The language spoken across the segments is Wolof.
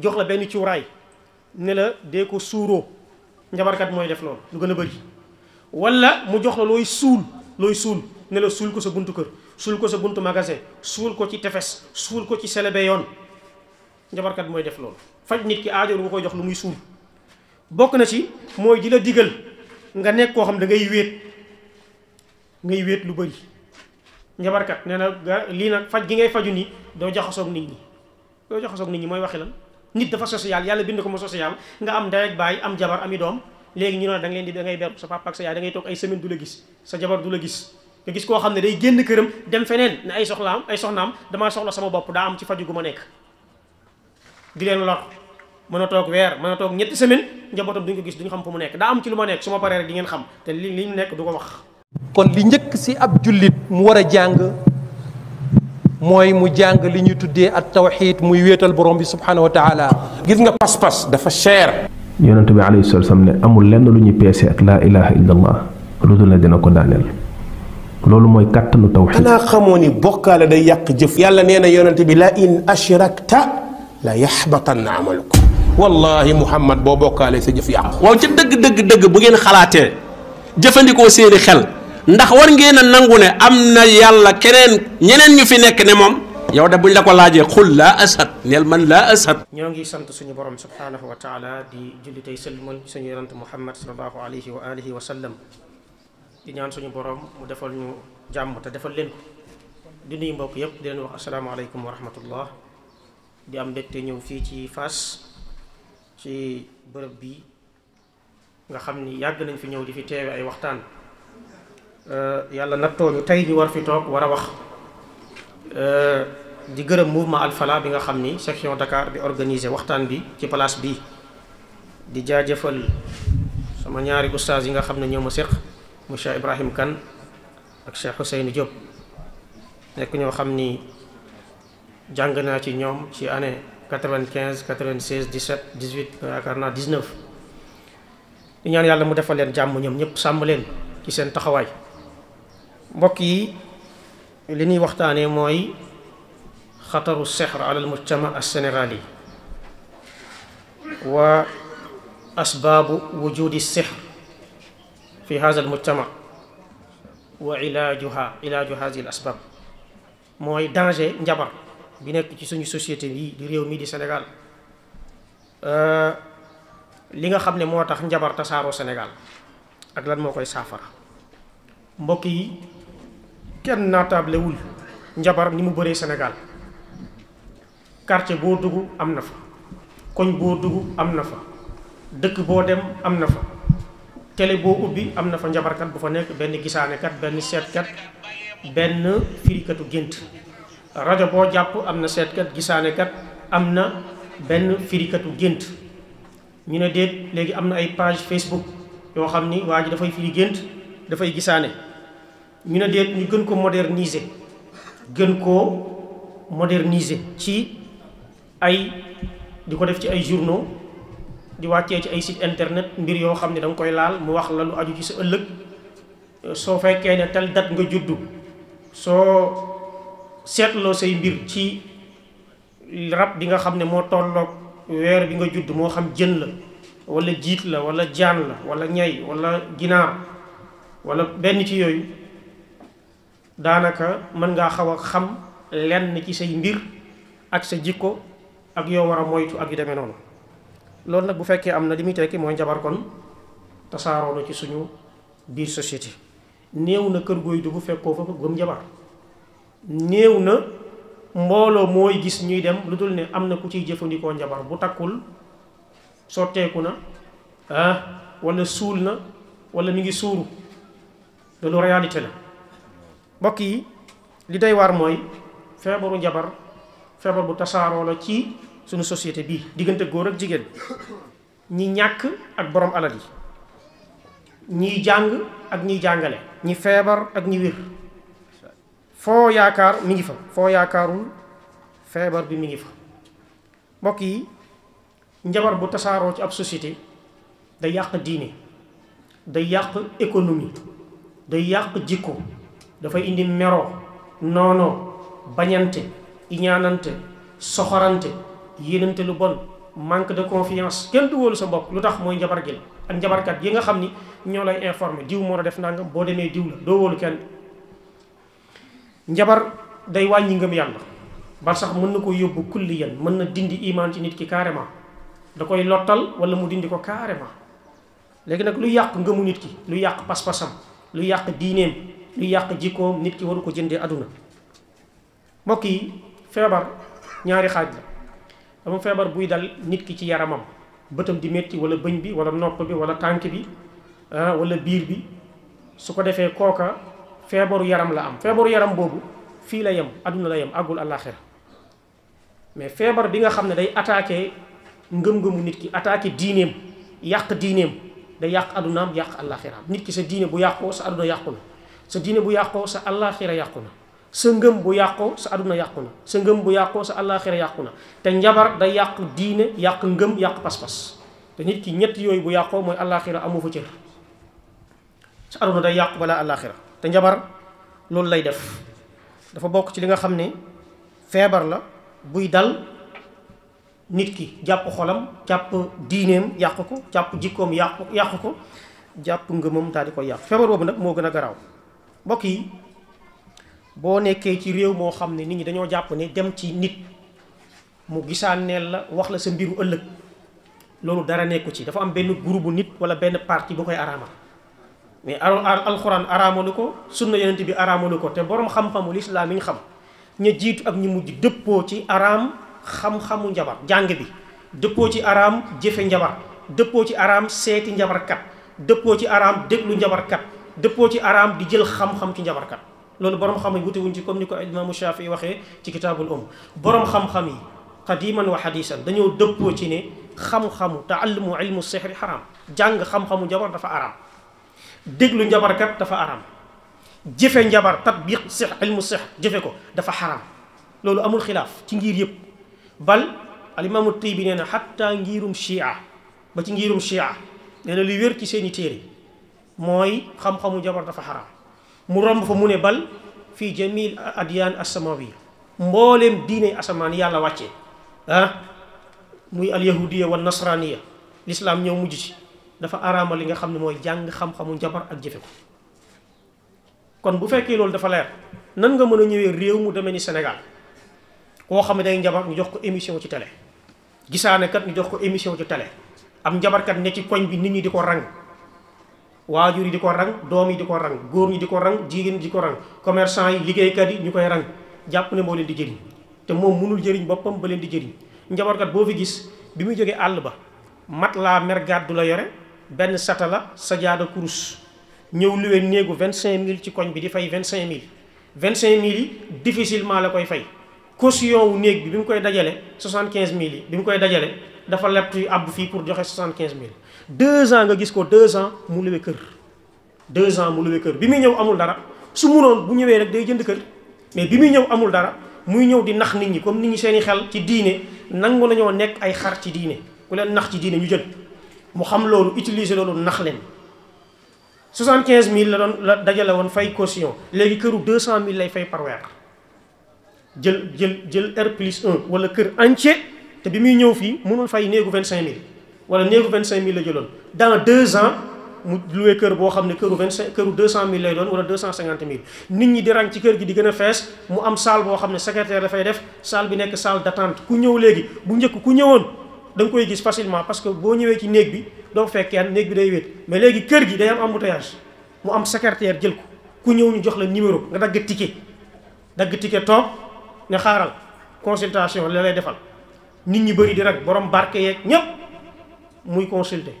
jox la benn cuuraay ne la dee ko suuroo njabarkat mooy def loolu lu gën a bëri walla mu jox la looy suul looy suul ne la suul ko sa buntu kër suul ko sa buntu magasin suul ko ci tefes suul ko ci selebe yoon njabarkat mooy def loolu faj nit ki aajo bu koy jox lu muy suul bokk na si mooy di la digal nga nekk koo xam da ngay wéet ngay wéet lu bëri njabarkat nee na lii nag faj gi ngay faju nii doo jaxasoog nit ñi doo jaxasoog nit ñi mooy waxi lan nit dafa social yàlla bind ko mu social nga am ndey ak am jabar ami doom léegi ñu noon da nga leen di da ngay ber sa papa ak sa yaay da ngay toog ay semaine du la gis sa jabar du la gis nga gis koo xam ne day génn këram dem feneen ne ay soxlaam ay soxnaam damaa soxla sama bopp daa am ci faju gu ma nekk di leen lor mën toog weer mën a toog ñetti semaine njabootam duñ ko gis xam fu mu nekk daa am ci lu ma nekk su ma paree rek di ngeen xam te li li mu nekk du ko wax kon li njëkk si ab jullit mu war a jàng mooy mu jàng li ñu tuddee ak tawxiid muy wéetal borom bi subxanahu wa gis nga pas-pas dafa cher. yonente bi alayhi salaatu salaam amul lenn lu ñu peese ak laa ilaha illallah lu dul ne dina ko daaneel. loolu mooy kàttanu tawxiid. xanaa xamoo ni bokkaale day yàq jëf. yàlla nee na yonente bi la in ashrakta la yaxbatanna amaluk. wallahi muhammad boo bokkaalee sa jëf yàqu. waaw ca dëgg dëgg dëgg bu ngeen xalaatee jëfandikoo seeni xel. ndax war ngeen a nangu ne am na yàlla keneen ñeneen ñu fi nekk ne moom yow de buñ la ko laajee xul laa ashad neel man laa ashad ñoo ngi sant suñu borom subhaanahu wa taala di julli tey sëlmal suñu yonant muhammad sallallahu alayhi wa alihi wa sallam di ñaan suñu borom mu defal ñu jàmm te defal leen di nuyu mbokk yëpp di wax asalaamaaleykum wa di am mbégte ñëw fii ci fas ci bërëb bi nga xam ni yàgg nañ fi ñëw di fi teewe ay waxtaan Euh, yàlla nattoo ñu tey ñu war fi toog war a wax euh, di gërëm mouvement Alfala bi nga xam ni section Dakar bi organisé waxtaan bi ci place bi di jaajëfal sama ñaari ustaas yi nga xam ne ñooma ma séq mu Cheikh Ibrahim Kane ak Cheikh Ousseynou Diop nekk ñoo xam ni jàng naa ci ñoom ci anne quatre-vingt-quinze quatre-vingt-seize dix-sept dix-huit yaakaar naa dix-neuf di ñaan yàlla mu defal leen jàmm ñoom ñëpp sàmm leen ci seen taxawaay mbokk yi li ñuy waxtaanee mooy xataru sihr ala almujtama alsénégali wa asbaabu wujudi sihr fi hada almujtama wa ilaajuha ilaaju hadi al mooy danger njabar bi nekk ci suñu société yi di réew mii di Sénégal li nga xam ne moo tax njabar tasaaroo Sénégal ak lan moo koy saafara mbokk yi kenn naataablewul njabar ni mu bëree senegal quartier boo dugg am na fa koñ boo dugg am na fa dëkk boo dem am na fa tele boo ubbi am na fa njabarkat bu fa nekk benn gisaanekat benn seetkat benn firikatu gént rajo boo jàpp am na seetkat gisaanekat am na benn firikatu gént ñu ne déet léegi am na ay page Facebook yoo xam ni waa ji dafay firi gént dafay gisaane ñu ne déet ñu gën ko moderniser gën koo moderniser ci ay di ko def ci ay journaux di wàccee ci ay site internet mbir yoo xam ne danga koy laal mu wax la lu aju ci sa ëllëg euh, soo fekkee ne tel date nga juddu soo seetloo say mbir ci rab bi nga xam ne moo tollook weer bi nga juddu moo xam jën la wala jiit la wala jaan la wala ñay wala ginaar wala benn ci yooyu daanaka mën ngaa xaw a xam lenn ci say mbir ak sa jikko ak yow war a moytu ak yu demee noonu loolu nag bu fekkee am na li muy tekki mooy njabar kon tasaaroo ci suñu biir société néew na kër gooy dugg fekkoo fa gëm njabar néew na mbooloo mooy gis ñuy dem lu dul ne am na ku ciy jëfandikoo njabar bu takkul sotteeku na ah wala suul na wala mi ngi suuru loolu réalité la mbokk yi li day waar mooy feebaru njabar feebar bu tasaaroo la ci suñu société bi diggante góor ak jigéen ñi ñàkk ak borom alal yi ñiy jàng ak ñiy jàngale ñi feebar ak ñi wér foo yaakaar mi ngi fa foo yaakaarul feebar bi mi ngi fa mbokk yi njabar bu tasaaroo ci ab société day yàq diine day yàq économie day yàq jikko dafay indi meroo noonoo bañante iñaanante soxorante yéenante lu bon manque de confiance kenn du wóolu sa bopp lu tax mooy njabar gi la ak njabarkat yi nga xam ni ñoo lay informé diw moo la def nangam boo demee diw la doo wóolu kenn njabar day wàññi ngëm yàlla ba sax mën na ko yóbbu kulli yan mën na dindi imaan ci nit ki carrément da koy lottal wala mu dindi ko carrément léegi nag lu yàq ngëmu nit ki lu yàq pas-pasam lu yàq diineem lu yàq jikkoom nit ki waru ko jëndee aduna mbokk yi feebar ñaari xaaj la dama feebar buy dal nit ki ci yaramam bëtam di métti wala bëñ bi wala nopp bi wala tànk bi ah, wala biir bi su ko defee kooka feebaru yaram la am feebaru yaram boobu fii la yem aduna la yem àggul àllaaxira mais feebar bi nga xam ne day attaqué ngëm-ngëmu nit ki attaqué diineem yàq diineem day yàq adunaam yàq àllaaxiraam nit ki sa diine bu yàqoo sa aduna yàqul sa diine bu yàqoo sa àllaaxira yàqu na sa ngëm bu yàqoo sa aduna yàqu na sa ngëm bu yàqoo sa àllaaxira yàqu na te njabar day yàqu diine yàq ngëm yàq pas-pas te nit ki ñett yooyu bu yàqoo mooy àllaaxira amu fa cër sa aduna day yàqu balaa àllaaxira te njabar loolu lay def dafa bokk ci li nga xam ne feebar la buy dal nit ki jàpp xolam jàpp diineem yàq ko jàpp jikkoom yàq yàq ko jàpp ngëmam daal di koy yàq feebar boobu nag moo gën a garaaw mbokk yi boo nekkee ci réew moo xam ne nit ñi dañoo jàpp ne dem ci nit mu gisaaneel la wax la sa mbiru ëllëg loolu dara nekku ci dafa am benn groupe bu nit wala benn parti bu koy araamal mais alxuraan araamalu ko sunna yonent bi araamalu ko te borom xam-xamu lislaam yi ñu xam ña jiitu ak ñu mujj dëppoo ci araam xam-xamu njabar jàng bi dëppoo ci araam jëfe njabar dëppoo ci araam seeti njabarkat dëppoo ci araam déglu njabarkat dëppoo ci araam di jël xam-xam ci njabarkat loolu borom xam yi wute wuñ ci comme ni ko imaamu Shaafi waxee ci kitaabul um borom xam-xam yi qadiman wa hadisan dañoo dëppoo ci ne xam-xamu taallumu ilmu sihri xaraam jàng xam-xamu dafa araam déglu njabarkat dafa araam jëfe njabar tatbiq sihr ilmu sihr jëfe ko dafa xaraam loolu amul xilaaf ci ngir yëpp bal alimaamu Tiibi nee na xatta ngirum chia ba ci ngirum chia nee na luy wér ci seeni téere mooy xam-xamu jabar dafa xaram mu romb fa mu ne bal fii jamil adiyaan asamawi mbooleem diine asamaan yàlla wàcce ah muy alyahudiya wa nasraniya lislaam ñëw mujj ci dafa araama li nga xam ne mooy jàng xam-xamu jabar ak jëfe ko kon bu fekkee loolu dafa leer nan nga mën a ñëwee réew mu demee ni Sénégal koo xam ne day njabar ñu jox ko émission ci tele gisaanekat ñu jox ko émission ci tele am njabarkat ne ci koñ bi nit ñi di ko rang waajur yi di ko rang doom yi di ko rang góor ñi di ko rang jigéen ñi di ko rang commerçant yi liggéeykat yi ñu koy rang jàpp ne moo leen di jëriñ te moom mënul jëriñ boppam ba leen di jëriñ njabootkat boo fi gis bi muy jógee àll ba mat laa mergaat du la yore benn satala sajaada kurus ñëw luwee néegu vingt cinq mille ci koñ bi di fay vingt cinq mille vingt cinq mille yi difficilement la koy fay caution wu néeg bi bi mu koy dajale soixante quinze mille yi bi koy dajale dafa lepp abbu fii pour joxe soixante quinze mille deux ans nga gis ko deux ans mu luwe kër deux ans mu luwe kër bi muy ñëw amul dara su munoon bu ñëwee rek day jënd kër mais bi muy ñëw amul dara muy ñëw di nax nit ñi comme nit ñi seeni xel ci diine nangu nañoo nekk ay xar ci diine ku leen nax ci diine ñu jël mu xam loolu utiliser loolu nax leen 75000 la doon la dajale woon fay caution léegi këru cent 200000 lay fay par weer jël jël jël R plus 1 wala kër entier te bi muy ñëw fii mënul fay néegu 25000. wala néegu vingt cinq mille la jëloon dans deux ans mu luwee boo xam ne këru vingt cinq këru deux cent mille lay doon wala deux cent cinquante mille nit ñi di rang ci kër gi di gën a fees mu am salle boo xam ne secrétaire dafay def salle bi nekk salle d'attente ku ñëw léegi bu njëkk ku ñëwoon da nga koy gis facilement parce que boo ñëwee ci néeg bi doo fekk kenn néeg bi day wéet mais léegi kër gi day am embouteillage mu am secrétaire jël ko ku ñëw ñu jox la numéro nga dagg ticket dagg ticket toog ne xaaral consultation la lay defal nit ñi bëri di borom barke yeeg ñëpp muy consulter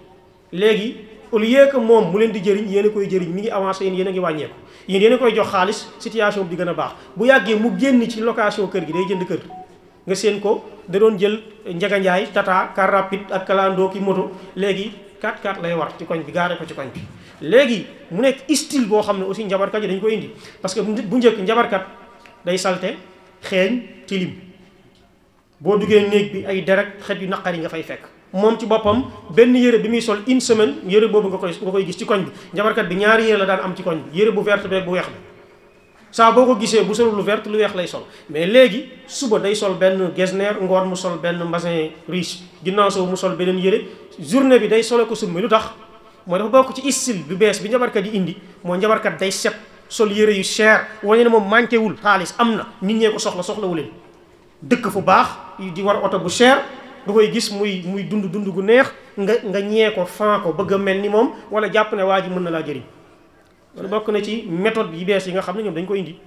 léegi au lieu que moom mu leen di jëriñ yéen a koy jëriñ mi ngi avancé yéen yéen a ngi wàññeeku yéen yéen a koy jox xaalis situation bi di gën a baax bu yàggee mu génn ci location kër gi day jënd kër nga séen ko da doon jël njaganjaay tata car rapide ak kalandoo ki moto léegi 4-4 lay war ci koñ bi gaare ko ci koñ bi léegi mu nekk style boo xam ne aussi njabarkat yi dañ koy indi parce que bu njëkk njabarkat day salte xeeñ tilim boo duggee néeg ay deret xet yu naqari nga fay fekk moom ci boppam benn yére bi muy sol une semaine yére boobu nga koy nga koy gis ci koñ bi njabarkat bi ñaari yére la daan am ci koñ bi yére bu verte beeg bu weex bi saa boo ko gisee bu solul lu vert lu weex lay sol mais léegi suba day sol benn gesner ngoor mu sol benn mbasin riche ginnaaw soo mu sol beneen yére journée bi day sole ko summi lu tax mooy dafa bokk ci style bu bees bi njabarkat yi indi mooy njabarkat day set sol yére yu cher wañee ne moom manqué wul xaalis am na nit ñee ko soxla soxla wuleen dëkk fu baax di bu cher nga koy gis muy muy dund dund gu neex nga nga ñee ko fan ko bëgg a mel ni moom wala jàpp ne waa ji mën na laa jëriñ loolu bokk na ci méthode yi bees yi nga xam ne ñoom dañ ko indi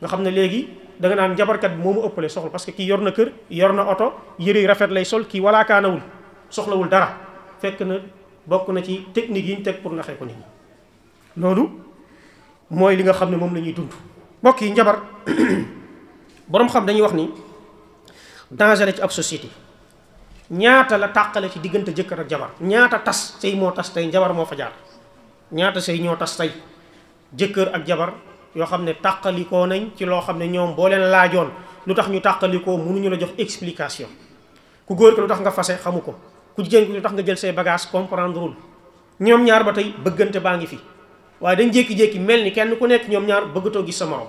nga xam ne léegi da nga naan njabarkat bi moomu ëppale soxla parce que kii yor na kër yor na oto yëre yu rafet lay sol kii walaakaanawul soxlawul dara fekk na bokk na ci technique yi ñu teg pour naxee ko nit ñi loolu mooy li nga xam ne moom la ñuy dund mbokk yi njabar boroom xam dañuy wax ni danger ci ab société ñaata la tàqale ci diggante jëkkër ak jabar ñaata tas sëy moo tas tey jabar moo fa jaar ñaata sëy ñoo tas tey jëkkër ak jabar yoo xam ne tàqalikoo nañ ci loo xam ne ñoom boo leen laajoon lu tax ñu tàqalikoo mënuñu la jox explication ku góor ki lu tax nga fase xamu ko ku jigéen ki lu tax nga jël say bagage comprendrewul ñoom ñaar ba tey bëggante baa ngi fi waaye dañ jékki-jékki mel ni kenn ku nekk ñoom ñaar bëggatoo gis sa morom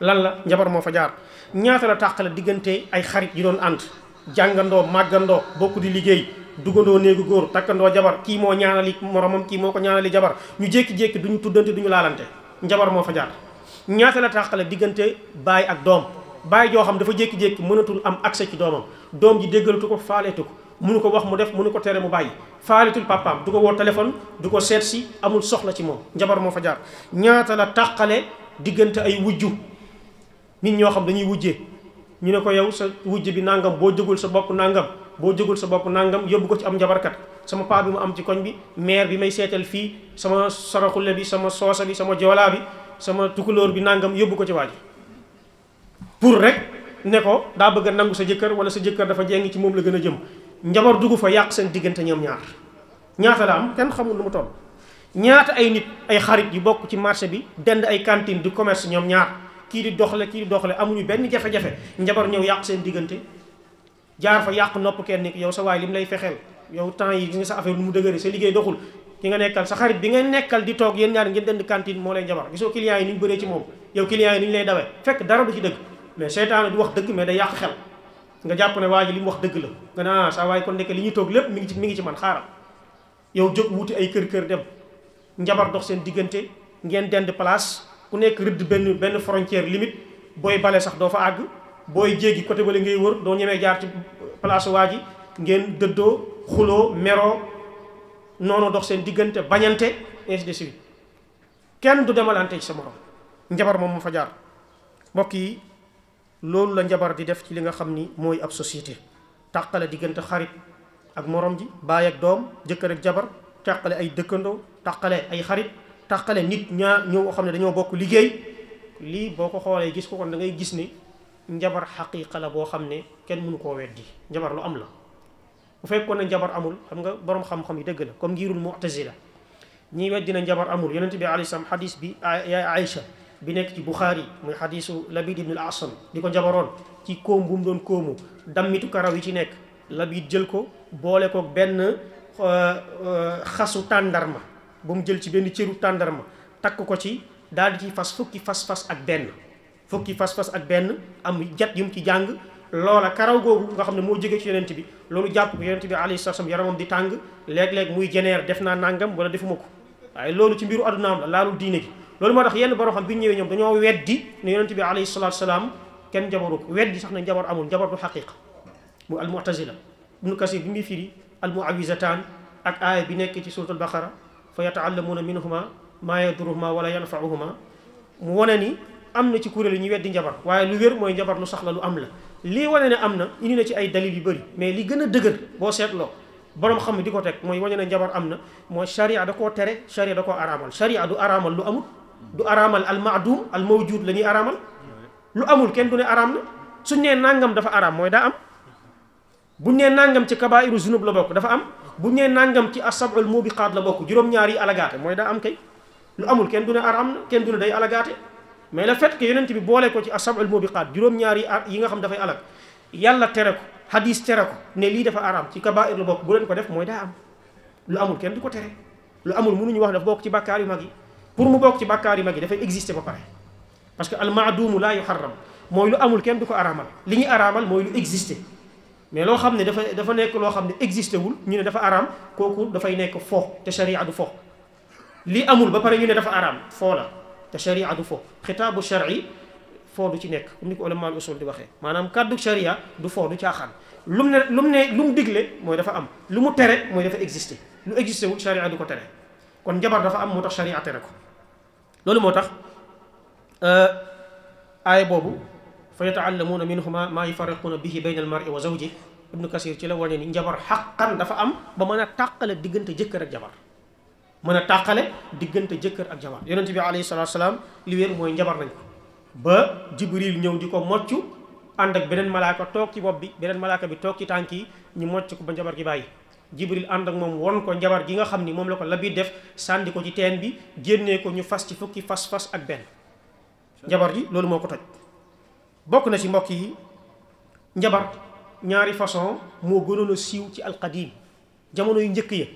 lan la njabar moo fa jaar ñaata tàqale diggante ay xarit yu doon ànd jàngandoo màggandoo bokk di liggéey duggandoo néegu góor takkandoo jabar kii moo ñaanali moromam kii moo ko ñaanali jabar ñu jékki-jékki duñu tuddante duñu laalante njabar moo fa jaar ñaata la tàqale diggante baay ak doom baay joo xam dafa jékki-jékki mënatul am accès ci doomam doom ji déggalatu ko faaleetu ko mënu ko wax mu def mënu ko tere mu bàyyi faaleetul papaam du ko woo téléphone du ko seet si amul soxla ci moom njabar moo fa jaar ñaata la tàqale diggante ay wujju nit ñoo xam dañuy wujje ñu ne ko yow sa wujj bi nangam boo jógul sa bopp nangam boo jógul sa bopp nangam yóbbu ko ci am njabarkat sama paa bi mu am ci koñ bi maire bi may seetal fii sama saraxule bi sama soosa bi sama joolaa bi sama tukulóor bi nangam yóbbu ko ci waaj pour rek ne ko daa bëgg a nangu sa jëkkër wala sa jëkkër dafa jéngi ci moom la gën a jëm njabar dugg fa yàq seen diggante ñoom ñaar ñaata la am kenn xamul lu mu toll ñaata ay nit ay xarit yu bokk ci marché bi dend ay cantine du commerce ñoom ñaar kii di doxle kii di doxle amuñu benn jafe-jafe njabar ñëw yàq seen diggante jaar fa yàq nopp kenn ni yow sa waay li mu lay fexeel yow temps yi nga sa affaire lu mu dëgëre sa liggéey doxul ki nga nekkal sa xarit bi nga nekkal di toog yéen ñaar ngeen dend cantine moo lay njabar gisoo clients yi ni ñu bëree ci moom yow clients yi ni ñu lay dawee fekk dara du ci dëgg mais seytaane du wax dëgg mais day yàq xel nga jàpp ne waa ji li mu wax dëgg la nga ne ah saa waay kon nekk li ñuy toog lépp mi ngi ci mi ngi yow jóg wuti ay kër kër dem njabar dox seen diggante ngeen dend place ku nekk rëdd benn benn frontière limit booy bale sax doo fa àgg booy jéggi côté bale ngay wër doo ñemee jaar ci place waa ji ngeen dëddoo xuloo meroo noonu dox seen diggante bañante ainsi kenn du demalante ci sa morom njabar moom mu fa jaar mbokk yi loolu la njabar di def ci li nga xam ni mooy ab société tàqale diggante xarit ak morom ji baay ak doom jëkkër ak jabar tàqale ay dëkkandoo tàqale ay xarit tàqale nit ñaar oo xam ne dañoo bokk liggéey lii boo ko xoolee gis ko kon da ngay gis ne njabar xaqiqa la boo xam ne kenn mënu koo weddi njabar lu am la bu fekkoon ne njabar amul xam nga boroom xam-xam yi dëgg la comme ngirul mu'tazila ñiy weddi na njabar amul yonent bi ay salaam xadis bi yaay Aïcha bi nekk ci Buxaari muy xadisu Labid ibn al-Asam di ko njabaroon ci koom bu mu doon koomu dammitu karaw yi ci nekk Labid jël ko boole ko benn euh, euh, xasu tàndarma ba mu jël ci benn cëru tàndarma takk ko ci daal di ci fas fukki fas-fas ak benn fukki fas-fas ak benn am jat yu mu ci jàng loola karaw googu nga xam ne moo jege ci yonent bi loolu jàpp ko yonent bi alayhi salaam yaramam di tàng léeg-léeg muy jeneer def naa nangam wala defuma ko waaye loolu ci mbiru addunaam la laalul diine gi loolu moo tax yenn borom xam bi ñëwee ñoom dañoo weddi ne yonent bi alayhi salaatu salaam kenn njabaru ko weddi sax ne njabar amul njabar du xaqiqa mu al mu'tazila ibnu kasir bi muy firi al muawizataan ak aaya bi nekk ci suratul baqara fa yataallamuuna minhuma maa yaduruhuma wala yanfauhuma mu wane ni am na ci kuréel yi ñu weddi njabar waaye lu wér mooy njabar lu sax la lu am la lii wane ne am na indi na ci ay dalil yu bëri mais li gën a dëgër boo seetloo borom xam di ko teg mooy wane ne njabar am na mooy charia da ko tere charia da ko araamal charia du araamal lu amul du araamal al maadum al mawjud la ñuy araamal lu amul kenn du ne araam na suñ nee nangam dafa araam mooy daa am bu nee nangam ci kabaa'iru zunub la bokk dafa am buñ nee nangam ci asabul mubiqaat la bokk juróom-ñaar yi mooy am kay lu amul kenn du ne araam kenn du ne day alagaate mais le fait que yonent bi boole ko ci asabul mubiqaat juróom-ñaar yi yi nga xam dafay alag yàlla tere ko hadis tere ko ne lii dafa araam ci kabaa'ir la bokk bu leen ko def mooy daa am lu amul kenn du ko tere lu amul mënuñu wax dafa bokk ci bàkkaar yu mag yi pour mu bokk ci bàkkaar yu mag yi dafay exister ba pare parce que al maaduumu laa yuharram mooy lu amul kenn du ko araamal li ñu araamal mooy lu exister mais loo xam ne dafa dafa nekk loo xam ne existé wul ñu ne dafa araam kooku dafay nekk fo te sharia du fo lii amul ba pare ñu ne dafa araam foo la te sharia du fo xitaabu shari foo du ci nekk comme ni ko ulama usul di waxee maanaam kàddu sharia du fo du caaxaan lu mu ne lu ne lu mu digle mooy dafa am lu mu tere mooy dafa existé lu existé wul sharia du ko tere kon njabar dafa am moo tax sharia tere ko loolu moo tax euh, aaya boobu fa yataallamuuna minhuma maa yufariquuna bihi bayna al mar'i wa zawji ibnu kasir ci la wane ni njabar xaqan dafa am ba mën a tàqale diggante jëkkër ak jabar mën a tàqale diggante jëkkër ak jabar yonent bi alayhi salaatu salaam li wér mooy njabar nañ ko ba jibril ñëw di ko mocc ànd ak beneen malaaka toog ci bopp bi beneen malaaka bi toog ci tànk yi ñu mocc ko ba njabar gi bàyyi jibril ànd ak moom won ko njabar gi nga xam ni moom la ko la bi def sàndi ko ci teen bi génnee ko ñu fas ci fukki fas fas ak benn njabar loolu moo ko toj bokk na si mbokk yi njabar ñaari façon moo gënoon a siiw ci alqadim jamono yu njëkk ya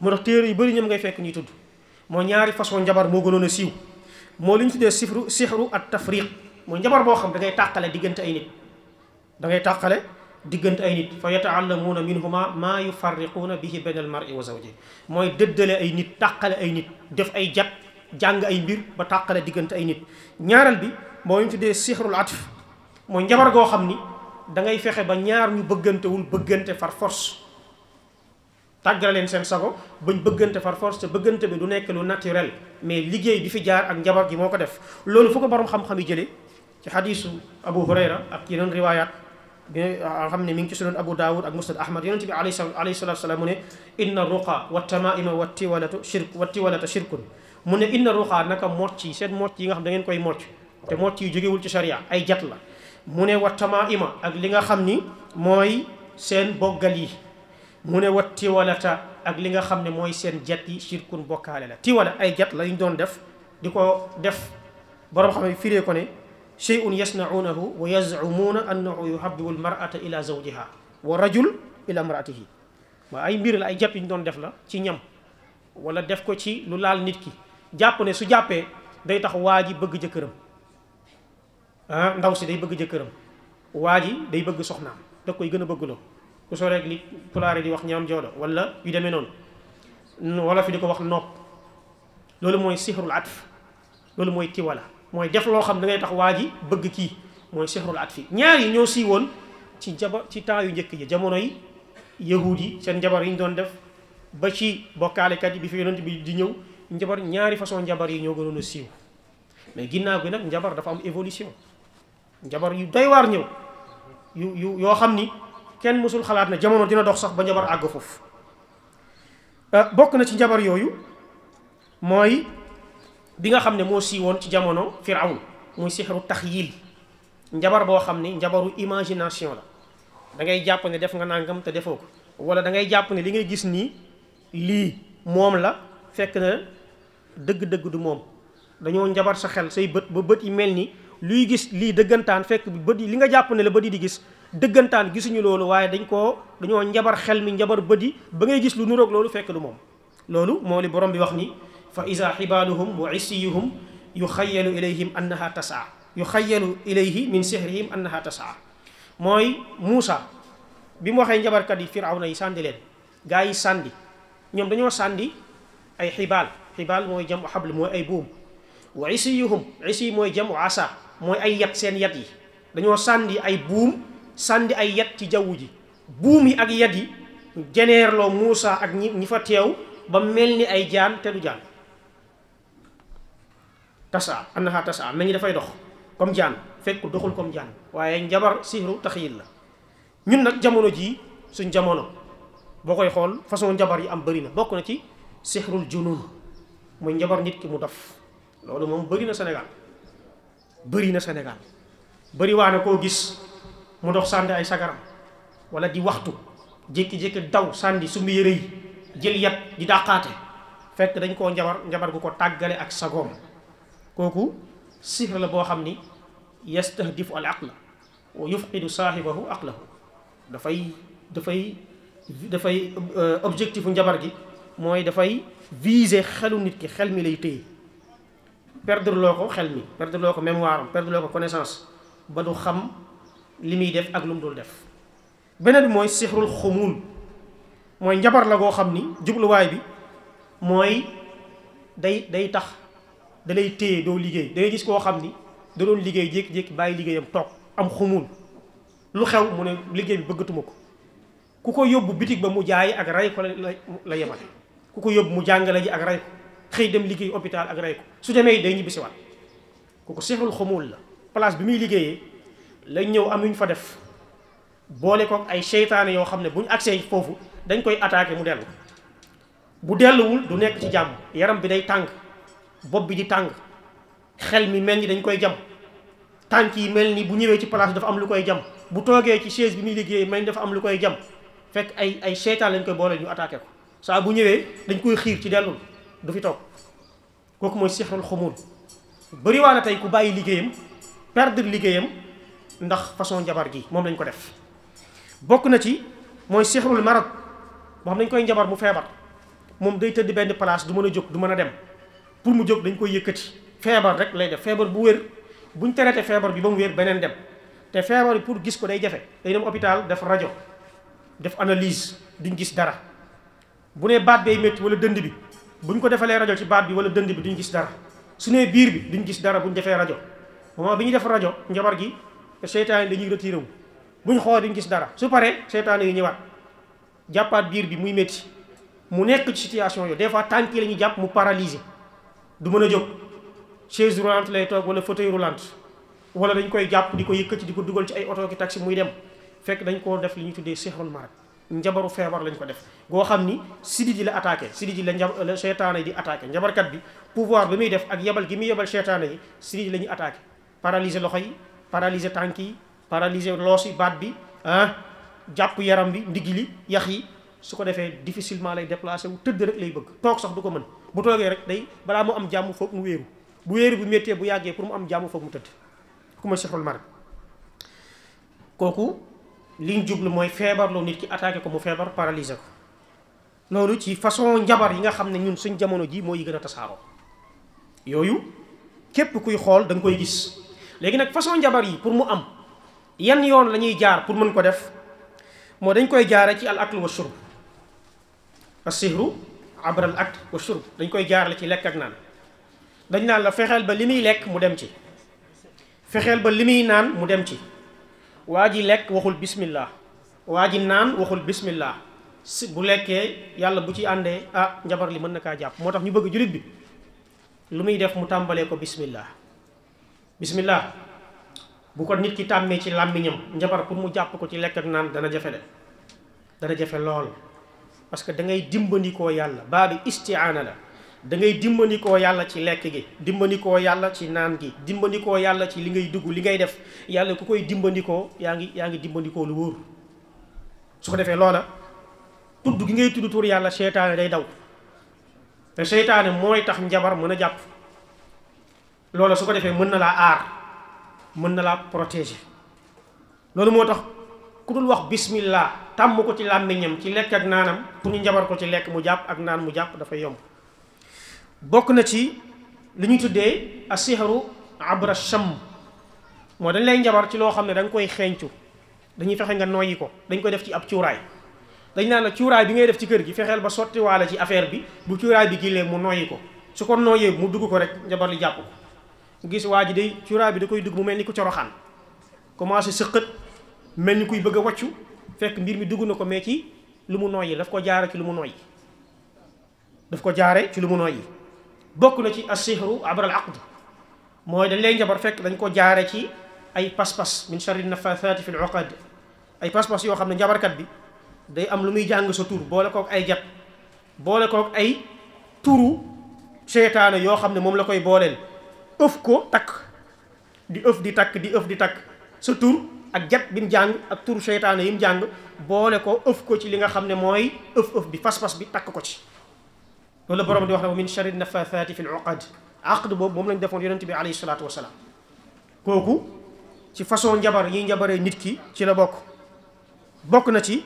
moo tax téere yu bari ñoom ngay fekk ñuy tudd moo ñaari façon njabar moo gënoon a siiw moo li ñu tuddee sifru sixru at tafriq mooy njabar boo xam da ngay tàqale diggante ay nit da ngay tàqale diggante ay nit fa yataallamuuna minhuma maa yufarriquuna bihi bayna al mar'i wa zawji mooy dëddale ay nit tàqale ay nit def ay jat jàng ay mbir ba tàqale diggante ay nit ñaareel bi moo ñu tuddee sixrul atf mooy njabar goo xam ni da ngay fexe ba ñaar ñu bëggantewul bëggante far force tàggale leen seen sago bañ bëggante far force te bëggante bi du nekk lu naturel mais liggéey bi fi jaar ak njabar gi moo ko def loolu foo ko borom xam-xam yi jëlee ci xadisu Abu Hurayra ak yeneen riwaayaat bi nga xam ne mi ngi ci sunan Abu Daawud ak Musnad Ahmad yonent bi alayhi salaatu salaam mu ne inna ruqa wa tamaima wa tiwalatu shirk wa tiwalata shirkun mu ne inna ruqa naka mocc yi seen mocc yi nga xam da ngeen koy mocc te mocc yi jógewul ci sharia ay jat la mu ne wa tamaima ak li nga xam ni mooy seen boggal yi mu ne wa tiwalata ak li nga xam ne mooy seen jat yi shirkun bokkaale la tiwala ay jat lañ doon def di ko def boroom xam ne firee ko ne sheyun yasnaunahu wa yazumuuna annahu yuhabbibu almarata ila zawjiha wa rajul ila imraatihi waa ay mbir la ay jat yuñ doon def la ci ñam wala def ko ci lu laal nit ki jàpp ne su jàppee day tax waa ji bëgg jëkkëram ah ndaw si day bëgg jëkkëram waa ji day bëgg soxnaam da koy gën a bëggloo ku soo rek li pulaare di wax ñaam joodo walla yu demee noonu wala fi di ko wax nopp loolu mooy sixrul atf loolu mooy tiwala mooy def loo xam da tax waa ji bëgg kii mooy sixrul atfi ñaar yi ñoo siiwoon ci jaba ci temps yu njëkk yi jamono yi yahuud yi seen njabar yi ñu doon def ba ci bokkaalekat yi bi fi yonent bi di ñëw njabar ñaari façon njabar yi ñoo gënoon a siiw mais ginnaaw gi nag njabar dafa am évolution njabar yu doy waar ñëw yu yu yoo xam ni kenn mësul xalaat ne jamono dina dox sax ba njabar àgg foofu euh, bokk na ci njabar yooyu mooy bi nga xam ne moo siiwoon ci jamono firawn muy sixru taxyil njabar boo xam ne njabaru imagination la da jàpp ne def nga nangam te defoo ko wala da ngay jàpp ne li ngay gis nii lii moom la fekk na dëgg-dëgg du moom dañoo njabar sa xel say bët ba bët yi mel nii luy gis lii dëggantaan fekk bi bët yi li nga jàpp ne la bët yi di gis dëggantaan gisuñu loolu waaye dañ koo dañoo njabar xel mi njabar bët yi ba ngay gis lu nuroog loolu fekk lu moom loolu moo li borom bi wax ni fa isa xibaaluhum wa isiyuhum yuxayalu ilayhim annaha tasaa yuxayalu ilayhi min sihrihim annaha tasaa mooy Muusa bi mu waxee njabarkat yi firawna yi sàndi leen gaa yi sàndi ñoom dañoo sàndi ay xibaal xibaal mooy jamu xabl mooy ay wa mooy jamu asa mooy ay yat seen yat yi dañoo sàndi ay buum sàndi ay yat ci jaww ji buum yi ak yat yi jeneerloo Muusa ak ñi ñi fa teew ba mel ni ay jaan te du jaan tasa annaha tasa mel ni dafay dox comme jaan fekk doxul comme jaan waaye njabar sihru taxyil la ñun nag jamono ji suñ jamono boo koy xool façon njabar yi am bari na bokk na ci sihrul junun muy njabar nit ki mu daf loolu moom bari na Sénégal bëri na Sénégal bëri waa na koo gis mu dox sànni ay sagaram wala di waxtu jékki-jékki daw sànni su yëre yi jël yat di dàqaate fekk dañ koo njabar njabar gu ko tàggale ak sagoom kooku sihr la boo xam ni yastahdifu al aqla wa yufqidu saahibahu aqlahu dafay dafay dafay euh, objectifu njabar gi mooy dafay viser xelu nit ki xel mi lay téye perdre loo ko xel mi perdre loo ko mémoire am perdre loo ko connaissance ba du xam li muy def ak lu mu dul def beneen bi mooy sixrul xumuul mooy njabar la goo xam ni jubluwaay bi mooy day day tax dalay lay téye doo liggéey da gis koo xam ni da doon liggéey jékki-jékki bàyyi liggéeyam toog am xumuul lu xew mu ne liggéey bi bëggatuma ko ku ko yóbbu bitig ba mu jaay ak ray ko la la yemale ku ko yóbbu mu jàngale ji ak ray xëy dem liggéey hôpital ak rey ko su demee day ñibbisiwaat kooku seexul xamul la place bi muy liggéeyee lañ ñëw am ñu fa def boole ko ay seytaane yoo xam ne buñ agsee foofu dañ koy attaqué mu dellu bu delluwul du nekk ci jàmm yaram bi day tàng bopp bi di tàng xel mi mel dañ koy jam tànk yi mel ni bu ñëwee ci place dafa am lu koy jam bu toogee ci chaise bi muy liggéey mel ni dafa am lu koy jam fekk ay ay seytaan lañ koy boole ñu attaqué ko saa bu ñëwee dañ koy xiir ci dellul du fi toog kooku mooy sixrul xumul bëriwaa na tey ku bàyyi liggéeyam perdre liggéeyam ndax façon njabar gi moom lañ ko def bokk na ci mooy sixrul marad boo xam dañ koy njabar mu feebar moom day tëdd benn place du mën a jóg du mën a dem pour mu jóg dañ koy yëkkati feebar rek lay def feebar bu wér buñ traité feebar bi ba mu wér beneen dem te feebar bi pour gis ko day jafe day dem hôpital def rajo def analise duñ gis dara bu ne baat bay métti wala dënd bi bu ñu ko defalee rajo ci baat bi wala dënd bi duñu gis dara su nee biir bi duñ gis dara bu ñu defee rajo moment bi ñu def rajo njabar gi seytaan yi dañuy retiré wu buñ xoolee duñ gis dara su pare seytaan yi ñëwaat jàppaat biir bi muy métti mu nekk ci situation yooyu des fois tànk yi la ñuy jàpp mu paralysé du mën a jóg chaise roulante lay toog wala fauteuil roulant wala dañ koy jàpp di ko yëkkati di ko dugal ci ay oto ki taxi muy dem fekk dañ koo def li ñuy tuddee sixrun marad njabaru feebar lañ ko def goo xam ni sidit yi la attaqué sidit yi la nja la seytaane di attaqué njabarkat bi pouvoir bi muy def ak yebal gi muy yebal seytaane yi sidit yi la ñuy attaqué paralyser loxo yi paralyser tànk yi paralyser loos yi baat bi ah jàpp yaram bi ndigg li yax yi su ko defee difficilement lay déplacé wu tëdd rek lay bëgg toog sax du ko mën bu toogee rek day balaa mu am jàmm foog mu wéeru bu wéeru bu méttee bu yàggee pour mu am jàmm foog mu tëdd ku ma liñ jublu mooy feebarloo nit ki attaqué ko mu feebar paralysé ko loolu ci façon njabar yi nga xam ne ñun suñ jamono ji mooy yi gën a tasaaroo yooyu képp kuy xool da koy gis léegi nag façon njabar yi pour mu am yan yoon lañuy jaar pour mën ko def moo dañ koy jaare ci al akl wa shurb as-sihru abra al akl wa dañ koy jaarale ci lekk ak naan dañ naan la fexeel ba li muy lekk mu dem ci fexeel ba li muy naan mu dem ci waa ji lekk waxul bismillah waa ji naan waxul bismillah si bu lekkee yàlla bu ci àndee ah njabar li mën na kaa jàpp moo tax ñu bëgg jullit bi lu muy def mu tàmbalee ko bismillah bismillah bu ko nit ki tàmmee ci làmmiñam njabar pour mu jàpp ko ci lekk ak naan dana jafe de dana jafe lool parce que da ngay dimbandikoo yàlla baa bi istiaana la da ngay dimbandikoo yàlla ci lekk gi dimbandikoo yàlla ci naan gi dimbandikoo yàlla ci li ngay dugg li ngay def yàlla ku koy dimbandikoo yaa ngi yaa ngi dimbandikoo lu wóor su ko defee loola tudd gi ngay tudd tur yàlla seytaane day daw te seytaane mooy tax njabar mën a jàpp loola su ko defee mën na laa aar mën na laa protéger loolu moo tax ku dul wax bismillah tàmm ko ci làmmiñam ci lekk ak naanam pour ñu njabar ko ci lekk mu jàpp ak naan mu jàpp dafay yomb bokk na ci li ñu tuddee asihru abra sham moo dañ lay njabar ci loo xam ne da koy xeeñcu dañuy fexe nga noyyi ko dañ koy def ci ab cuuraay dañ naan la cuuraay bi ngay def ci kër gi fexeel ba sotti waale ci affaire bi bu cuuraay bi gilee mu noyyi ko su ko nooyee mu dugg ko rek njabar li jàpp ko gis waa ji day cuuraay bi da koy dugg mu mel ni ku coroxaan commencé sëqët mel ni kuy bëgg a waccu fekk mbir mi dugg na ko mais ci lu mu noyyi daf ko jaare ci lu mu noyyi daf ko jaare ci lu mu noyyi bokk na ci assihru abral aqd mooy dañ lay njabar fekk dañ ko jaare ci ay pas-pas min charri nafathati fi l ay pas-pas yoo xam ne njabarkat bi day am lu muy jàng sa tur boole kook ay jat boole kook ay turu seetaane yoo xam ne moom la koy booleel ëf ko takk di ëf di takk di ëf di takk sa tur ak jat bi mu jàng ak turu seetaane yi mu jàng boole ko ëf ko ci li nga xam ne mooy ëf ëf bi pas-pas bi takk ko ci loolu la borom di wax ne min charri nafathaati fi l uqad aqd boobu moom lañ defoon yonent bi alayhi salaatu wasalaam kooku ci façon njabar yi njabaree nit ki ci la bokk bokk na ci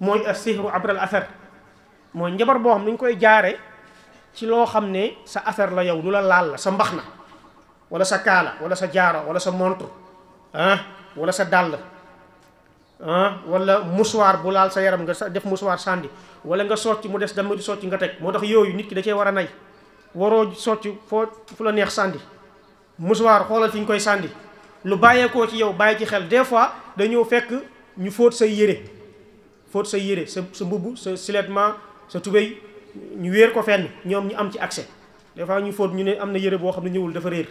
mooy sihru abral athar mooy njabar boo xam ni ñu koy jaare ci loo xam ne sa athar la yow lu la laal la sa mbax na wala sa kaala wala sa jaaro wala sa montre ah wala sa dàll ah wala mouchoir bu laal sa yaram nga def mouchoir sànni wala nga socc mu des dama di socc nga teg moo tax yooyu nit ki da cee war a nay waroo socc foo fu la neex sànni mouchoir xoolal fi ñu koy sànni lu bàyyeekoo ci yow bàyyi ci xel des fois dañoo fekk ñu fóot say yére fóot say yére sa sa mbubb sa siletement sa tubéy ñu wéer ko fenn ñoom ñu am ci accès des fois ñu fóot ñu ne am na yére boo xam ne ñëwul dafa réer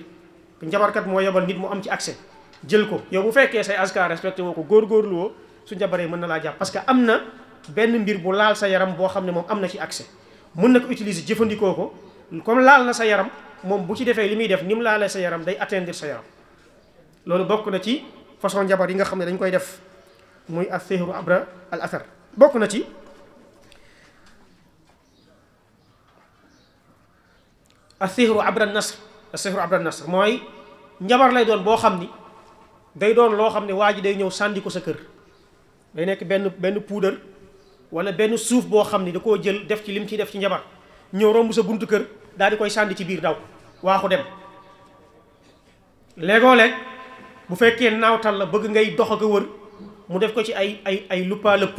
njabarkat moo yebal nit mu am ci accès jël ko yow bu fekkee say askar respecté woo ko góorgóorlu woo suñ jabaree mën na laa jàpp parce que am na benn mbir bu laal sa yaram boo xam ne moom am na ci accès mun na ko utiliser jëfandikoo ko comme laal na sa yaram moom bu ci defee li muy def ni mu laalee sa yaram day atteindre sa yaram loolu bokk na ci façon njabar yi nga xam ne dañ koy def muy asihru abra al athar bokk na ci asihru abra nasr asihru abra nasr mooy njabar lay doon boo xam ni day doon loo xam ne waa ji day ñëw sànni ko sa kër day nekk benn benn puudar wala benn suuf boo xam ne da koo jël def ci lim ciy def ci njabar ñëw romb sa buntu kër daal di koy sànni ci biir daw waaxu dem léegoo léeg bu fekkee naawtal la bëgg ngay dox ak a mu def ko ci ay ay ay luppaa lëpp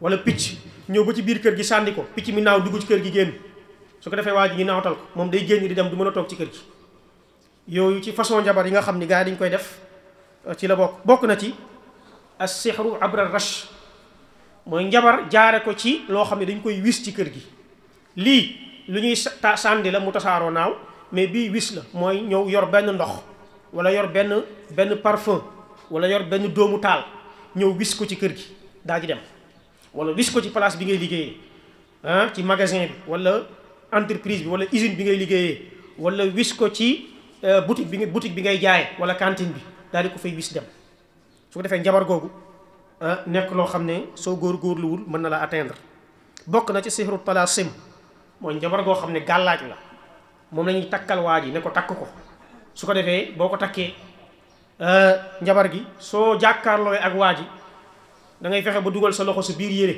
wala picc ñëw biir kër gi sànni ko picc mi naaw dugg ci kër gi génn su ko defee waa ji ñu naawtal ko moom day génn di dem du mën a toog ci kër gi yooyu ci façon njabar yi nga xam ni gars yi dañ koy def Euh, ci la bokk bokk na ci as-sihru abra rash mooy njabar jaare ko ci loo xam ne dañ koy wis ci kër gi lii lu ñuy sàndi la mu tasaaroo naaw mais bii wis la mooy ñëw yor benn ndox wala yor benn benn parfum wala yor benn doomu taal ñëw wis ko ci kër gi daa ji dem wala wis ko ci place bi ngay liggéeyee ah ci magasin bi wala entreprise bi wala usine bi ngay liggéeyee wala wis ko ci euh, boutique bi boutique bi ngay jaay wala cantine bi daal di ko fay wis dem su ko defee njabar googu ah, nekk loo xam ne soo góor-góorluwul mën na la atteindre bokk na ci sihru talasim mooy njabar goo xam ne gàllaaj la moom la ñuy takkal waa ji ne ko takk ko su ko defee boo ko takkee ah, njabar gi soo jàkkaarloo ak waa ji dangay fexe ba dugal sa loxo sa biir yére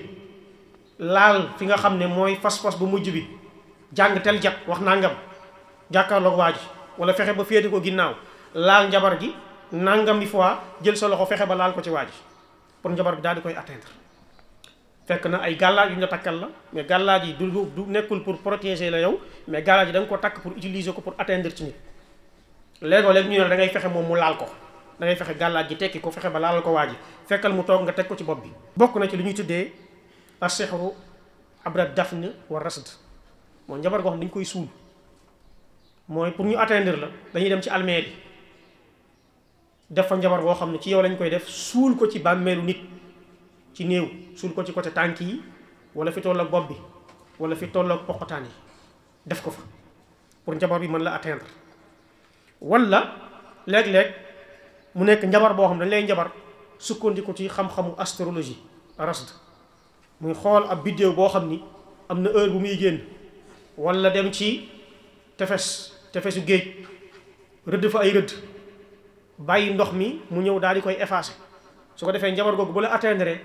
laal fi nga xam ne mooy fas-fas bu mujj bi jàng tel wax nangam jàkkaarloo ak waa ji wala fexe ba féete ko ginnaaw laal njabar gi nangami fois jël sa loxo fexe ba laal ko ci waa ji pour njabar bi daal di koy atteindre fekk na ay gàllaaj yu ñu takkal la mais gàllaaj yi du du nekkul pour protéger la yow mais gàllaaj yi da ko takk pour utiliser ko pour atteindre ci nit léegoo léeg ñu ne da ngay fexe moom mu laal ko dangay fexe gàllaaj ji tekki ko fexe ba laalal ko waa ji fekkal mu toog nga teg ko ci bopp bi bokk na ci lu ñuy tuddee asexru abra dafn wa rasd mooy njabar goo xam koy suul mooy pour ñu atteindre la dañuy dem ci almeel yi def fa njabar boo xam ne ci yow lañ koy def suul ko ci bàmmeelu nit ci néew suul ko ci côté tànk yi wala fi toll ak bopp bi wala fi toll ak poqotaan yi def ko fa pour njabar bi mën la atteindre wala léeg-léeg mu nekk njabar boo xam ne dañ lay njabar sukkandiku ci xam-xamu astrologie rasd muy xool ab biddéew boo xam ni am na heure bu muy génn wala dem ci tefes tefesu géej rëdd fa ay rëdd bàyyi ndox mi mu ñëw daal di koy effacer su ko defee njaboot googu bu la atteindre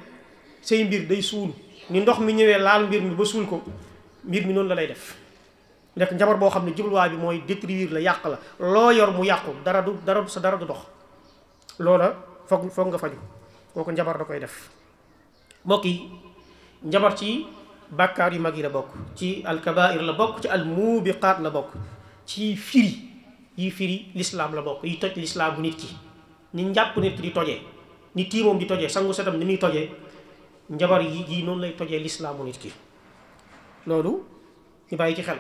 say mbir day suulu ni ndox mi ñëwee laal mbir mi ba suul ko mbir mi noonu la lay def nekk njaboot boo xam ne jubluwaay bi mooy détruire la yàq la loo yor mu yàqu dara du dara sa dara du dox loola foog foog nga faju kooku njabar da koy def mbokk yi njabar ci bàkkaar yu mag yi la bokk ci alkabair la bokk ci almubiqaat la bokk ci firi yi firi lislaam la bokk yi toj lislaam bu nit ki ni njàpp nit ki di tojee ni tiimoom di tojee sangu setam ni muy tojee njabar yi yi noonu lay tojee lislaamu nit ki loolu ñu bàyyi ci xel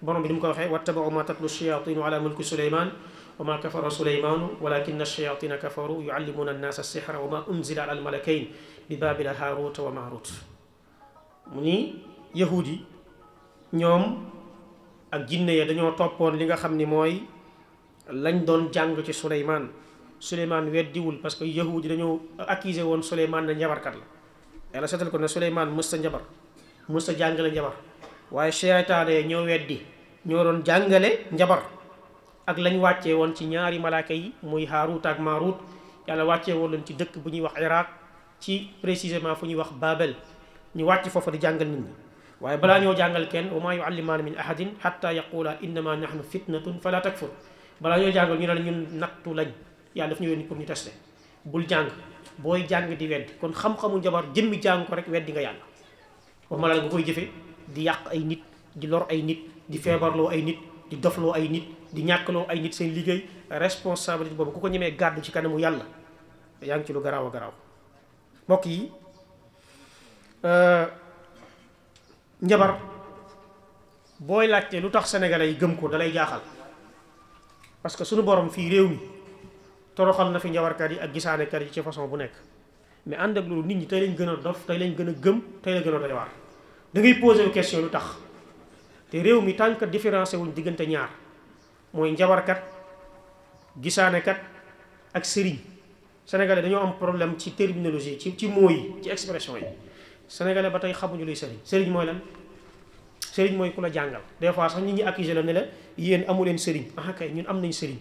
borom bi ni mu ko waxee wattabau ma tatlu shayaatinu ala mulki suleyman wa ma kafara suleymaanu walakina shayatina kafaru yuallimuna annaasa sixra wa ma unzila ala almalakayn bi baabila haaruta wa maarut mu ni yahudi ñoom ak jinne ya dañoo toppoon li nga xam ni mooy lañ doon jàng ci Souleymane Souleymane weddiwul parce que yahud yi dañoo accusé woon Souleymane ne njabarkat la yàlla seetal ko ne Souleymane mës ta njabar mës ta jàngale njabar waaye seytaane ñoo weddi ñoo doon jàngale njabar ak lañ wàccee woon ci ñaari malaaka yi muy Haaruut ak Maaruut yàlla wàccee woon leen ci dëkk bu ñuy wax Iraq ci précisément fu ñuy wax Babel ñu wàcc foofu di jàngal nit ñi waaye balaa ñoo jàngal kenn wa maa yuallimaana min ahadin xatta yaquula innama nahnu fitnatun fala takfur balaa ñoo jàngal ñu ne la ñun nattu lañ yàlla daf ñu yónni pour ñu teste bul jàng booy jàng di weddi kon xam-xamu jabar jëmmi jàng ko rek weddi nga yàlla wax ma la nga koy jëfe di yàq ay nit di lor ay nit di feebarloo ay nit di dofloo ay nit di ñàkkloo ay nit seen liggéey responsabilité boobu ku ko ñemee gàddu ci kanamu yàlla yaa ngi ci lu garaaw a garaaw mbokk yi euh, njabar booy laajtee lu tax sénégalais yi gëm ko dalay jaaxal parce que suñu borom fii réew mi toroxal na fi njabarkat yi ak gisaanekat yi ci façon bu nekk mais ànd ak loolu nit ñi tey lañ gën a dof tey lañ gën a gëm tey la gën a doy waar da ngay poser question lu tax te réew mi tant que différencé wuñ diggante ñaar mooy njabarkat gisaanekat ak sëriñ sénégalais dañoo am problème ci terminologie ci ci mots yi ci expression yi sénégalais ba tey xamuñu luy sëriñ sëriñ mooy lan sëriñ mooy ku la jàngal des fois sax nit ñi accusé la ne la yéen amu leen sëriñ ah kay ñun am nañ sëriñ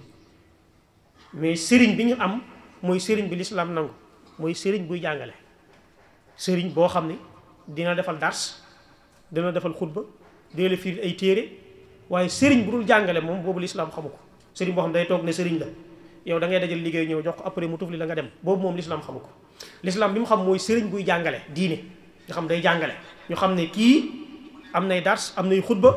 mais sëriñ bi ñu am mooy sëriñ bi lislaam nangu mooy sëriñ buy jàngale sëriñ boo xam ne dina defal dars dina defal xutba dina la firi ay téere waaye sëriñ bu dul jàngale moom boobu lislaam xamu ko sëriñ boo xam ne toog ne sëriñ la yow da ngay dajal liggéey ñëw jox ko après mu tufli la nga dem boobu moom lislaam xamu ko lislaam bi mu xam mooy sëriñ buy jàngale diine nga xam day jàngale ñu xam ne kii am nay dars am nay xutba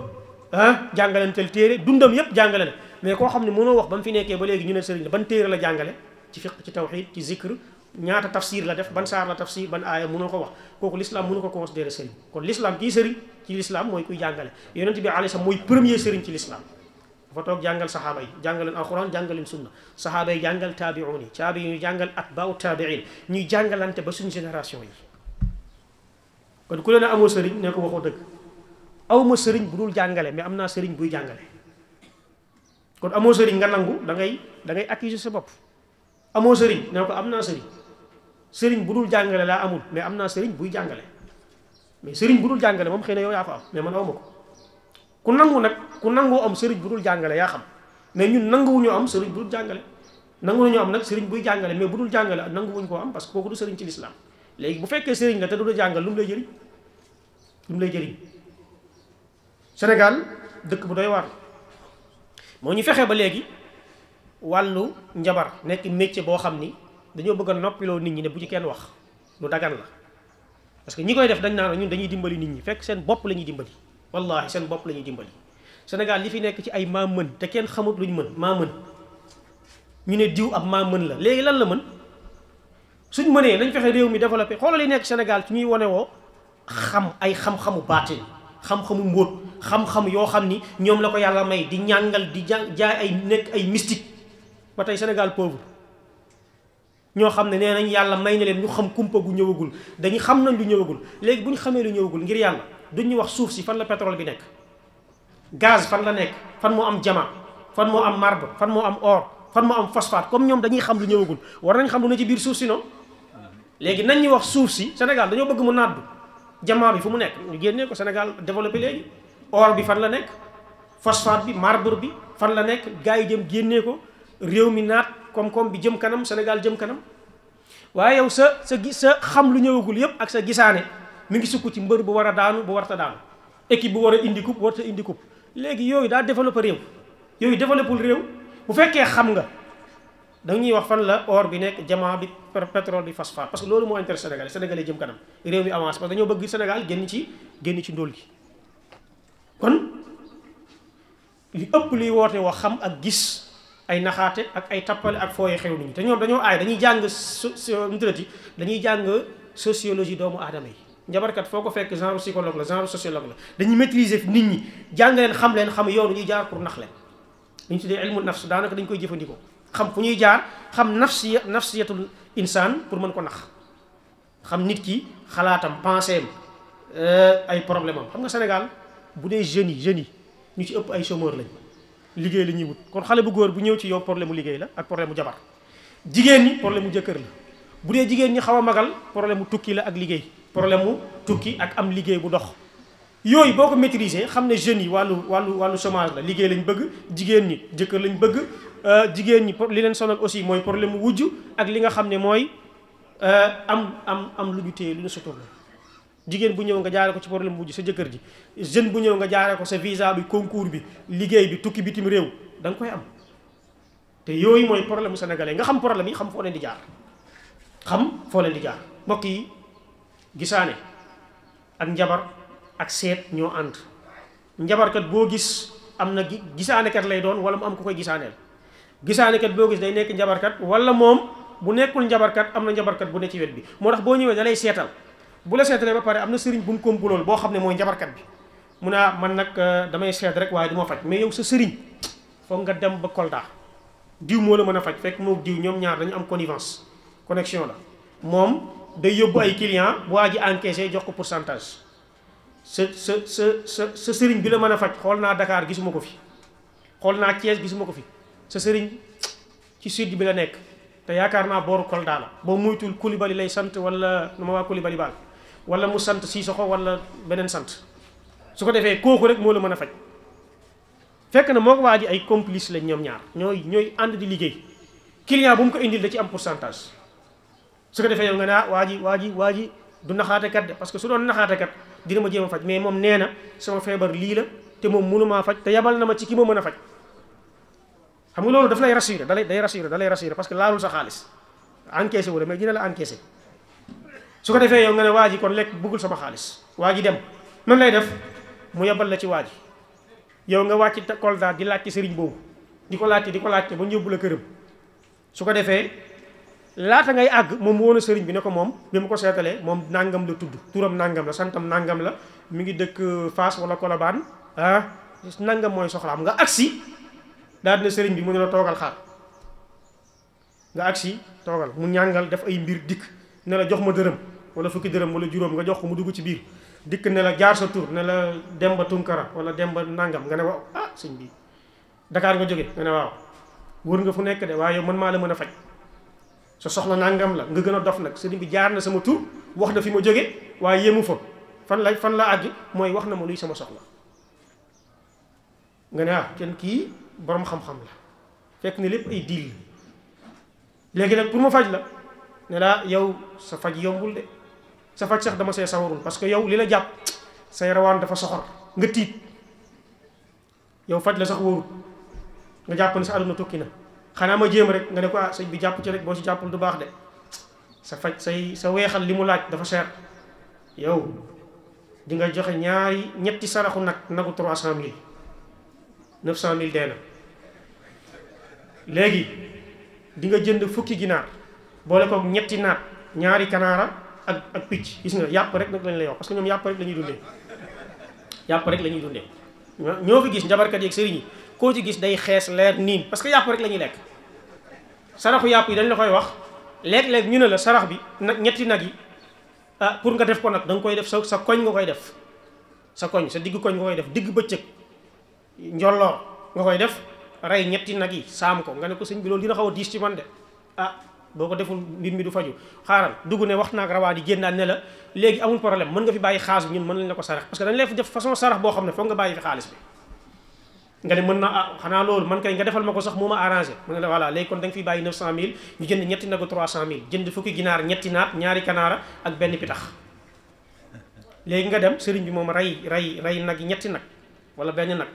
ah jàngalanteel téere dundam yépp jàngale na mais koo xam ne mënoo wax ba mu fi nekkee ba léegi ñu ne sëriñ la ban téere la jàngale ci fiq ci tawxid ci zikr ñaata tafsir la def ban saar la tafsir ban aaya mënoo ko wax kooku l'islam mënu ko considéré sëriñ kon l'islam kii sëriñ ci l'islam mooy kuy jàngale yonent bi alayhi salaam mooy premier sëriñ ci l'islam dafa toog jàngal saxaaba yi jàngaleen alquran jàngaleen sunna saxaaba yi jàngal taabi'un yi taabi'un yi jàngal atba'u taabi'in ñuy jàngalante ba suñu génération yi kon ku leen a amoo sëriñ ko waxoo dëgg awma sëriñ bu dul jàngale mais am naa sëriñ buy jàngale kon amoo sëriñ nga nangu da ngay da ngay sa bopp amoo sëriñ ne am naa sëriñ sëriñ bu jàngale laa amul mais am naa sëriñ buy jàngale mais sëriñ bu dul jàngale moom xëy na yow yaa ko am mais man awma ko ku nangu nag ku nangoo am sëriñ bu dul jàngale yaa xam mais ñun nanguwuñu am sëriñ bu jàngale nangu nañu am nag sëriñ buy jàngale mais bu dul jàngale nanguwuñ koo am parce que kooku du sëriñ ci lislaam léegi bu fekkee sëriñ la te du la jàngal lu mu lay jëriñ lu mu lay jëriñ Sénégal dëkk bu doy waar moo ñu fexe ba léegi wàllu njabar nekk métier boo xam ni dañoo bëgg a noppiloo nit ñi ne bu ci kenn wax lu dagan la parce que ñi koy def dañ naan ñun dañuy dimbali nit ñi fekk seen bopp lañuy ñuy dimbali wallaahi seen bopp lañuy dimbali Sénégal li fi nekk ci ay maam mën te kenn xamut ñu mën maa mën ñu ne diw ab maa mën la léegi lan la mën suñ mënee nañ fexe réew mi développé xoolal yi nekk Sénégal su ñuy wane woo xam ay xam-xamu xam-xamu mbóot xam-xam yoo xam ni ñoom la ko yàlla may di ñàngal di jaay ay nekk ay mystique ba tey Sénégal pauvre ñoo xam ne nee nañ yàlla may na leen ñu xam kumpa gu ñëwagul dañu xam nañ lu ñëwagul léegi bu ñu xamee lu ñëwagul ngir yàlla du ñu wax suuf si fan la pétrole bi nekk gaz fan la nekk fan moo am jama fan moo am marbre fan moo am or fan moo am phosphate comme ñoom dañuy xam lu ñëwagul war nañ xam lu ne ci biir suuf si noonu léegi nañ ñu wax suuf si Sénégal dañoo bëgg mu jamaa bi fu mu nekk ñu génnee ko senegal développé léegi or bi fan la nekk phosphate bi marbre bi fan la nekk gars yi jëm génnee ko réew mi naat koom-koom bi jëm kanam Sénégal jëm kanam waaye yow sa sa gis sa xam lu ñëwagul yépp ak sa gisaane mu ngi sukk ci mbër bu war a daanu bu warta daanu équipe bu war a indi coupe warta indi coupe léegi yooyu daa développé réew yooyu développé réew bu fekkee xam nga da ñuy wax fan la or bi nekk jamaa bi pétrole bi phosphate parce que loolu moo intérêt Sénégal sénégalais jëm kanam réew mi avance parce que dañoo bëgg Sénégal génn ci génn ci ndóol gi kon li ëpp luy woote wax xam ak gis ay naxaate ak ay tappale ak fooye xew nit ñi te ñoom dañoo aay dañuy jàng nutrati dañuy jàng sociologie doomu aadama yi njabarkat foo ko fekk genre psychologue la genre sociologue la dañuy maîtriser nit ñi jàng leen xam leen xam yoonu ñuy jaar pour nax leen li ñu tuddee ilmu daanaka dañ koy jëfandikoo xam ku ñuy jaar xam nafsiya nafsiyatul insaan pour mën ko nax xam nit ki xalaatam pensée euh, ay problème xam nga Sénégal bu dee jeunes yi jeunes yi ñu ci ëpp ay chômeur lañ liggéey la ñuy wut kon xale bu góor bu ñëw ci yow problème mu liggéey la ak problème mu jabar jigéen ñi problème mu jëkkër la bu dee jigéen ñi xaw a magal problème mu tukki la ak liggéey problème mu tukki ak am liggéey bu dox yooyu boo ko maîtriser xam ne jeunes yi wàllu wàllu wàllu chômage la liggéey lañ bëgg jigéen ñi jëkkër lañ bëgg Euh, jigéen ñi li leen sonal aussi mooy problème wujj ak li nga xam ne mooy euh, am am am lu ñu téye lu ñu sutur la jigéen bu ñëw nga jaare ko ci problème wujj sa jëkkër ji jeune bu ñëw nga jaare ko sa visa bi concours bi liggéey bi tukki bitim réew da nga koy am te yooyu mooy problème mu sénégalais nga xam problème yi xam foo leen di jaar xam foo leen di jaar mbokk yi gisaane ak njabar ak seet ñoo ànd njabarkat boo gis am na gisaanekat lay doon wala mu am ku koy gisaaneel gisaanekat boo gis day nekk njabarkat wala moom bu nekkul njabarkat am na njabarkat bu ne ci wet bi moo tax boo ñëwee da seetal bu la seetalee ba pare am na sëriñ bu mu kombulool boo xam ne mooy njabarkat bi mu ne ah, man nag euh, damay seet rek waaye du ma faj mais yow sa sëriñ foog nga dem ba Kolda diw moo la mën a faj fekk mook diw ñoom ñaar dañu am connivence connexion la moom day yóbbu ay client bu waa ji encaissé jox ko pourcentage sa sa sa sa sa sëriñ bi la mën a faj xool naa Dakar gisuma ko fi xool naa Thiès gisuma ko fi sa sëriñ ci sud bi la nekk te yaakaar naa booru Kolda la boo muytul Kulibali lay sant wala nu ma waa Kulibali baal wala mu sant si Sissoko wala beneen sant su ko defee kooku rek moo la mën a faj fekk na moo ko waa ji ay complice lañ ñoom ñaar ñooy ñooy ànd di liggéey client bu mu ko indil da ci am pourcentage su ko defee yow nga ne ah waa ji waa ji waa ji du naxaatekat de parce que su doon naxaate naxaatekat dina ma jéem a faj mais moom nee na sama feebar lii la te moom mënumaa faj te yabal na ma ci ki ma mën a faj xam nga loolu daf lay rassurer da lay day rassurer da lay rassurer parce que laalul sa xaalis encaissé wu la mais dina la encaissé su ko defee yow nga ne waa ji kon lekk bëggul sama xaalis waa ji dem noonu lay def mu yebal la ci waa ji yow nga wàcc Kolda di laajte sëriñ boobu di ko laajte di ko laajte ba ñëbbu la këram su ko defee laata ngay àgg moom woon a sëriñ bi ne ko moom bi mu ko seetalee moom nangam la tudd turam nàngam la santam nangam la mi ngi dëkk Fass wala Colobane ah nangam mooy soxlaam nga agsi daa dina sëriñ bi mu ne la toogal xaar nga agsi toogal mu ñàngal def ay mbir dikk ne la jox ma dërëm wala fukki dërëm wala juróom nga jox ko mu dugg ci biir dikk ne la jaar sa tur ne la Demba Tunkara wala Demba Nangam nga ne waaw ah sëñ bi Dakar nga jóge nga ne waaw wër nga fu nekk de waaye yow man maa la mën a faj sa soxla nangam la nga gën a dof nag sëriñ bi jaar na sama tur wax na fi ma jóge waaye yéemu fa fan la fan la àgg mooy wax na ma luy sama soxla nga ah, kii boroom xam-xam la fekk ne lépp ay diil léegi nag pour ma faj la ne laa yow sa faj yombul de sa faj sax dama see sawarul parce que yow li la jàpp say dafa soxor nga tiit yow faj la sax wóorul nga jàpp ne sa àdduna tukki na xanaa ma jéem rek nga ne ko ah sëñ bi jàpp ci rek boo si jàppul du baax de sa faj say sa weexal li mu laaj dafa seer yow di nga joxe ñaari ñetti saraxu nag nagu trois cent mille neuf cent mille dee na léegi di nga jënd fukki ginaar boole ko ñetti naat ñaari kanaara ak ak picc gis nga yàpp rek nag lañ lay wax parce que ñoom yàpp rek la dundee yàpp rek lañuy ñuy dundee ñoo fi gis njabarkat yeeg sëriñ yi koo ci gis day xees leer niin parce que yàpp rek la ñuy lekk saraxu yàpp yi dañ la koy wax léeg-léeg ñu ne la sarax bi nag ñetti nag yi ah pour nga def ko nag danga koy def sa sa koñ nga koy def sa koñ sa digg koñ nga koy def digg bëccëg njolloor nga koy def rey ñetti nag yi saam ko nga ne ko sëñ bi loolu dina xaw a diis ci man de ah boo ko deful mbir mi du faju xaaral dugg ne wax naag rawaa di génnaat ne la léegi amul problème mën nga fi bàyyi xaalis bi ñun mën lañ la ko sarax parce que dañ lay façon sarax boo xam ne foog nga bàyyi fi xaalis bi nga ne mën na ah xanaa loolu man kay nga defal ma ko sax moo ma arrangé mu ne la voilà léegi kon da nga fiy bàyyi 900000 ñu jënd ñetti nagu 300000 jënd fukki ginaar ñetti naat ñaari kanaara ak benn pitax léegi nga dem sëriñ bi moom rey rey rey nag ñetti nag wala benn nag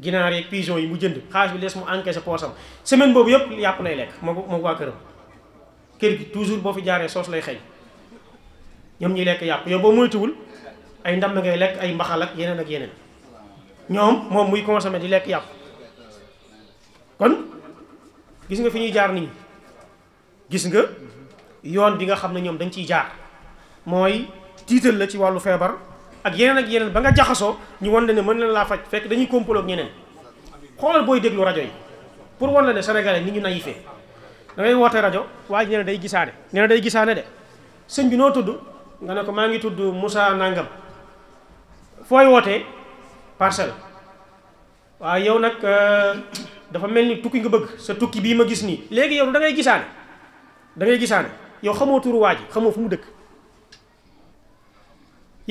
ginaar yeeg pigeon yi mu jënd xaalis bi lees mu encaissé poosam semaine boobu yëpp yàpp lay lekk moo moo waa këram kër gi toujours boo fi jaaree soos lay xëy ñoom ñuy lekk yàpp yow boo moytuwul ay ndam ngay lekk ay mbaxal ak yeneen ak yeneen ñoom moom muy consommé di lekk yàpp kon gis nga fi ñuy jaar nit ñi gis nga yoon bi nga xam ne ñoom dañ ciy jaar mooy tiital la ci wàllu feebar ak yeneen ak yeneen ba nga jaxasoo ñu wan la ne mën na laa faj fekk dañuy complot ak ñeneen xoolal booy déglu rajo yi pour wan la ne sénégalais ni ñu naïfee da ngay woote rajo waa ji nee na day gisaane nee na day gisaane de sëñ bi noo tudd nga ne ko maa ngi tudd musaa Nangam fooy wootee parcelle waa yow nag euh, dafa mel ni tukki nga bëgg sa tukki bii ma gis nii léegi yow da ngay gisaane da ngay gisaane yow xamoo turu waa ji xamoo fu mu dëkk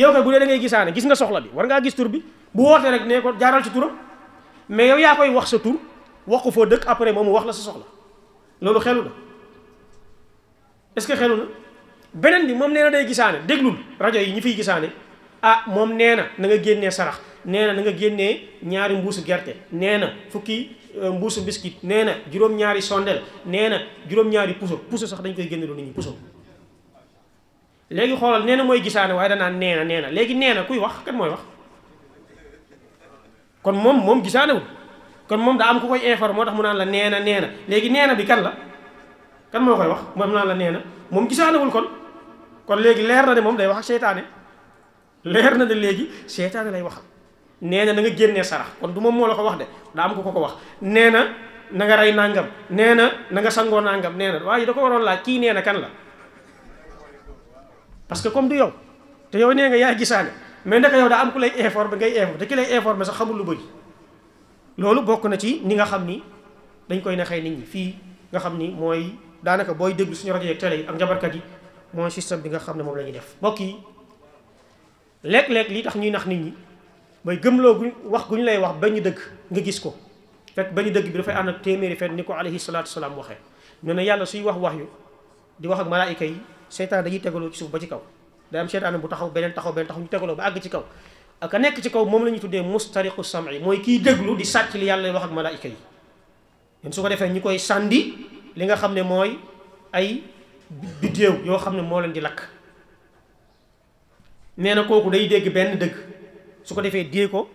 yow kay bu dee da ngay gisaane gis nga soxla bi war ngaa gis tur bi bu wootee rek ne ko jaaral ci turam mais yow yaa koy wax sa tur wax foo dëkk après moom mu wax la sa soxla loolu xelu na que xelu na beneen bi moom nee na day gisaane déglul rajo yi ñu fiy gisaane ah moom nee na na nga génnee sarax nee na na nga génnee ñaari mbuusu gerte nee na fukki euh, mbuusu biscuit nee na juróom-ñaari sondel nee na juróom-ñaari puso puso sax dañ koy génne lu nit puso léegi xoolal nee na mooy gisaane waaye danaan nee na nee léegi neena na kuy wax kan mooy wax kon moom moom gisaanewul kon moom daa am ku koy informer moo mu naan la nee na nee na léegi nee na bi la kan moo koy wax moom naan la nee na moom gisaanewul kon kon léegi leer na de moom day wax ak seytaane leer na ne léegi seytaane lay wax nee na na nga génnee sarax kon du moom moo la ko wax de daa am ku ko ko wax nee na na nga rey nangam nee na na nga sangoo nangam nee waaye da ko waroon laaj kii nee na kan la parce que comme du yow te yow nee nga yaa gisaane mais ndaka yow daa am ku lay informer ngay informer te ki lay informer sax xamul lu bëri loolu bokk na ci ni nga xam ni dañ koy naxee nit ñi fii nga xam ni mooy daanaka booy déglu suñu rajo yeeg télé yi ak njabarkat yi mooy système bi nga xam ne moom la ñuy def mbokk yi lekk lekk li tax ñuy nax nit ñi mooy gëmloo guñ wax guñ lay wax bañ ñu dëgg nga gis ko fekk bañ dëgg bi dafay ànd na téeméeri fen ni ko alayhi salaatu salaam waxee nee na yàlla suy wax wax yu di wax ak malaayika yi seytaan dañuy tegaloo ci suuf ba ci kaw day am seytaan bu taxaw beneen taxaw beneen taxaw ñu tegaloo ba àgg ci kaw ak a nekk ci kaw moom la ñu tuddee mustariqu sam'i mooy kiy déglu di sàcc li yàlla wax ak malaayika yi ñun su ko defee ñu koy sàndi li nga xam ne mooy ay biddéew yoo xam ne moo leen di lakk nee na kooku day dégg benn dëgg su ko defee dee ko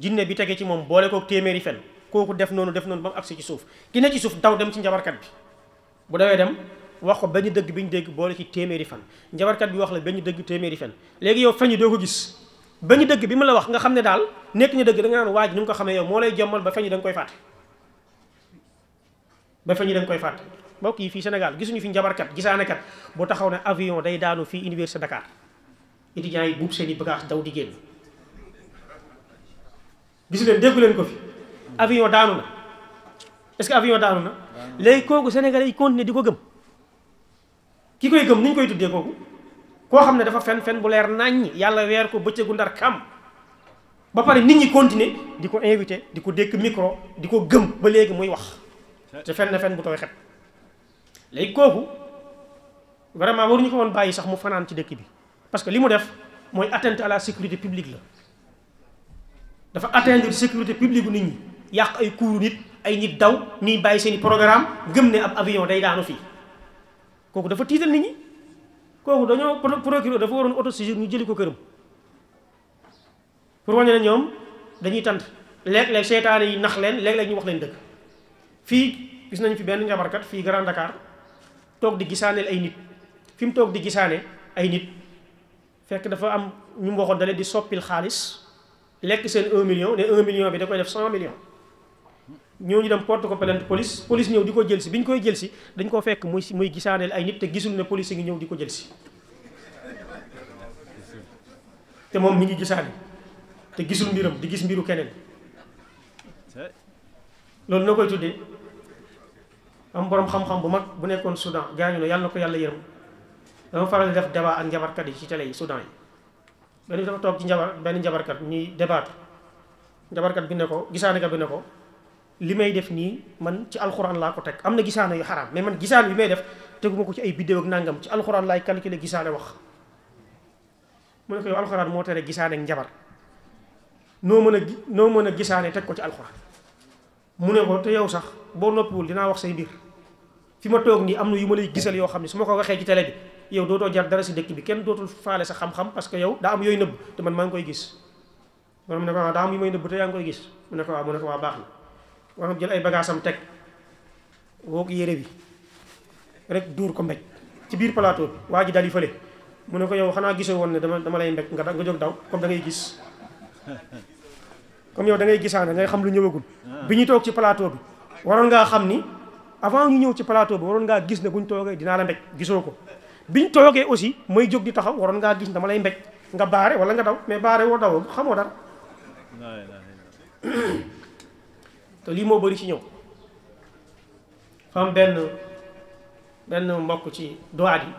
jinne bi tege ci moom boole ko téeméeri fen kooku def noonu def noonu ba mu ci suuf ki ci suuf daw dem ci njabarkat bi bu dawee dem wax ko benn dëgg bi ñu dégg boole ci téeméeri fan njabarkat bi wax la benn dëgg téeméeri fan léegi yow feñu doo ko gis benn dëgg bi mu la wax nga xam ne daal nekk ñu dëgg da nga naan waaj ni nga ko xamee yow moo lay jommal ba feñu da koy fàtte ba feñu da koy fàtte mbokk yi fii senegal gisuñu fi njabarkat gisaanekat bu taxaw ne avion day daanu fii université Dakar étudiants yi buub seen i bagage daw di génn gisu leen déggu ko fi avion daanu que avion daanu na léegi kooku sénégalais yi continuer di ko gëm ki koy gëm ni ñu koy tuddee kooku koo xam ne dafa fen fen bu leer naññ yàlla weer ko bëccëgu ndar kam ba pare nit ñi continuer di ko invité di ko dékk micro di ko gëm ba léegi muy wax te fen na fen bu tooy xet léegi kooku vraiment ñu ko woon bàyyi sax mu fanaan ci dëkk bi parce que li mu def mooy atteinte à sécurité publique la dafa atteindre sécurité publique bu nit ñi yàq ay kuuru nit ay nit daw ñuy bàyyi seen programme gëm ne ab avion day daanu fii kooku dafa tiital nit ñi kooku dañoo procureur dafa waroon autosaisir ñu jëli ko këram pour wàññi na ñoom dañuy tant lekk léeg seytaane yi nax leen léeg-léeg ñu wax leen dëkk fii gis nañu fi benn njabarkat fii Grand Dakar toog di gisaaneel ay nit fi mu toog di gisaane ay nit fekk dafa am ñu mu waxoon dalee di soppil xaalis lekk seen 1 million ne 1 million bi da koy def 100 millions ñooñu dem porte ko plainte police police ñëw di ko jël si bi ñu koy jël si dañ koo fekk muy muy gisaaneel ay nit te gisul ne police ngi ñëw di ko jël si te moom mi ngi gisaane te gisul mbiram di gis mbiru keneen loolu na koy tuddee am borom xam-xam bu mag bu nekkoon Soudan gaañu na yàlla na ko yàlla yërëm dama faral di def débat ak njabarkat yi ci télé yi Soudan yi benn dafa toog ci njabar benn njabarkat ñuy débat njabarkat bi ne ko gisaane bi ne ko li may def nii man ci alxuraan laa ko teg am na gisaane yu xaraam mais man gisaan bi may def teguma ko ci ay biddéew ak nangam ci alxuraan laay calculer gisaane wax mu ne ko yow alxuraan gisaane ak njabar noo mën a noo mën a gisaane teg ko ci alxuraan mu ne ko te yow sax boo noppiwul dinaa wax say mbir fi ma toog nii am na yu ma yoo xam su ma ko waxee ci télé bi yow dootoo jar dara si bi kenn dootul faale sa xam parce que yow daa am yooyu nëbb te man maa ngi koy gis man mu ne ko waaw ah, daa am gis mu ne ko ah, waaw baax na war jël ay bagaasam teg woog yére bi rek duur ko mbéj ci biir plateau waa ji dal yi mu ne ko yow xanaa gisoo woon ne dama dama lay mbéj nga nga jóg daw comme da ngay gis comme yow da ngay gisaane ngay xam lu ñëwagul ah. bi ñu toog ci plateau bi waroon ngaa xam ni avant ñu ñëw ci palaato bi waroon ngaa gis ne buñ toogee dinaa la mbéj gisoo ko biñ toogee aussi mooy jóg di taxaw waroon ngaa gis dama lay mbéj nga baare wala nga daw mais baare woo daw xamoo dara te lii moo bari ci ñëw fam benn benn mbokk ci doaat yi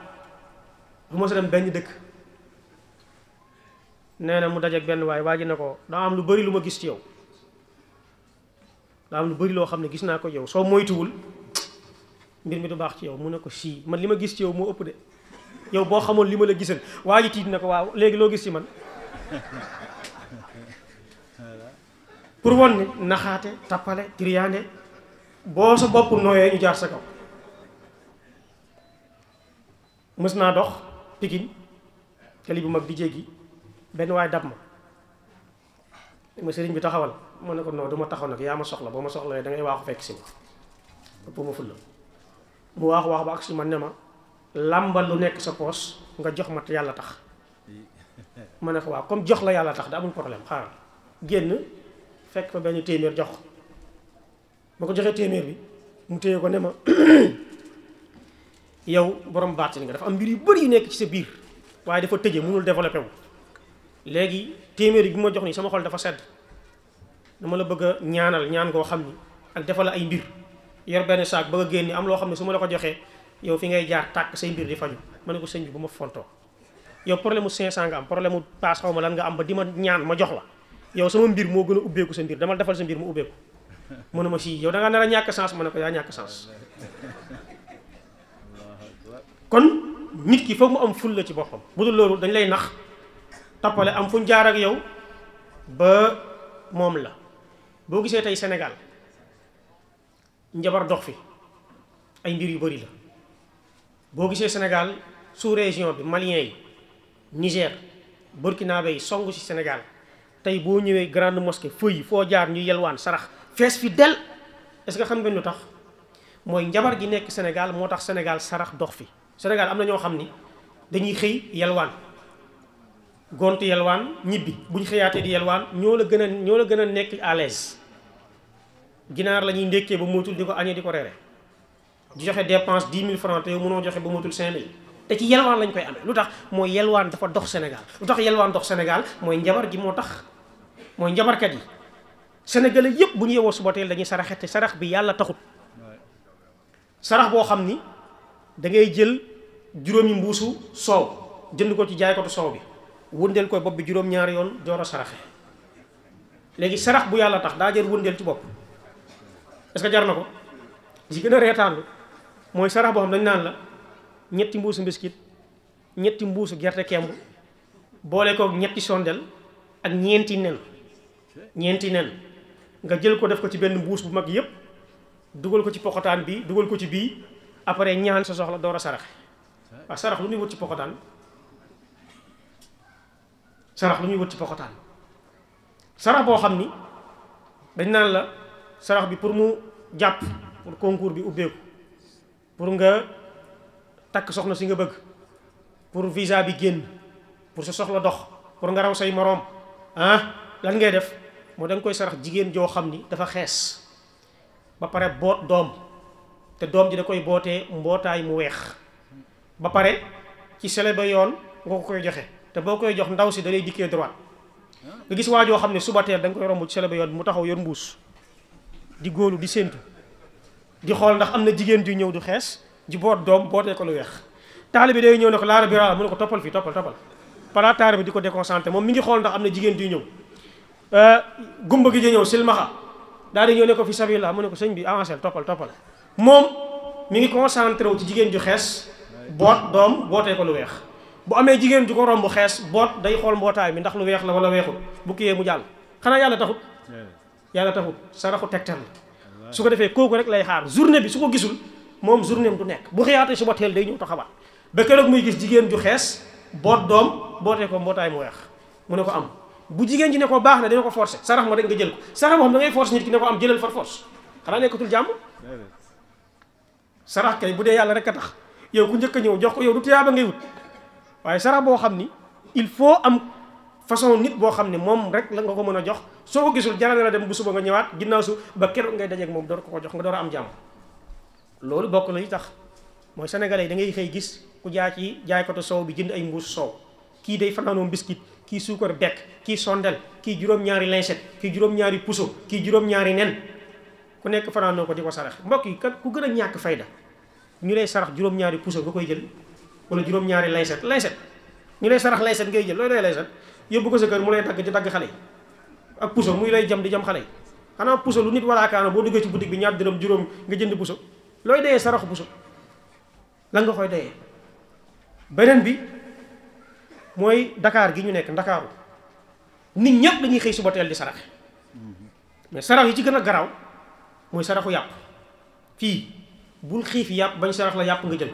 bu mos a dem benn dëkk nee na mu dajeeg benn waay waa ji ne ko daa am lu bari lu ma gis ci yow daa am lu bari loo xam ne gis naa ko yow soo moytuwul mbir mi du baax ci yow mu ne ko sii man li ma gis ci yow moo ëpp de yow boo xamoon li ma la gisal waa ji tiit na ko waaw léegi loo gis ci man pour won nit naxaate tappale tiriyaande boo sa bopp nooyee ñu jaar sa kaw mës naa dox Pikine tali bu mag di jéggi benn waaye dab ma ma sëriñ bi taxawal ma ne ko non du ma taxaw nag yaa ma soxla boo ma soxla da ngay waaxu fekk si ma ëpp ma fulla mu waaxu waaxu ba ak si ma ne ma làmbal lu nekk sa poos nga jox ma te yàlla tax ma ne ko waa comme jox la yàlla tax da amul problème xaaral génn fekk fa benn téeméer jox ma ko joxee téeméer bi mu téye ko ne ma yow borom baatin nga dafa am mbir yu bëri yu nekk ci sa biir waaye dafa tëje mënul développé wu léegi téeméer bi ma jox nii sama xol dafa sedd dama la bëgg a ñaanal ñaan koo xam ni ak defal la ay mbir yor benn saag bëgg a génne am loo xam ne su ma la ko joxee yow fi ngay jaar tàkk say mbir di faju ma ne ko sëñ bi bu ma fontoo yow problème mu 500 nga am problème mu paas xaw ma lan nga am ba di ma ñaan ma jox la yow sama mbir moo gën a ubbeeku sa mbir dama defal sa mbir mu ubbeeku mu ne ma sii yow da nga ñàkk sens ma ne ko yaa ñàkk sens kon nit ki foog mu am ful la ci boppam bu dul loolu dañ lay nax toppale am fuñ jaar ak yow ba moom la boo gisee tey senegal njabar dox fi ay mbir yu bari la boo gisee senegal sous région bi malien yi Niger burkinabé yi songu ci Sénégal tey boo ñëwee grande mosquée fëy foo jaar ñu yelwaan sarax fees fi del est-ce que xam ngeen lu tax mooy njabar gi nekk Sénégal moo tax Sénégal sarax dox fi Sénégal am na ñoo xam ni dañuy xëy yelwaan gont yelwaan ñibbi buñ xëyaatee di yelwaan ñoo la gën a ñoo la gën a nekk à l'aise ginaar la ñuy ndékkee ba mootul di ko añee di ko reere di joxe dépense dix mille francs te yow mënoo joxe ba mootul cinq mille te ci yelwaan lañ koy amee lu tax mooy yelwaan dafa dox Sénégal lu tax yelwaan dox Sénégal mooy njabar gi moo tax mooy njabarkat yi sénégalais yëpp bu ñu yewoo suba teel dañuy saraxe te sarax bi yàlla taxut sarax boo xam ni da ngay jël juróomi mbuusu soow jënd ko ci jaaykatu soow bi wëndeel koy bopp bi juróom-ñaari yoon joor a saraxe léegi sarax bu yàlla tax daa jël wëndeel ci bopp est que jar na ko li gën a reetaanlu mooy sarax boo xam dañ naan la ñetti mbuusu mbiskit ñetti mbuusu gerte kemb boole kook ñetti sondel ak ñeenti nen ñeenti nen nga jël ko def ko ci benn mbuus bu mag yépp dugal ko ci poxotaan bi dugal ko ci bii après ñaan sa soxla door a sarax waaw sarax lu ñuy wut ci poxotaan sarax lu ci poxotaan sarax boo xam ni dañ naan la sarax bi pour mu jàpp pour concours bi ubbeeku pour nga takk soxna si nga bëgg pour visa bi génn pour sa soxla dox pour nga raw say moroom ah lan ngay def moo da koy sarax jigéen joo xam ni dafa xees ba pare boot doom te doom ji da koy bootee mbootaay mu weex ba pare ci sele ba yoon nga ko koy joxe te boo koy jox ndaw si da lay dikkee droit nga gis waa joo xam ne suba teel da nga koy romb ci sele ba yoon mu taxaw yor mbuus di góolu di séentu di xool ndax am na jigéen ju ñëw du xees ji boot doom bootee ko lu weex taali bi day ñëw ne ko laara bira mu ne ko toppal fii toppal toppal para taar bi di ko déconcentré moom mi ngi xool ndax am na jigéen di ñëw euh, gumba gi di ñëw silmaxa daal di ñëw ne ko fi sabilillah mu ne ko sëñ bi avancé toppal toppal moom mi ngi concentré wu ci jigéen ju xees boot doom bootee ko lu weex bu amee jigéen ju ko romb xees boot day xool mbootaay mi ndax lu weex la wala weexul bu kiyee mu jàll xanaa yàlla yàlla taxut saraxu tegtal la moom journée du nekk bu xëyaatee suba teel day ñëw taxawaat ba keroog muy gis jigéen ju xees boot doom bootee ko mbootaay mu weex mu ne ko am bu jigéen ji ne ko baax na dina ko forcé sarax ma rek nga jël ko sarax boo xam da ngay force nit ki ne ko am jàmm sarax kay bu dee yàlla rek a tax yow ku njëkk a ñëw jox ko yow du tiyaaba ngay wut waaye sarax boo xam ni il faut am façon nit boo xam ne moom rek la nga ko mën a jox soo ko gisul jarale la dem bu suba nga ñëwaat ginnaaw su ba keroog ngay dajeeg moom door ko ko jox nga door am jàmm loolu bokk na li tax mooy sénégalais da ngay xëy gis ku jaay ci jaay jaaykatu soow bi jënd ay mbuus soow kii day fanaanoo biscuit kii suukar bekk kii sondel kii juróom-ñaari lancette kii juróom-ñaari puso kii juróom-ñaari nen ku nekk fanaanoo ko di ko sarax mbokk yi kat ku gën ñàkk fayda ñu lay sarax juróom-ñaari puso nga koy jël wala juróom-ñaari lancette lancette ñu lay sarax lancette ngay jël looy doy lancette yóbbu ko sa kër mu lay dagg di dagg xale yi ak puso muy lay jam di jam xale yi xanaa puso lu nit walaakaana boo duggee ci boutique bi ñaar dërëm juróom nga jënd puso looy deyee saraxu buso lan nga koy deyee beneen bi mooy dakaar gi ñu nekk Ndakaaru nit ñëpp dañuy xëy suba teel di saraxe mais sarax yi ci gën a garaaw mooy saraxu yàpp fii bul xiif yàpp bañ sarax la yàpp nga jël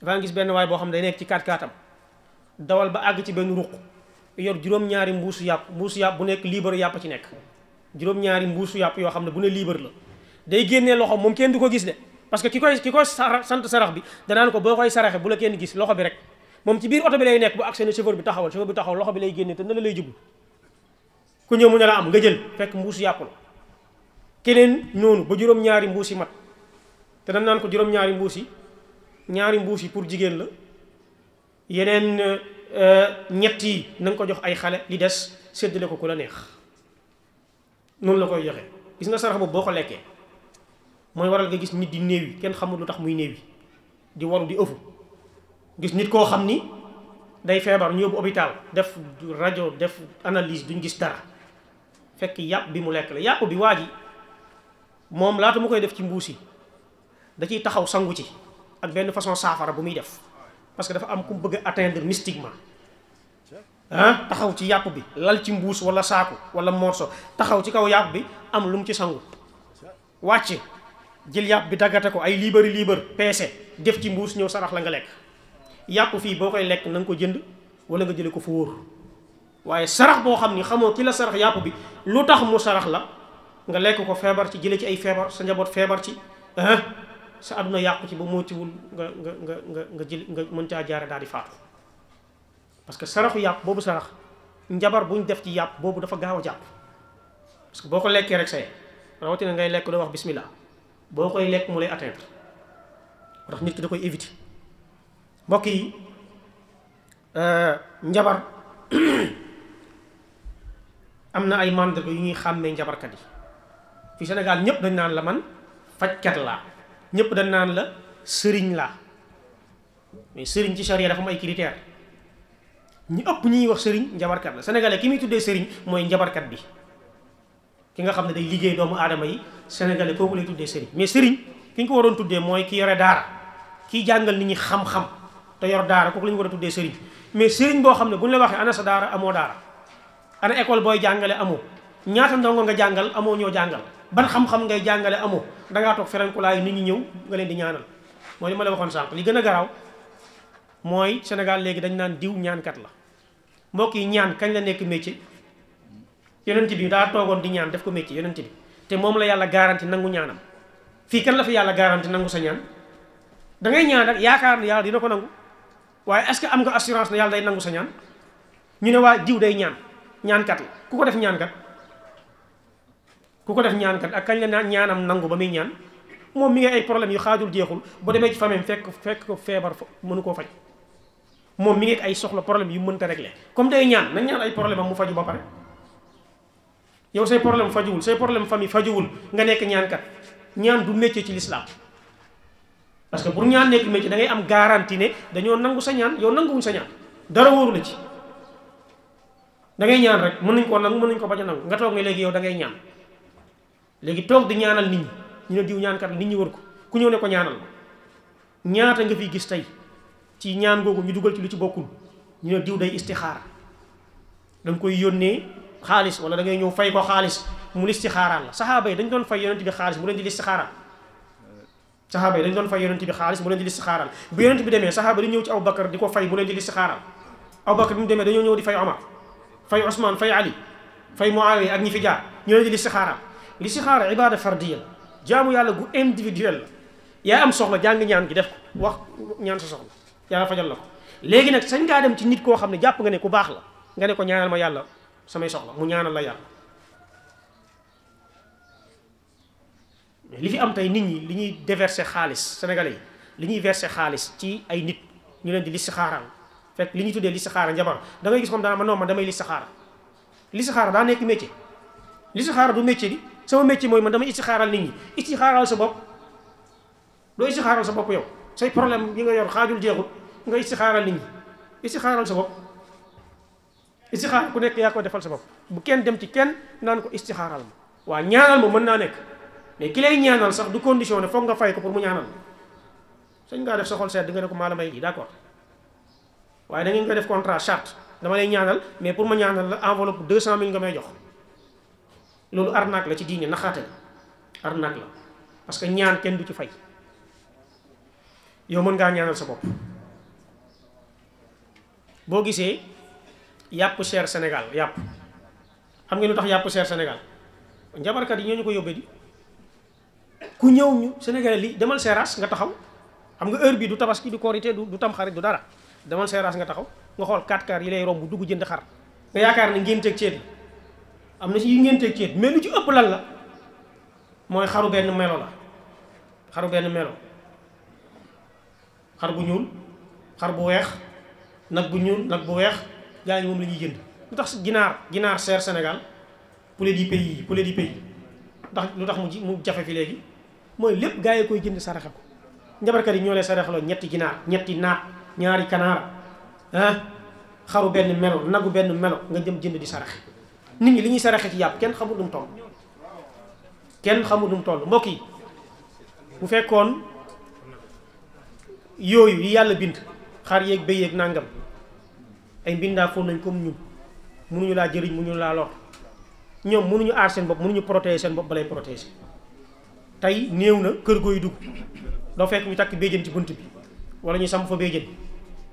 dafaa nga gis benn waay boo xam ne day nekk ci kaat kaatam dawal ba àgg ci benn ruq yor juróom-ñaari mbuusu yàpp mbuusu yàpp bu nekk liibar yàpp ci nekk juróom-ñaari mbuusu yàpp yoo xam ne bu ne liibar la day génne loxo moom kenn du ko gis de parce que ki koy ki sarax sant sarax bi danaan ko boo koy saraxe bu la kenn gis loxo bi rek moom ci biir oto bi lay nekk bu accès ne bi taxawal chauffeur bi taxaw loxo bi lay génne te na la lay jublu nga jël fekk mbuus yàpp la keneen ba juróom-ñaari yi mat te naan ko juróom-ñaari mbuus ñaari mbuus yi pour jigéen la yeneen euh, ñett yi ko jox ay xale li des séddale ko ku la neex noonu la koy joxe gis nga sarax boobu boo ko lekkee mooy waral nga gis nit di néew yi kenn xamul lu tax muy néew yi di waru di ëfu gis nit koo xam ni day feebar ñu yóbbu hôpital def rajo def analyse duñ gis dara fekk yàpp bi mu lekk la yàpp bi waa ji moom laata mu koy def ci mbuus yi da ciy taxaw sangu ci ak benn façon saafara bu muy def parce que dafa am ku bëgg a atteindre mystiquement ah taxaw ci yàpp bi lal ci mbuus wala saaku wala morso taxaw ci kaw yàpp bi am lu mu ci sangu wàcc jël yàpp bi daggate ko ay liibari liibar peese def ci mbuus ñëw sarax la nga lekk yàpp fii boo koy lekk na nga ko jënd wala nga jële ko fu wóor waaye sarax boo xam ni xamoo ki la sarax yàpp bi lu tax mu sarax la nga lekk ko feebar ci jële ci ay feebar sa njaboot feebar ci ah, sa àdduna yàqu ci ba moytuwul nga nga nga nga nga jël nga mën caa jaare daal di faatu parce que saraxu yàpp boobu sarax njabar buñ def ci yàpp boobu dafa gaaw a jàpp parce boo ko lekkee rek sa say rawatina ngay lekk doo wax bismillah boo koy lekk mu lay atteindre moo tax nit ki da koy éviter mbokk yi euh, njabar am na ay mandarga yu ñuy xàmmee njabarkat yi fi Sénégal ñëpp dañ naan la man fajkat laa ñëpp dañ naan la sëriñ laa mais sëriñ ci charia dafa am ay critère ñu ëpp ñi ñuy wax sëriñ njabarkat la sénégalais ki muy tuddee sëriñ mooy njabarkat bi ki nga xam ne day liggéey doomu aadama yi sénégalais kooku lay tuddee sëriñ mais sëriñ ki ñu ko waroon tuddee mooy ki yore daara kiy jàngal nit ñi xam-xam te yor daara kooku lañu war a tuddee sëriñ mais sëriñ boo xam ne bu ñu la waxee ana sa daara amoo daara ana école booy jàngale amoo ñaata ndongo nga jàngal amoo ñoo jàngal ban xam-xam ngay jàngale amoo dangaa toog ferenkulaayu nit ñi ñëw nga leen di ñaanal mooy li ma la waxoon sànq li gën a garaaw mooy Sénégal léegi dañ naan diw ñaankat la mbokk yi ñaan kañ nekk métier yonent bi daa toogoon di ñaan def ko métier yonent bi te moom la yàlla garanti nangu ñaanam fii kan la fi yàlla garanti nangu sa ñaan dangay ñaan rek yaakaar ne yàlla dina ko nangu waaye est-ce assurance ne yàlla day ñu ne waa jiw ñaan ñaankat la ku ko def ñaankat ku ko def ñaankat ak kañ la ñaanam nangu ba muy ñaan moom mi ngi ay problème yu xaajul jeexul ba demee ci famille fekk fekk ko feebar mënu koo faj moom mi ngi ay soxla problème yu mënta régler comme day ñaan nañ ñaan ay problème mu faju ba pare yow say problème fajuwul say problème famille fajuwul nga nekk ñaankat ñaan du métier ci l'islam parce que pour ñaan nekk métier da ngay am garantie ne dañoo nangu sa ñaan yow nanguwuñ sa ñaan dara wóoru la ci dangay ñaan rek mën nañ koo nangu mën nañ ko bañ a nangu nga toog ne léegi yow da ngay ñaan léegi toog di ñaanal nit ñi ñu ne diw ñaankat nit ñi wër ko ku ñëw ne ko ñaanal ñaata nga fi gis tey ci ñaan googu ñu dugal ci lu ci bokkul ñu ne diw day istixaar da koy yónnee xaalis wala da ngay ñëw fay ko xaalis mu listixaaraan la saxaaba yi dañ doon fay yonent bi xaalis mu leen di listixaaraan saxaaba yi dañ doon fay yonent bi xaalis mu leen di listixaaraan bu yonent bi demee saxaaba di ñëw ci Abubakar di ko fay mu leen di listixaaraan Abubakar bi mu demee dañoo ñëw di fay Omar fay Ousmane fay Ali fay Muawiya ak ñi fi jaar ñu leen di listixaaraan listixaara ibaada fardiya jaamu yàlla gu individuel la yaa am soxla jàng ñaan gi def ko wax ñaan sa soxla yàlla fajal la ko léegi nag sañ ngaa dem ci nit koo xam ne jàpp nga ne ku baax la nga ne ko ñaanal ma yàlla samay soxla mu ñaanal la yàlla li fi am tey nit ñi li ñuy déverser xaalis sénégalais yi li ñuy verser xaalis ci ay nit ñu leen di xaaral fekk li ñuy tuddee listixaara njabar da ngay gis comme daanaka man non man damay listixaara listixaara daa nekk métier listixaara du métier di sama métier mooy man damay istixaaral nit ñi xaaral sa bopp doo istixaaral sa bopp yow say problème yi nga yor xaajul jeexul nga istixaaral nit ñi istixaaral sa bopp. istixaara ku nekk yaa ko defal sa bopp bu kenn dem ci kenn naan ko istixaaral ma waa ñaanal ma mën naa nekk mais ki lay ñaanal sax du condition ne foog nga fay ko pour mu ñaanal sañ ngaa def sa xol seet di nga ne ko maa la may lii d'accord waaye da ngeen koy def contrat charte dama lay ñaanal mais pour ma ñaanal la enveloppe deux cent mille nga may jox loolu arnaque la ci diine naxaate la arnaque la parce que ñaan kenn du ci fay yow mën ngaa ñaanal sa bopp boo gisee yàpp cher Sénégal yàpp xam ngeen nu tax yàpp cher Sénégal njabarkat yi ñoo ñu ko yóbbee di ku ñëw ñu Sénégal li demal seeraas nga taxaw xam nga heure bi du tabaski du korité du tamxarit du dara demal seeraas nga taxaw nga xool 4 car yi lay romb dugg jënd xar nga yaakaar ne ngénteeg ceet am na si yu ngénteeg ceet mais lu ci ëpp lan la mooy xaru benn melo la xaru benn melo xar bu ñuul xar bu weex nag bu ñuul nag bu weex gars yi moom la ñuy jënd lu tax ginaar ginaar seer senegal poulet du pays yi poulet du pays ndax lu tax mu mu jafe fi léegi mooy lépp gars yi koy jënd saraxe ko njabarkat yi ñoo lay saraxaloo ñetti ginaar ñetti naat ñaari kanaar ah xaru benn melo nagu benn melo nga dem jënd di saraxe nit ñi li ñuy saraxe ci yàpp kenn xamul nu mu toll kenn xamul nu toll mbokk yi bu fekkoon yooyu yi yàlla bind xar yeeg béy yeeg nangam ay mbindaa foon nañ comme ñun mënuñu laa jëriñ ñu laa lor ñoom munuñu aar seen bopp mënuñu protéger seen bopp balay protéger tey néew na kër gooy dugg doo fekk ñu takk béjjën ci bunt bi wala ñu sam fa béjjën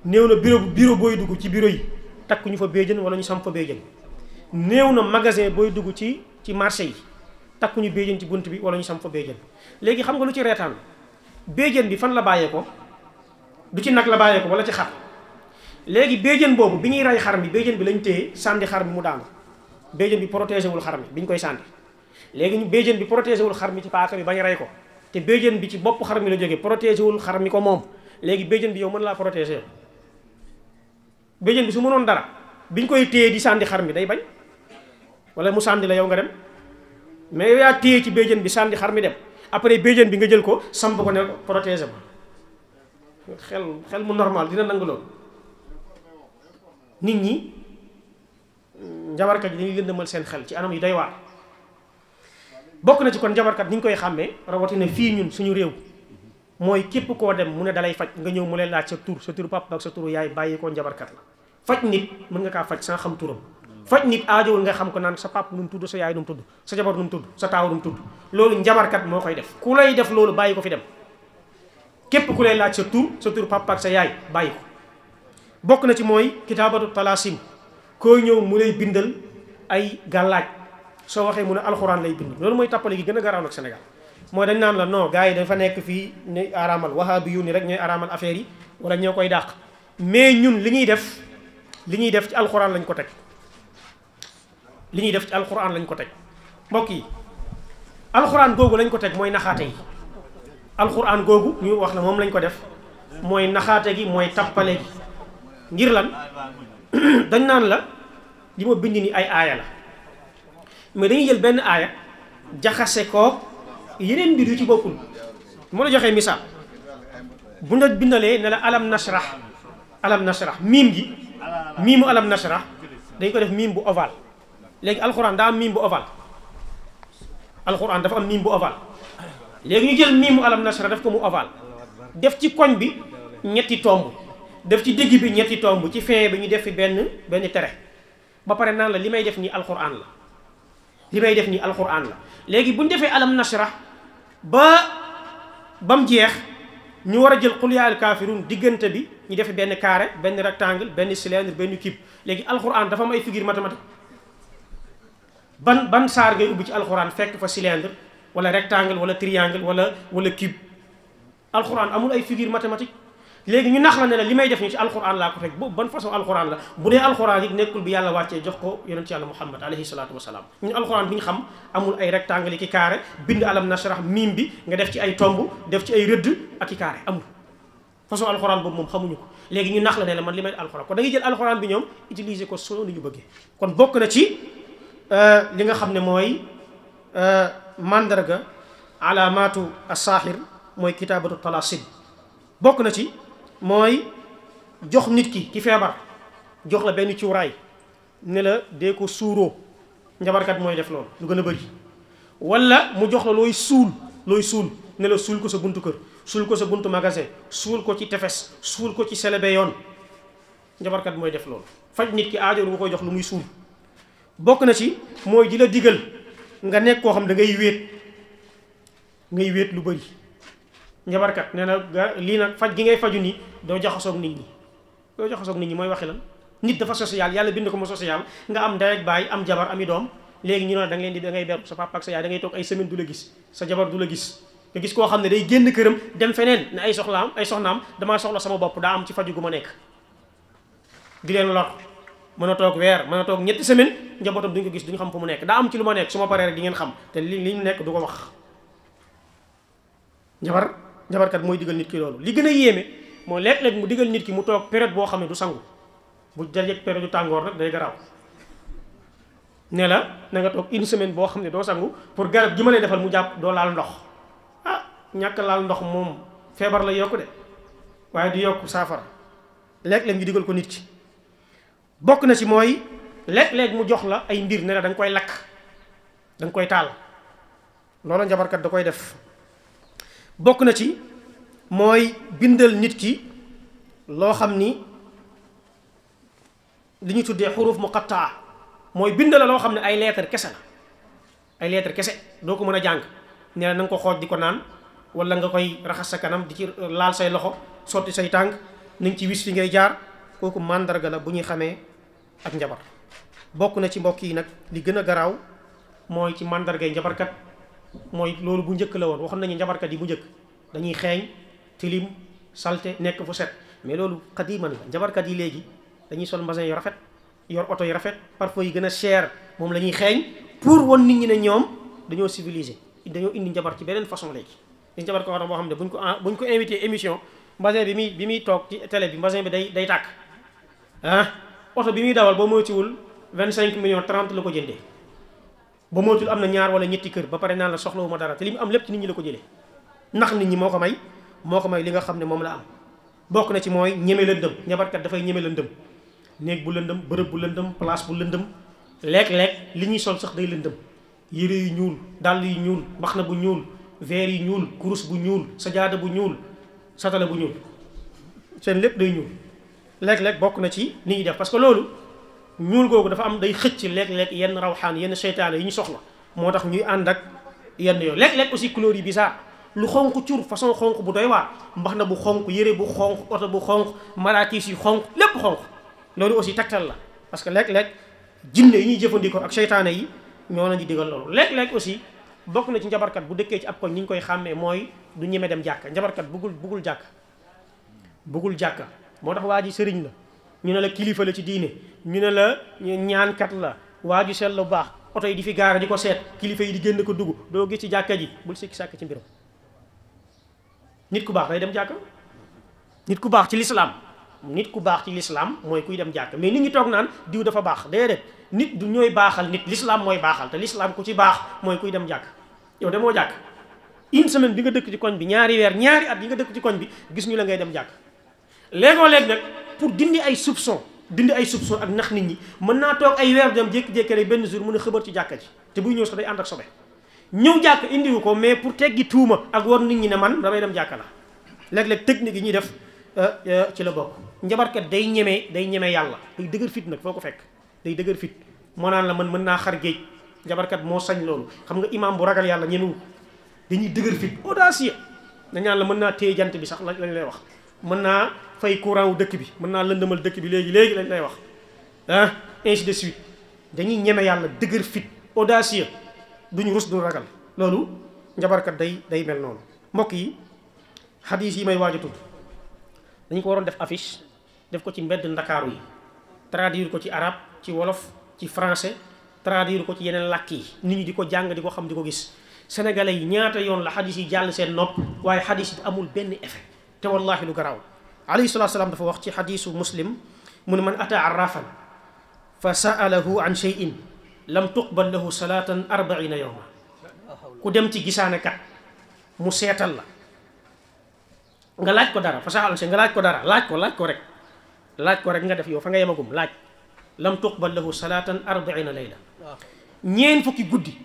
néew na bureau bureau booy dugg ci bureau yi takk fa béjjën wala ñu sam fa béjjën na magasin booy dugg ci ci marché yi takk ñu béjjën ci bunt bi wala ñu sam fa béjjën léegi xam nga lu ci reetaan béjjën bi fan la bàyyee ko du ci nag la bàyyee ko wala ci xar léegi béjjën boobu bi ñuy rey xar mi béjjën bi lañ téye sànni xar mi mu daanu béjjën bi protégé wul xar mi bi ñu koy sànni léegi béjjën bi protégé wul xar mi ci paaka bi bañ rey ko te béjjën bi ci bopp xar mi la jógee protégé wul xar mi ko moom léegi béjjën bi yow mën laa protégé béjjën bi su mënoon dara biñ koy téye di sànni xar mi day bañ wala mu sànni la yow nga dem mais yow yaa téye ci béjjën bi sànni xar mi dem après béjén bi nga jël ko samp ko ne protégé ma xel xel mu normal dina nangu loolu nit ñi njabarkat yi dañuy lëndëmal seen xel ci anam yu day waar bokk na ci kon njabarkat ni ñu koy xàmmee rawatina fii ñun suñu réew mooy képp koo dem mu ne dalay faj nga ñëw mu lay laaj sa tur sa turu papa ak sa turu yaay bàyyi njabarkat la faj nit mën nga kaa faj sans xam turam faj nit nga xam ko naan sa papa nu tudd sa yaay nu mu tudd sa jabar nu mu tudd sa taaw mu tudd loolu njabarkat moo koy def ku lay def loolu bàyyi ko fi dem képp ku lay laaj sa tur sa turu ak sa yaay bàyyi ko bokk na ci mooy kitaabatu talaasim koo ñëw mu lay bindal ay gàllaaj soo waxee mu ne alxuraan lay bind loolu mooy tappale gi gën a garaaw nag Sénégal mooy dañ naan la non gaa yi dafa nekk fii ne araamal wahaabi yu ni rek ñooy araamal affaire yi wala ñoo koy dàq mais ñun li ñuy def li ñuy def ci alxuraan lañ ko teg li ñuy def ci alxuraan lañ ko teg mbokk yi alxuraan googu lañ ko teg mooy naxaate yi alxuraan googu ñu wax la moom lañ ko def mooy naxaate gi mooy tappale gi ngir lan dañ naan la li ma bind ni ay aaya la mais dañuy jël benn aaya jaxase ko yeneen mbir yu ci bokkul moo la joxee misaal bu la bindalee ne la alam nashrah alam nashrah miim gi miimu alam nashrah dañ ko def miim bu ovale léegi alxuraan daa am miim bu ovale alxuraan dafa am miim bu ovale léegi ñu jël miimu alam nashrah def ko mu ovale def ci koñ bi ñetti tomb def ci digg bi ñetti tomb ci fin bi ñu def fi benn benn tere ba pare naa la li may def nii alquran la li may def nii alquran la léegi bu ñu defee alam nashrah ba ba mu jeex ñu war a jël qul yaa al diggante bi ñu def benn carré benn rectangle benn cylindre benn cube léegi alquran dafa am ay figure mathématique ban ban saar ngay ubbi ci alquran fekk fa cylindre wala rectangle wala triangle wala wala cube alquran amul ay figure mathématique léegi ñu nax la ne la li may def nii ci alquran laa ko teg bu ban façon alquran la bu dee alquran yi nekkul bi yàlla wàccee jox ko yonent yàlla muhammad alayhi salaatu wasalaam ñun alquran bi ñu xam amul ay rectangle ki carré bind alam bi nga def ci ay tomb def ci ay rëdd ak i amul façon alquran boobu moom xamuñu ko léegi ñu nax la ne la man li may alquran kon da ngay jël alquran bi ñoom utiliser ko solo ni ñu bëggee kon bokk na ci euh, li nga xam ne mooy euh, màndarga alaamaatu asaaxir mooy kitaabatu talasin bokk na ci mooy jox nit ki ki feebar jox la benn cuuraay ne la dee ko suuroo njabarkat mooy def loolu lu gën a bëri walla mu jox la looy suul looy suul ne la suul ko sa buntu kër suul ko sa buntu magasin suul ko ci tefes suul ko ci selebe yoon njabarkat mooy def loolu faj nit ki aajo bu koy jox lu muy suul bokk na si mooy di la digal nga nekk koo xam da ngay wéet ngay wéet lu bëri njabarkat nee na lii nag faj gi ngay faju nii doo jaxasoog nit ñi doo jaxasoog nit ñi mooy waxi lan nit dafa social yàlla bind ko mu social nga am ndey ak baay am jabar ami doom léegi ñu ne da nga leen di da ngay ber sa papa ngay toog ay semaine du la gis sa la gis gis koo xam ne day génn këram dem feneen ne ay soxlaam ay soxnaam damaa soxla sama bopp daa am ci faju gu ma nekk di leen lor mën a toog weer mën a toog ñetti semaine njabootam duñ nga gis duñ xam fu mu nekk daa am ci lu ma nekk su ma paree rek di ngeen xam te li li ñu nekk du ko wax njabarkat mooy digal nit ki loolu li gën a yéeme moo léeg-léeg mu digal nit ki mu toog période boo xam ne du sangu bu dajeeg période du tàngoor nag day garaaw ne la na nga toog une semaine boo xam ne doo sangu pour garab gi ma lay defal mu jàpp doo laal ndox ah ñàkk laal ndox moom feebar la yokk de waaye du yokk saafara léeg-léeg ngi digal ko nit ki bokk na ci mooy léeg-léeg mu jox la ay mbir ne la da koy lakk da koy taal loola njabarkat da koy def bokk na ci mooy bindal nit ki loo xam ni li ñu tuddee xuruuf muqattaa mooy bindal loo xam ne ay lettre kese la ay lettre kese doo ko mën a jàng nee na nga ko xooj di ko naan wala nga koy raxas sa kanam di ci laal say loxo sotti say tànk ni nga ci wis fi ngay jaar kooku màndarga la bu ñuy xamee ak njabar bokk na ci mbokk yi nag li gën a garaaw mooy ci màndargay njabarkat mooy loolu bu njëkk la woon waxoon nañu njabarkat yi bu njëkk dañuy xeeñ tilim salte nekk fu set mais loolu man la njabarkat yi léegi dañuy sol mbasin yu rafet yor oto yu rafet parfois yi gën a cher moom la ñuy xeeñ pour woon nit ñi ne ñoom dañoo civilisé dañoo indi njabar ci beneen façon léegi gis njabar ko a boo xam ne buñ ko buñ ko invité émission mbasin bi muy bi muy toog ci télé bi mbasin bi day day tàkk ah oto bi muy dawal boo moytuwul vingt cinq millions trente la ko jëndee ba mootul am na ñaar wala ñetti kër ba pare naan la soxlawu ma dara te li mu am lépp ci nit ñi la ko jëlee ndax nit ñi moo ko may moo ko may li nga xam ne moom la am bokk na ci mooy ñeme lëndëm ñabarkat dafay ñeme lëndëm néeg bu lëndëm bërëb bu lëndëm place bu lëndëm léeg-léeg li ñuy sol sax day lëndëm yére yu ñuul dàll yu ñuul mbaxna bu ñuul veer yu ñuul kurus bu ñuul sajaada bu ñuul satala bu ñuul seen lépp day ñuul léeg-léeg bokk na ci li ñuy def parce que loolu ñuul googu dafa am day xëcc léeg-léeg yenn rawxaan yenn seytaane yi ñu soxla moo tax ñuy ànd ak yenn yooyu lekk lekk aussi couleur yi bizarre lu xonq cur façon xonq bu doy waa mbax na bu xonq yére bu xonq oto bu xonq maraakis yu xonq lépp xonq loolu aussi tegtal la parce que léeg-léeg jinne yi ñuy jëfandikoo ak seytaane yi ñoo leen di digal loolu léeg-léeg aussi bokk na ci njabarkat bu dëkkee ci ab koñ ni ñu koy xàmmee mooy du ñeme dem jàkka njabarkat bugul bugul jàkka bugul jàkka moo tax ji sëriñ la ñu ne la kilifa la ci diine ñu ne la ñaankat la waa ju sell lu baax oto yi di fi gaara di ko seet kilifa yi di génn ko dugg doo gis ci jàkka ji bul sikki sàkk ci mbiram nit ku baax day dem jàkka nit ku baax ci lislaam nit ku baax ci lislaam mooy kuy dem jàkka mais nit ñi toog naan diw dafa baax déedéet nit du ñooy baaxal nit lislaam mooy baaxal te lislaam ku ci baax mooy kuy dem jàkk yow demoo jàkk in semaine bi nga dëkk ci koñ bi ñaari weer ñaari at yi nga dëkk ci koñ bi gis ñu la ngay dem jàkk léegoo pour dindi ay soupçon dindi ay soupçon ak nax nit ñi mën naa toog ay weer dem jékki-jékki rek benn jour mën a xëbar ci jàkka ji te buy ñëw sax day ànd ak sobe ñëw jàkk indiwu ko mais pour teggi tuuma ak war nit ñi ne man damay dem jàkka la léeg-léeg technique yi ñuy def euh, euh, ci la bokk njabarkat day ñeme day ñeme yàlla day dëgër fit nag foo ko fekk day dëgër fit moo naan la man mën naa xar géej njabarkat moo sañ loolu xam nga imaam bu ragal yàlla ñemewu dañuy dëgër fit audacieux dañ naan mën naa téye jant bi sax lañ lay wax fay courant wu dëkk bi mën naa lëndëmal dëkk bi léegi léegi lañ lay wax ah ainsi de suite dañuy ñeme yàlla dëgër fit audacieux duñu rus duñu ragal loolu njabarkat day day mel noonu mbokk yi xadis yi may waaj tudd dañ ko waroon def affiche def ko ci mbedd ndakaaru yi traduire ko ci arabe ci wolof ci français traduire ko ci yeneen làkk yi nit ñi di ko jàng di ko xam di ko gis sénégalais yi ñaata yoon la xadis yi jàll seen nopp waaye xadis yi amul benn effet te wallahi lu garaaw alayhi salaatu salaam dafa wax ci xadiisu muslim mu ne man ataa arrafan fa saalahu an cheyin lam tuqbal lahu salaatan yow yowma ku dem ci gisaanekat mu seetal la nga laaj ko dara fa saalahu an cheyin nga laaj ko dara laaj ko laaj ko rek laaj ko nga def yow fa nga yemagum laaj lam tuqbal lahu salaata arbaina layla ñeen fukki guddi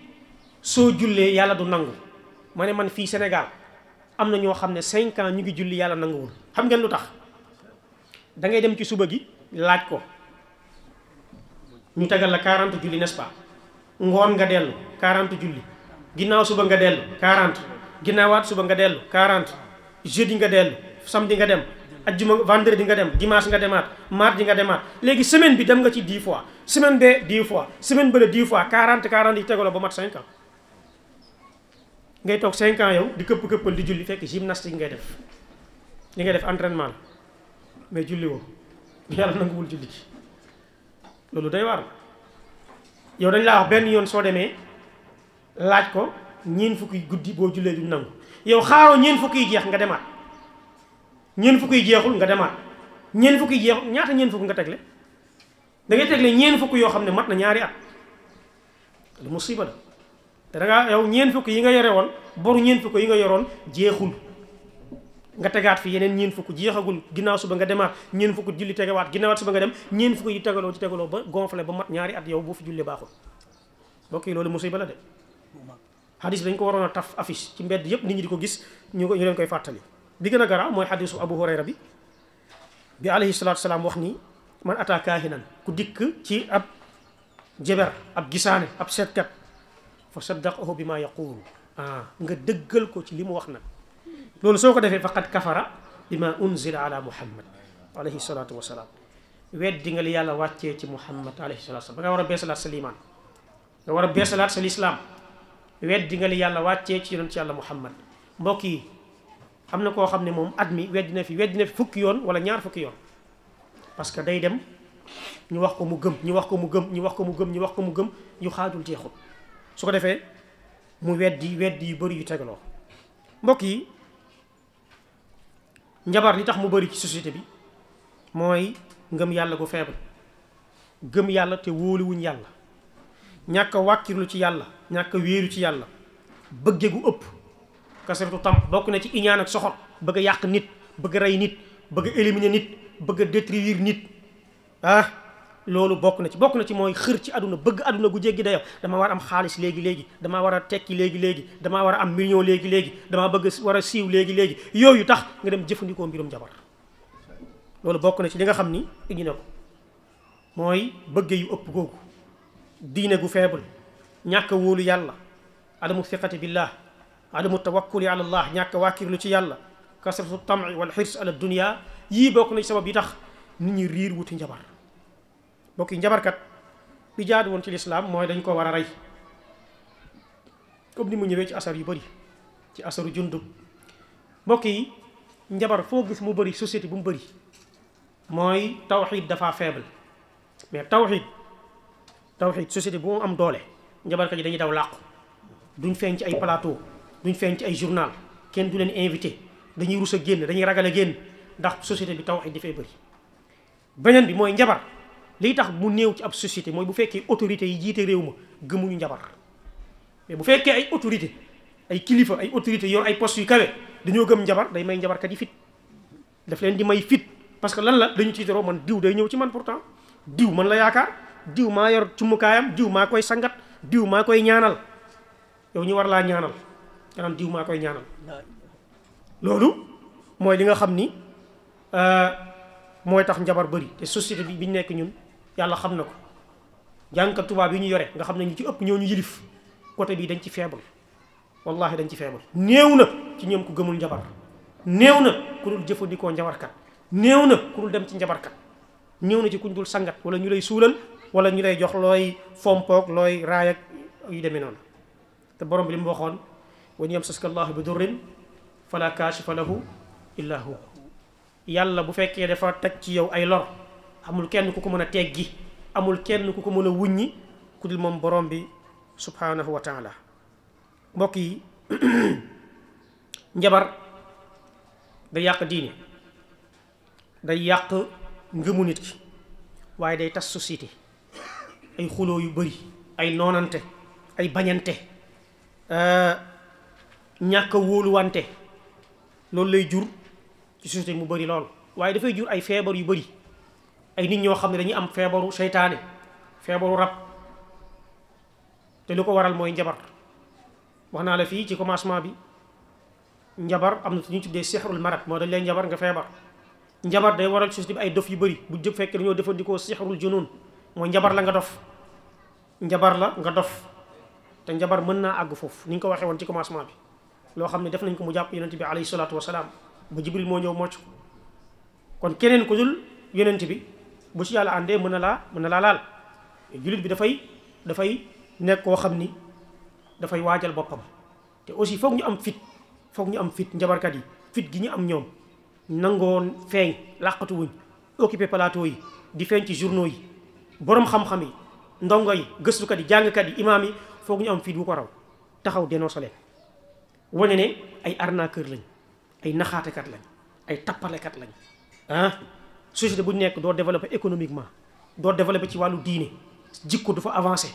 soo jullee yàlla du nangu ma ne man fii senegal am na ñoo xam ne cinq ans ñu ngi julli yàlla nanguwul xam ngeen lu tax da ngay dem ci suba gi laaj ko ñu tegal la 40 julli n'est-ce pas ngoon nga dellu 40 julli ginnaaw suba nga dellu 40 ginnaawaat suba nga dellu 40 jeudi nga dellu samedi nga dem ajjuma vendredi nga dem dimanche nga demaat mardi nga demaat léegi semaine bi dem nga ci 10 fois semaine bee 10 fois semaine bële 10 fois 40 40 yi tegaloo ba mat 5 ngay toog 5 ans yow di këpp këppal di julli fekk gymnastique ngay def li ngay def entraînement mais julli woo yàlla nanguwul julli ci loolu day waar yow dañ laa wax benn yoon soo demee laaj ko ñeen fukki guddi boo jullee du nangu yow xaaroo ñeen fukki jeex nga demaat ñeen fukki jeexul nga demaat ñeen fukki jeexul ñaata ñeen fukk nga tegle da ngay tegle ñeen fukk yoo xam ne mat na ñaari at lu musiba la te da ngaa yow ñeen fukk yi nga yore woon boru ñeen fukk yi nga yoroon jeexul nga tegaat fi yeneen ñeen fukk jeexagul ginnaaw suba nga demaat ñeen fukk julli tegewaat ginnaawat suba nga dem ñeen fukk yi tegaloo ci tegaloo ba gonflé ba mat ñaari at yow boo fi julli baaxul mbokk yi loolu musiba la de xadis dañ ko waroon a taf affiche ci mbedd yëpp nit ñi di ko gis ñu ñu leen koy fàttali bi gën a garaaw mooy xadisu abu hurayra bi bi alayhi salatu salaam wax ni man ataa kaahinan ku dikk ci ab jeber ab gisaane ab seetkat fa saddaqahu bi ma yaqulu ah nga dëggal ko ci li mu wax nag loolu soo ko defee faqad kafara bi ma unzila ala muhammad alayhi salatu wasalaam weddi nga li yàlla wàccee ci muhammad alayhi salatu wasalaam da nga war a beesalaat sa liimaan nga war a beesalaat sa lislaam weddi nga li yàlla wàccee ci yonent yàlla muhammad mbokk yi am na koo xam ne moom at mi weddi na fi weddi na fi fukki yoon wala ñaar fukki yoon parce que day dem ñu wax ko mu gëm ñu wax ko mu gëm ñu wax ko mu gëm ñu wax ko mu gëm yu xaajul jeexut su ko defee mu weddi weddi yu bari yu tegaloo mbokk yi njabar li tax mu bari ci société bi mooy ngëm yàlla gu faible gëm yàlla te wóoluwuñ yàlla ñàkk a wàkkirlu ci yàlla ñàkk a wéeru ci yàlla bëgge gu ëpp kasaratu tam bokk na ci iñaan ak soxor bëgg yàq nit bëgg a rey nit bëgg a nit bëgg a nit ah, loolu bokk na ci bokk na ci mooy xër ci àdduna bëgg àdduna gu jéggi dayo damaa war am xaalis léegi-léegi damaa war a tekki léegi-léegi damaa war a am million léegi-léegi damaa bëgg war a siiw léegi-léegi yooyu tax nga dem jëfandikoo mbirum jabar loolu bokk na ci li nga xam ni indi na ko mooy bëgge yu ëpp googu diine gu feebul ñàkk a wóolu yàlla adamu fiqati billah adamu tawakkuli ala allah ñàkk wàkkirlu ci yàlla kasratu tami wal xirs ala dunia yii bokk na ci yi tax nit ñi riir wuti njabar mbokk yi njabarkat bi jaadu woon ci lislaam mooy dañ ko war a rey comme ni mu ñëwee ci asar yu bëri ci asaru jundub mbokk yi njabar foo gis mu bëri société bu mu bëri mooy tawxid dafa faible mais tawxid tawxid société bu mu am doole njabarkat yi dañuy daw làqu duñ feeñ ci ay plateau duñ feeñ ci ay journal kenn du leen invité dañuy rus a génn dañuy ragal génn ndax société bi tawxid dafay bëri beneen bi mooy njabar liy tax mu néew ci ab société mooy bu fekkee autorité yi jiite réew ma gëmuñu njabar mais bu fekkee ay autorité ay kilifa ay autorité yor ay post yu kawe dañoo gëm njabar day may njabarkat yi fit daf leen di may fit parce que lan la dañu ci doroo man diw day ñëw ci man pour pourtant diw man la yaakaar diw maa yor cumukaayam diw maa koy sangat diw maa koy ñaanal yow ñu war laa ñaanal kanam diw maa koy ñaanal loolu mooy li nga xam ni euh, mooy tax njabar bëri te société bi biñ nekk ñun yàlla xam na ko jàngkat tubaab yi ñu yore nga xam ne ñu ci ëpp ñoo ñu yilif côté bii dañ ci feebul wallahi dañ ci feebul néew na ci ñoom ko gëmul njabar néew na ku dul jëfandikoo njabarkat néew na ku dul dem ci njabarkat néew na ci kuñ dul sangat wala ñu lay suulal wala ñu lay jox looy fompoog looy raayak ak yu demee noonu te borom bi li mu waxoon wa ñu yamsaska allahu bi durrin fala kaashifa lahu illa hu yàlla bu fekkee dafa teg ci yow ay lor amul kenn ku ko mën a teggi amul kenn ku ko mën a wuññi ku dul moom borom bi subhanahu wa taala mbokk yi njabar day yàq diine day yàq ngëmu nit ki waaye day tas société ay xuloo yu bari ay noonante ay bañante euh, ñàkk a wóoluwante loolu lay jur ci société mu bari lool waaye dafay jur ay feebar yu bari ay nit ñoo xam ne dañuy am feebaru seytaane feebaru rab te lu ko waral mooy njabar wax naa la fii ci commencement bi njabar am na ñu tuddee sixrul marad moo dañ lay njabar nga feebar njabar day waral société ay dof yu bëri bu jëp fekk dañoo defandikoo sixrul mooy njabar la nga dof njabar la nga dof te njabar mën naa àgg foofu ni ko waxee woon ci commencement bi loo xam ne def nañ ko mu jàpp yonent bi alayhi salaatu wasalaam ba jibril moo ñëw mocc kon keneen ko dul yonent bi bu si yàlla àndee mën na laa mën na laa laal jullit bi dafay dafay nekk koo xam ni dafay waajal boppam te aussi foog ñu am fit foog ñu am fit njabarkat yi fit gi ñu am ñoom nangoon feeñ làqatu wuñ occupé plateau yi di feeñ ci journaux yi borom xam-xam yi ndongo yi gëstukat yi jàngkat yi imaam yi foog ñu am fit bu ko raw taxaw dénoncé leen wane ne ay arnaqueur lañ ay naxaatekat lañ ay tappalekat lañ ah société bu ñu nekk doo développé économiquement doo développé ci wàllu diine jikko du fa avancé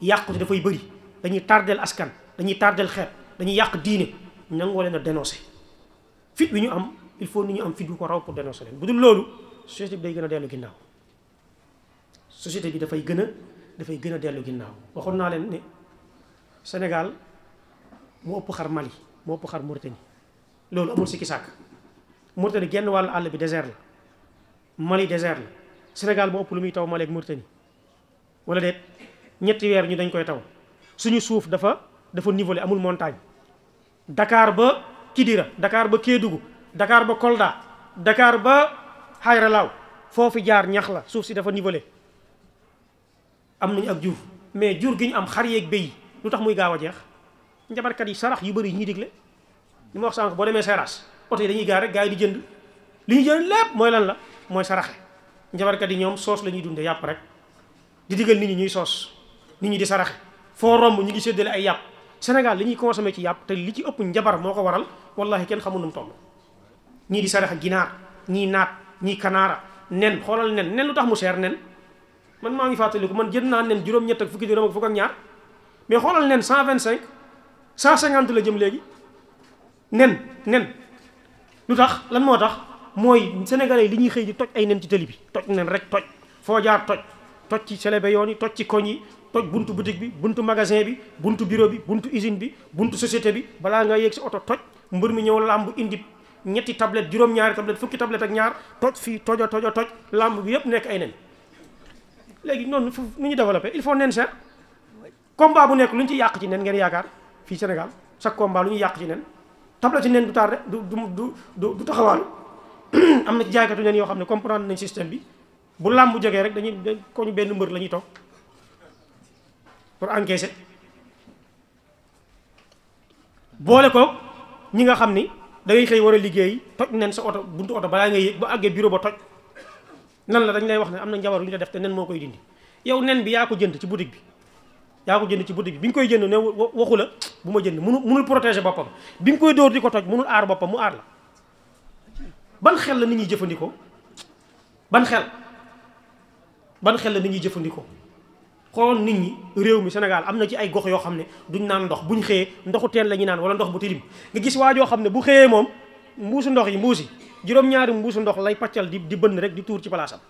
yàqute dafay bëri dañuy tardel askan dañuy tardel xeet dañuy yàq diine nangoo leen a dénoncé fit bi ñu am il faut ni ñu am fit bu ko raw pour dénoncé leen bu dul loolu société bi day gën a dellu ginnaaw société bi dafay gën a dafay gën a dellu ginnaaw waxoon naa leen ne Sénégal moo ëpp xar Mali moo ëpp xar Mauritanie loolu amul sikki sàkk Mauritanie genn wàll àll bi désert la Mali désert la Sénégal moo ëpp lu muy taw Mali ak Mauritanie wala déet ñetti weer ñu dañ koy taw suñu suuf dafa dafa nivelé amul montagne dakaar ba Kidira dakaar ba Kédougou dakaar ba Kolda dakaar ba Xayra Law foofu jaar ñax la suuf si dafa nivelé am nañu ak jur mais jur gi ñu am xar yeeg béy lu tax muy gaaw a jeex njabarkat yi sarax yu bëri ñuy digle li ma wax sànq boo demee Seras oto yi dañuy gaar rek gars yi di jënd li ñu jënd lépp mooy mooy saraxe njabarkat yi ñoom soos la ñuy dunde yàpp rek di digal nit ñi ñuy soos nit ñi di saraxe foo romb ñu ngi séddale ay yàpp Sénégal li ñuy consommé ci yàpp te li ci ëpp njabar moo ko waral wallahi kenn xamu nu mu ñii di saraxe ginaar ñii naat ñii kanaara nen xoolal nen nen lu tax mu seer nen man maa ngi fàttaliku man jënd naa nen juróom-ñett ak fukki dërëm ak fukk ak ñaar mais xoolal nen cent vingt cinq cent cinquante la jëm léegi nen nen lu tax lan moo tax mooy sénégalais li ñuy xëy di toj ay nen ci tëli bi toj nen rek toj foo jaar toj toj ci célébé yoon yi toj ci koñ yi toj buntu boutique bi buntu magasin bi buntu bureau bi buntu usine bi buntu société bi balaa nga yegg si oto toj mbër mi ñëw làmb indi ñetti tablette juróom-ñaari tablette fukki tablette ak ñaar toj fii tojo tojo toj làmb bi yëpp nekk ay nen léegi noonu fu nu ñu développé il faut nen cher combat bu nekk lu ñu ci yàq ci nen ngeen yaakaar fii Sénégal chaque lu ñu yàq ci nen tablette ci nen du tardé du du du du taxawaalu am na ci jaaykatu neen yoo xam ne comprendre nañ système bi bu làmb jogee rek dañuy ko ñu benn mbër la ñuy toog pour encaisser boole ko ñi nga xam ni da ngay xëy war a liggéey toj nen sa oto buntu oto balaa ngay yëg ba àggee bureau ba toj nan la dañ lay wax ne am na njabar lu ñu def te nen moo koy dindi yow nen bi yaa ko jënd ci boutique bi yaa ko jënd ci boutique bi bi nga koy jënd ne waxu la bu ma jënd mënul mënul protéger boppam bi ñu koy dóor di ko toj mënul aar boppam mu aar la ban xel la nit ñuy jëfandikoo ban xel ban xel la nit jëfandikoo xool nit ñi réew mi Sénégal am na ci ay gox yoo xam ne duñ naan ndox buñ xëyee ndoxu teen la ñu naan wala ndox bu tilim nga gis waa joo xam ne bu xëyee moom mbuusu ndox yi mbuusi juróom-ñaari mbuusu ndox lay paccal di di bënn rek di tuur ci palaasam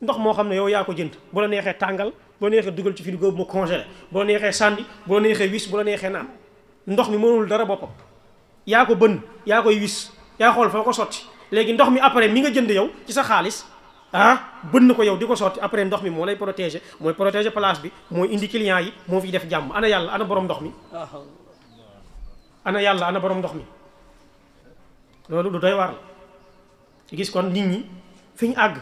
ndox moo xam ne yow yaa ko jënd bu la neexee tàngal bu la neexee dugal ci frigo bu mu congelé bu la neexee sànni bu la neexee wis bu la neexee naan ndox mi mënul dara boppam yaa ko bënn yaa koy wis yaa xool foo ko sotti léegi ndox mi après mi nga jënd yow ci sa xaalis ah na ko yow di ko sotti après ndox mi moo lay protéger mooy protégé place bi mooy indi client yi moo fiy def jàmm ana yàlla ana borom ndox mi ana yàlla ana borom ndox mi loolu du doy war la gis kon nit ñi fi ñu àgg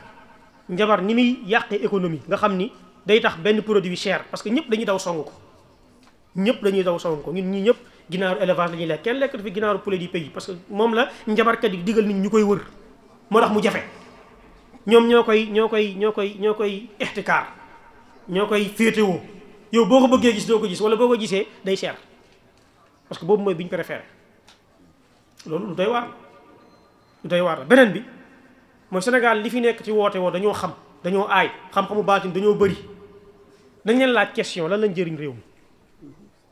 njabar ni muy yàqee économie nga xam ni day tax benn produit cher parce que ñëpp dañuy daw song ko ñëpp dañuy daw song ko ñun ñii ñëpp ginaaru élevage la ñuy lekk kenn lekkatu fi ginaaru poulet du pays parce que moom la njabarkat yi digal nit ñu koy wër moo tax mu jafe ñoom ñoo koy ñoo koy ñoo koy ñoo koy ixtikaar ñoo koy féetewoo yow boo ko bëggee gis doo ko gis wala boo ko gisee day cher parce que boobu mooy bi ñu préféré loolu lu doy waar lu doy waar la beneen bi mooy Sénégal li fi nekk ci woote woo dañoo xam dañoo aay xam-xamu baatin dañoo bëri dañ leen laaj question lan lañ jëriñ réew mi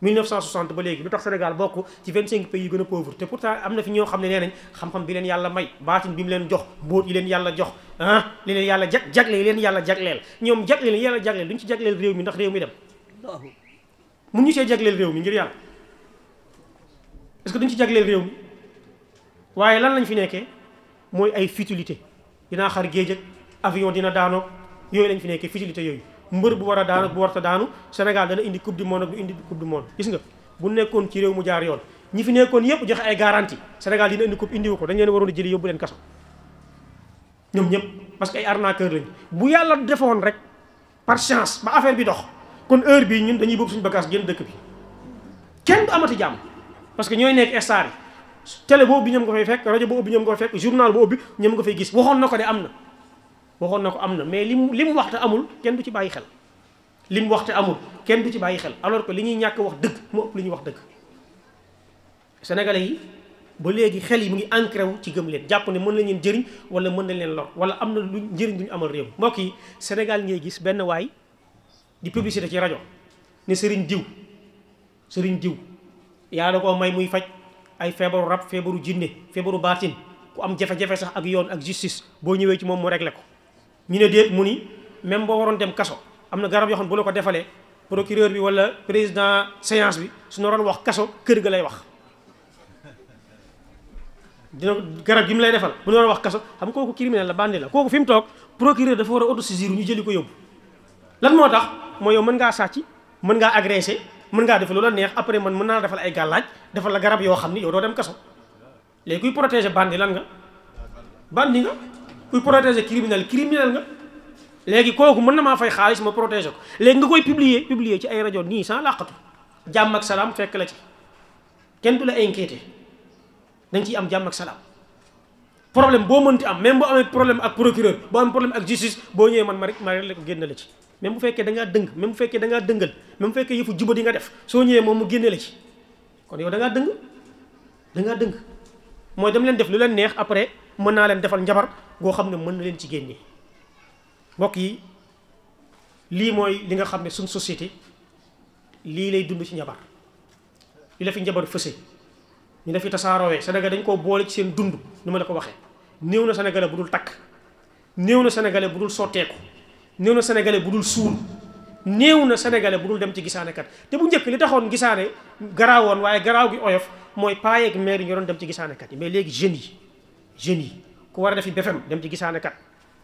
1960 ba léegi lu tax Sénégal bokk ci 25 pays yu gën a pauvre te pourtant am na fi ñoo xam ne nee xam-xam bi leen yàlla may baatin bi mu leen jox mbóot yi leen yàlla jox ah li leen yàlla jag jagle leen yàlla jagleel ñoom jagle leen yàlla jagleel duñ ci jagleel réew mi ndax réew mi dem mun ñu see jagleel réew mi ngir yàlla est-ce que duñ ci jagleel réew mi waaye lan lañu fi nekkee mooy ay futilité dinaa xar géej avion dina daanoo yooyu lañ fi nekkee futilité yooyu mbër bu war a daanu bu warta daanu Sénégal dana indi coupe du monde ak indi coupe du monde gis nga bu nekkoon ci réew mu jaar yoon ñi fi nekkoon yëpp joxe ay garantie Sénégal dina indi coupe indiwu ko dañ leen waroon a jëli yóbbu ñoom ñëpp parce que ay arnaqueur lañ bu yàlla defoon rek par chance ba affaire bi dox kon heure bi ñun dañuy boobu suñu bagage génn dëkk bi kenn du amati jàmm parce que ñooy nekk star yi télé boo ubbi ñoom nga fay fekk rajo boo ubbi ñoom nga fay fekk journal boo ubbi ñoom nga na ko de am na waxoon na ko am na mais li mu li mu wax amul kenn du ci bàyyi xel li mu wax te amul kenn du ci bàyyi xel alors que li ñuy ñàkk wax dëgg moo ëpp li ñuy wax dëgg sénégalais yi ba léegi xel yi mu ngi ancré wu ci gëm leen jàpp ne mën na leen jëriñ wala mën na leen lor wala am na lu njëriñ lu ñu amal réew mbokk yi Sénégal ngay gis benn waay di publicité ci rajo ne sëriñ diw sëriñ diw yàlla koo may muy faj ay feebaru rab feebaru jinne feebaru baatin ku am jafe-jafe sax ak yoon ak justice boo ñëwee ci moom mu réglé ko ñu ne déet mu ni même boo waroon dem kaso am na garab yoo xam ne bu la ko defalee procureur bi wala président séance bi su waroon wax kaso kër ga lay wax. dina garab yi mu lay defal bu ñu waroon wax kaso xam kooku criminel la bandi la kooku fi mu toog procureur dafa war a auto-saisir ñu jëli ko yóbbu. lan moo tax mooy yow mën ngaa sàcc mën ngaa agressé mën ngaa def loola neex après man mën naa defal ay gàllaaj defal la garab yoo xam ni yow doo kaso léegi kuy protéger lan nga kuy protéger criminel criminel nga léegi kooku mën na maa fay xaalis ma protéger ko léegi nga koy publier publier ci ay rajo nii sans làqatu jàmm ak salaam fekk la ci kenn du la inquiété dañ ci am jàmm ak salaam problème boo mënti am même boo amee problème ak procureur boo amee problème ak justice boo ñëwee man ma rek ma rek la ko génne la ci même bu fekkee da ngaa dëng même bu fekkee da ngaa dëngal même bu fekkee yëfu juba di nga def soo ñëwee moom mu génne la ci kon yow da ngaa dëng da dëng mooy dem leen def lu leen neex après mën naa leen defal njabar goo xam ne mën na leen ci génne mbokk yi lii mooy li nga xam ne suñ société lii lay dund ci njabar li la fi njabar fëse ñu la fi tasaaroowee Sénégal dañ koo boole ci seen dund ni ma la ko waxee néew na sénégalais bu dul takk néew na sénégalais bu dul sotteeku néew na sénégalais bu dul suul néew na sénégalais bu dul dem ci gisaanekat te bu njëkk li taxoon gisaane garaawoon waaye garaaw gi oyof mooy paayeeg maire yi ñoo doon dem ci gisaanekat yi mais léegi jeunes yi jeunes yi ku war a def defi BFEM dem ci gisaane kat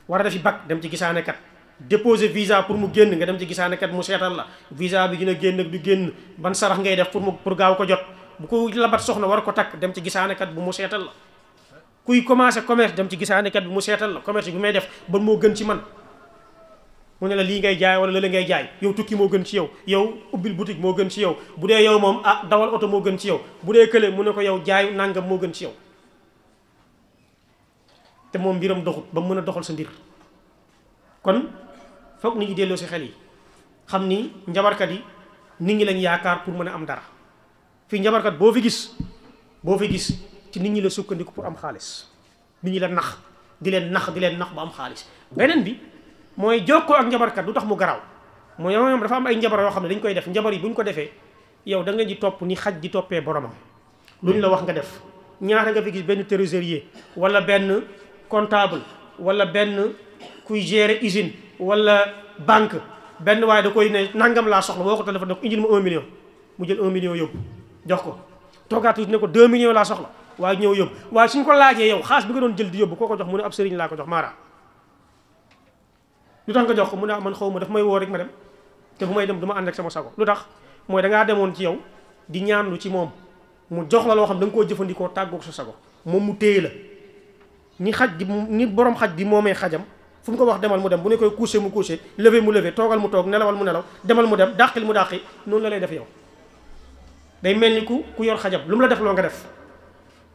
war a defi bac dem ci gisaane kat déposer visa pour mu génn nga dem ci gisaane kat mu seetal la visa bi dina génn ak du génn ban sarax ngay def pour mu pour gaaw ko jot bu ko labat soxna war ko takk dem ci gisaane kat bu mu seetal la kuy commencé commerce dem ci gisaane kat bu mu seetal la commerce bi may def ba moo gën ci man mu ne la lii ngay jaay wala lële ngay jaay yow tukki moo gën ci yow yow ubbil boutique moo gën ci yow bu dee yow moom ah dawal oto moo gën ci yow bu dee kële mu ne ko yow jaay nangam moo gën ci yow te moom mbiram doxut ba mën a doxal sa mbir kon foog nit ñi delloo si xel yi xam ni njabarkat yi nit ñi lañ yaakaar pour mën a am dara fii njabarkat boo fi gis boo fi gis ci nit ñi la sukkandiku pour am xaalis nit ñi la nax di leen nax di leen nax ba am xaalis beneen bi mooy jokkoo ak njabarkat du tax mu garaw mooy yow dafa am ay njabar yoo xam ne dañ koy def njabar yi bu ñu ko defee yow da nga di topp ni xaj di toppee boromam lu ñu la wax nga def ñaata nga fi gis benn trésorier wala benn comptable wala benn kuy gérer usine wala banque benn waaye da koy ne nangam laa soxla woo ko téléphone ne ko indil ma un million mu jël un million yóbbu jox ko toogaatu ne ko deux millions laa soxla waaye ñëw yóbbu waaye suñ ko laajee yow xaalis bi nga doon jël di yóbbu koo ko jox mu ne ab sëriñ laa ko jox maara lu tax nga jox ko mu ne ah, man xaw ma daf may woo rek ma dem te bu may dem du ma ànd ak sama sago lu tax mooy dangaa demoon ci yow di ñaanlu ci moom mu jox la loo xam da nga koo jëfandikoo tàggoog sa sago moom mu téye la ni xaj di ni borom xaj di moomee xajam fu mu ko wax demal mu dem bu ne koy couché mu couché levé mu levé toogal mu toog nelawal mu nelaw demal mu dem dàqil mu dàqi noonu la lay def yow day mel ni ku ku yor xajam lu mu la def loo nga def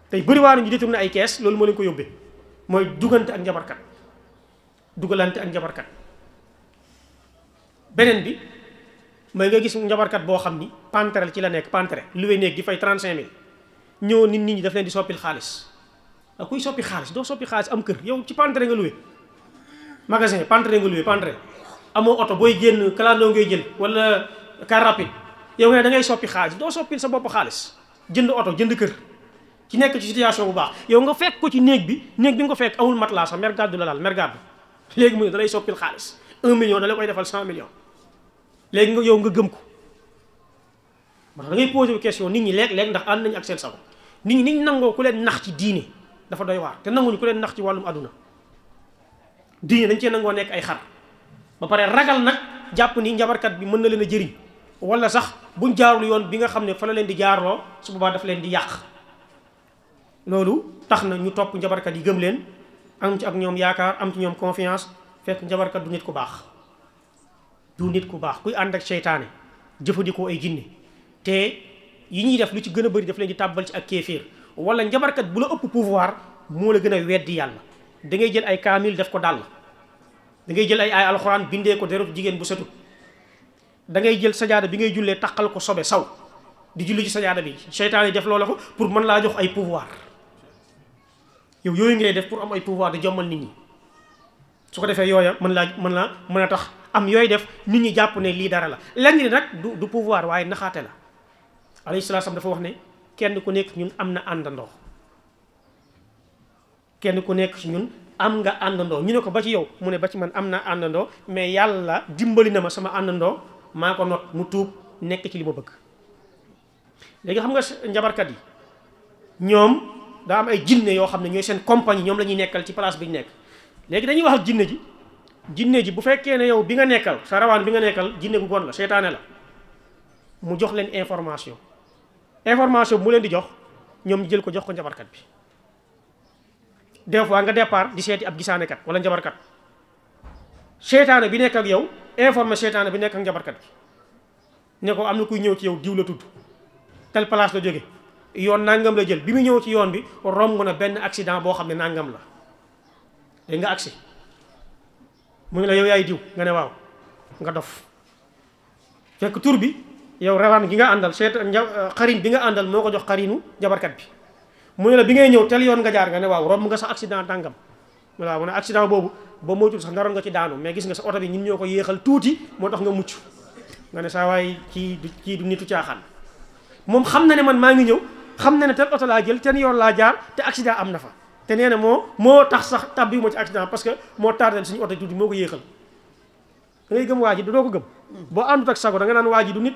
tey bëriwaanu ñu détourné ay kees loolu moo leen ko yóbbee mooy duggante ak njabarkat dugalante ak njabarkat beneen bi mooy nga gis njabarkat boo xam ni panterel ci la nekk pantere luwe néeg di fay 35000 ñëw nit nit ñi daf leen di soppil xaalis Ah, kuy soppi xaalis doo soppi xaalis am kër yow ci pantre nga loué magasin pantre nga loué amoo oto booy génn clando ngay jël wala car rapide yow nga ne da soppi xaalis doo soppi sa bopp xaalis jënd oto jënd kër ci nekk ci situation bu baax yow nga fekk ko ci néeg bi néeg bi nga ko fekk amul matelas sax mer gàddu la laal mer gàddu léegi mu ne da soppil xaalis un million da la koy defal cent million léegi nga yow nga gëm ko moo tax da ngay posé question nit ñi lekk léeg ndax ànd nañu ak seen sago nit ñi nit nangoo ku leen nax ci diine dafa doy waar te nanguñu ku leen nax ci wàllum àdduna diine dañ cee nangoo nekk ay xar ba pare ragal nag jàpp ni njabarkat bi mën na leen a jëriñ wala sax buñ jaarul yoon bi nga xam ne fa la leen di jaarloo su boobaa daf leen di yàq loolu tax na ñu topp njabarkat yi gëm leen am ci ak ñoom yaakaar am ci ñoom confiance fekk njabarkat du nit ku baax du nit ku baax kuy ànd ak seytaane jëfandikoo ay jinne te yi ñuy def lu ci gën a bëri daf le di tàbbal ci ak kéeféer wala njabarkat bu la ëpp pouvoir moo la gën a weddi yàlla da ngay jël ay kaamil def ko dàll da ngay jël ay ay alxuraan bindee ko deretu jigéen bu setut da ngay jël sajaada bi ngay jullee taqal ko sobe saw di julli ci sajaada bi seytaan yi def loola ko pour mën laa jox ay pouvoir yow yooyu ngi ngay def pour am ay pouvoir di jommal nit ñi su ko defee yooya mën laa mën la mën a tax am yooy def nit ñi jàpp ne lii dara la lenn rek du du pouvoir waaye naxaate la alayhi salaam dafa wax kenn ku nekk ñun am na àndandoo kenn ku nekk ci ñun am nga àndandoo ñu ne ko ba ci yow mu ne ba ci man am na àndandoo mais yàlla dimbali na ma sama àndandoo maa ko not mu tuub nekk ci li ma bëgg léegi xam nga njabarkat yi ñoom daa am ay jinne yoo xam ne ñooy seen compagnie ñoom la ñuy nekkal ci place bi ñu nekk léegi dañuy wax ak jinne ji jinne ji bu fekkee ne yow bi nga nekkal sa rawaan bi nga nekkal jinne gu bon la seytaane la mu jox leen information information bu mu leen di jox ñoom jël ko jox ko njabarkat bi des fois nga départ di seeti ab gisaanekat wala njabarkat seytaane bi nekk ak yow informé seytaane bi nekk ak njabarkat bi ne ko am na kuy ñëw ci yow diw la tudd tel place la jóge yoon nangam la jël bi mu ñëw ci yoon bi romb na benn accident boo xam ne nangam la léegi nga agsi mu ne la yow yaay diw nga ne waaw nga dof fekk tur bi yow rawaan gi nga àndal seet euh, xarin bi nga àndal moo ko jox xarinu jabarkat bi mu ne la bi ngay ñëw tel yoon nga jaar nga ne waaw romb nga sax accident tàngam waaw mu ne accident boobu ba moytul sax naroon nga ci daanu mais gis nga sa ko yéexal tuuti moo tax nga mucc nga ne saa waay kii du kii du nitu moom xam na ne man maa ngi ñëw xam na ne tel oto laa jël tel yoon laa jaar te accident am na fa te nee moo moo tax sax tabbi moo ci accident parce que moo tardel suñu oto tuuti moo ko yéexal da ngay gëm waa ji du doo ko gëm boo àndut ak sago da nga naan waa ji du nit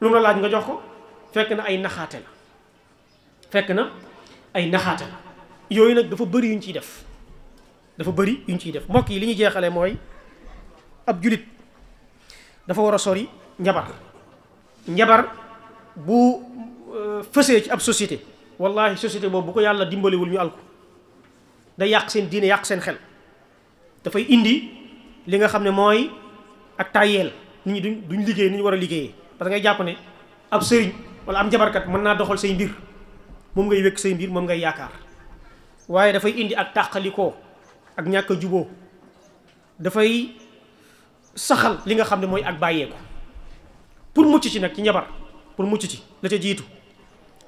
lu mu la laaj nga jox ko fekk na ay naxaate la fekk na ay naxaate la yooyu nag dafa bëri yuñ ciy def dafa bëri yuñ ciy def mbokk yi li ñu jeexale mooy ab julit dafa war a sori njabar njabar bu euh, fësee ci ab société wallahi société boobu bu ko yàlla dimbaliwul ñu alku day yàq seen diine yàq seen xel dafay indi li nga xam ne mooy ak tàyyeel nit du duñ duñ liggéey ni ñu war a liggéeyee parce que ngay jàpp ne ab sëriñ wala am jabarkat mën naa doxal say mbir moom ngay wékk say mbir moom ngay yaakaar waaye dafay indi ak tàqalikoo ak ñàkk juboo dafay saxal li nga xam ne mooy ak bàyyeeku pour mucc ci nag ci njabar pour mucc ci la ca jiitu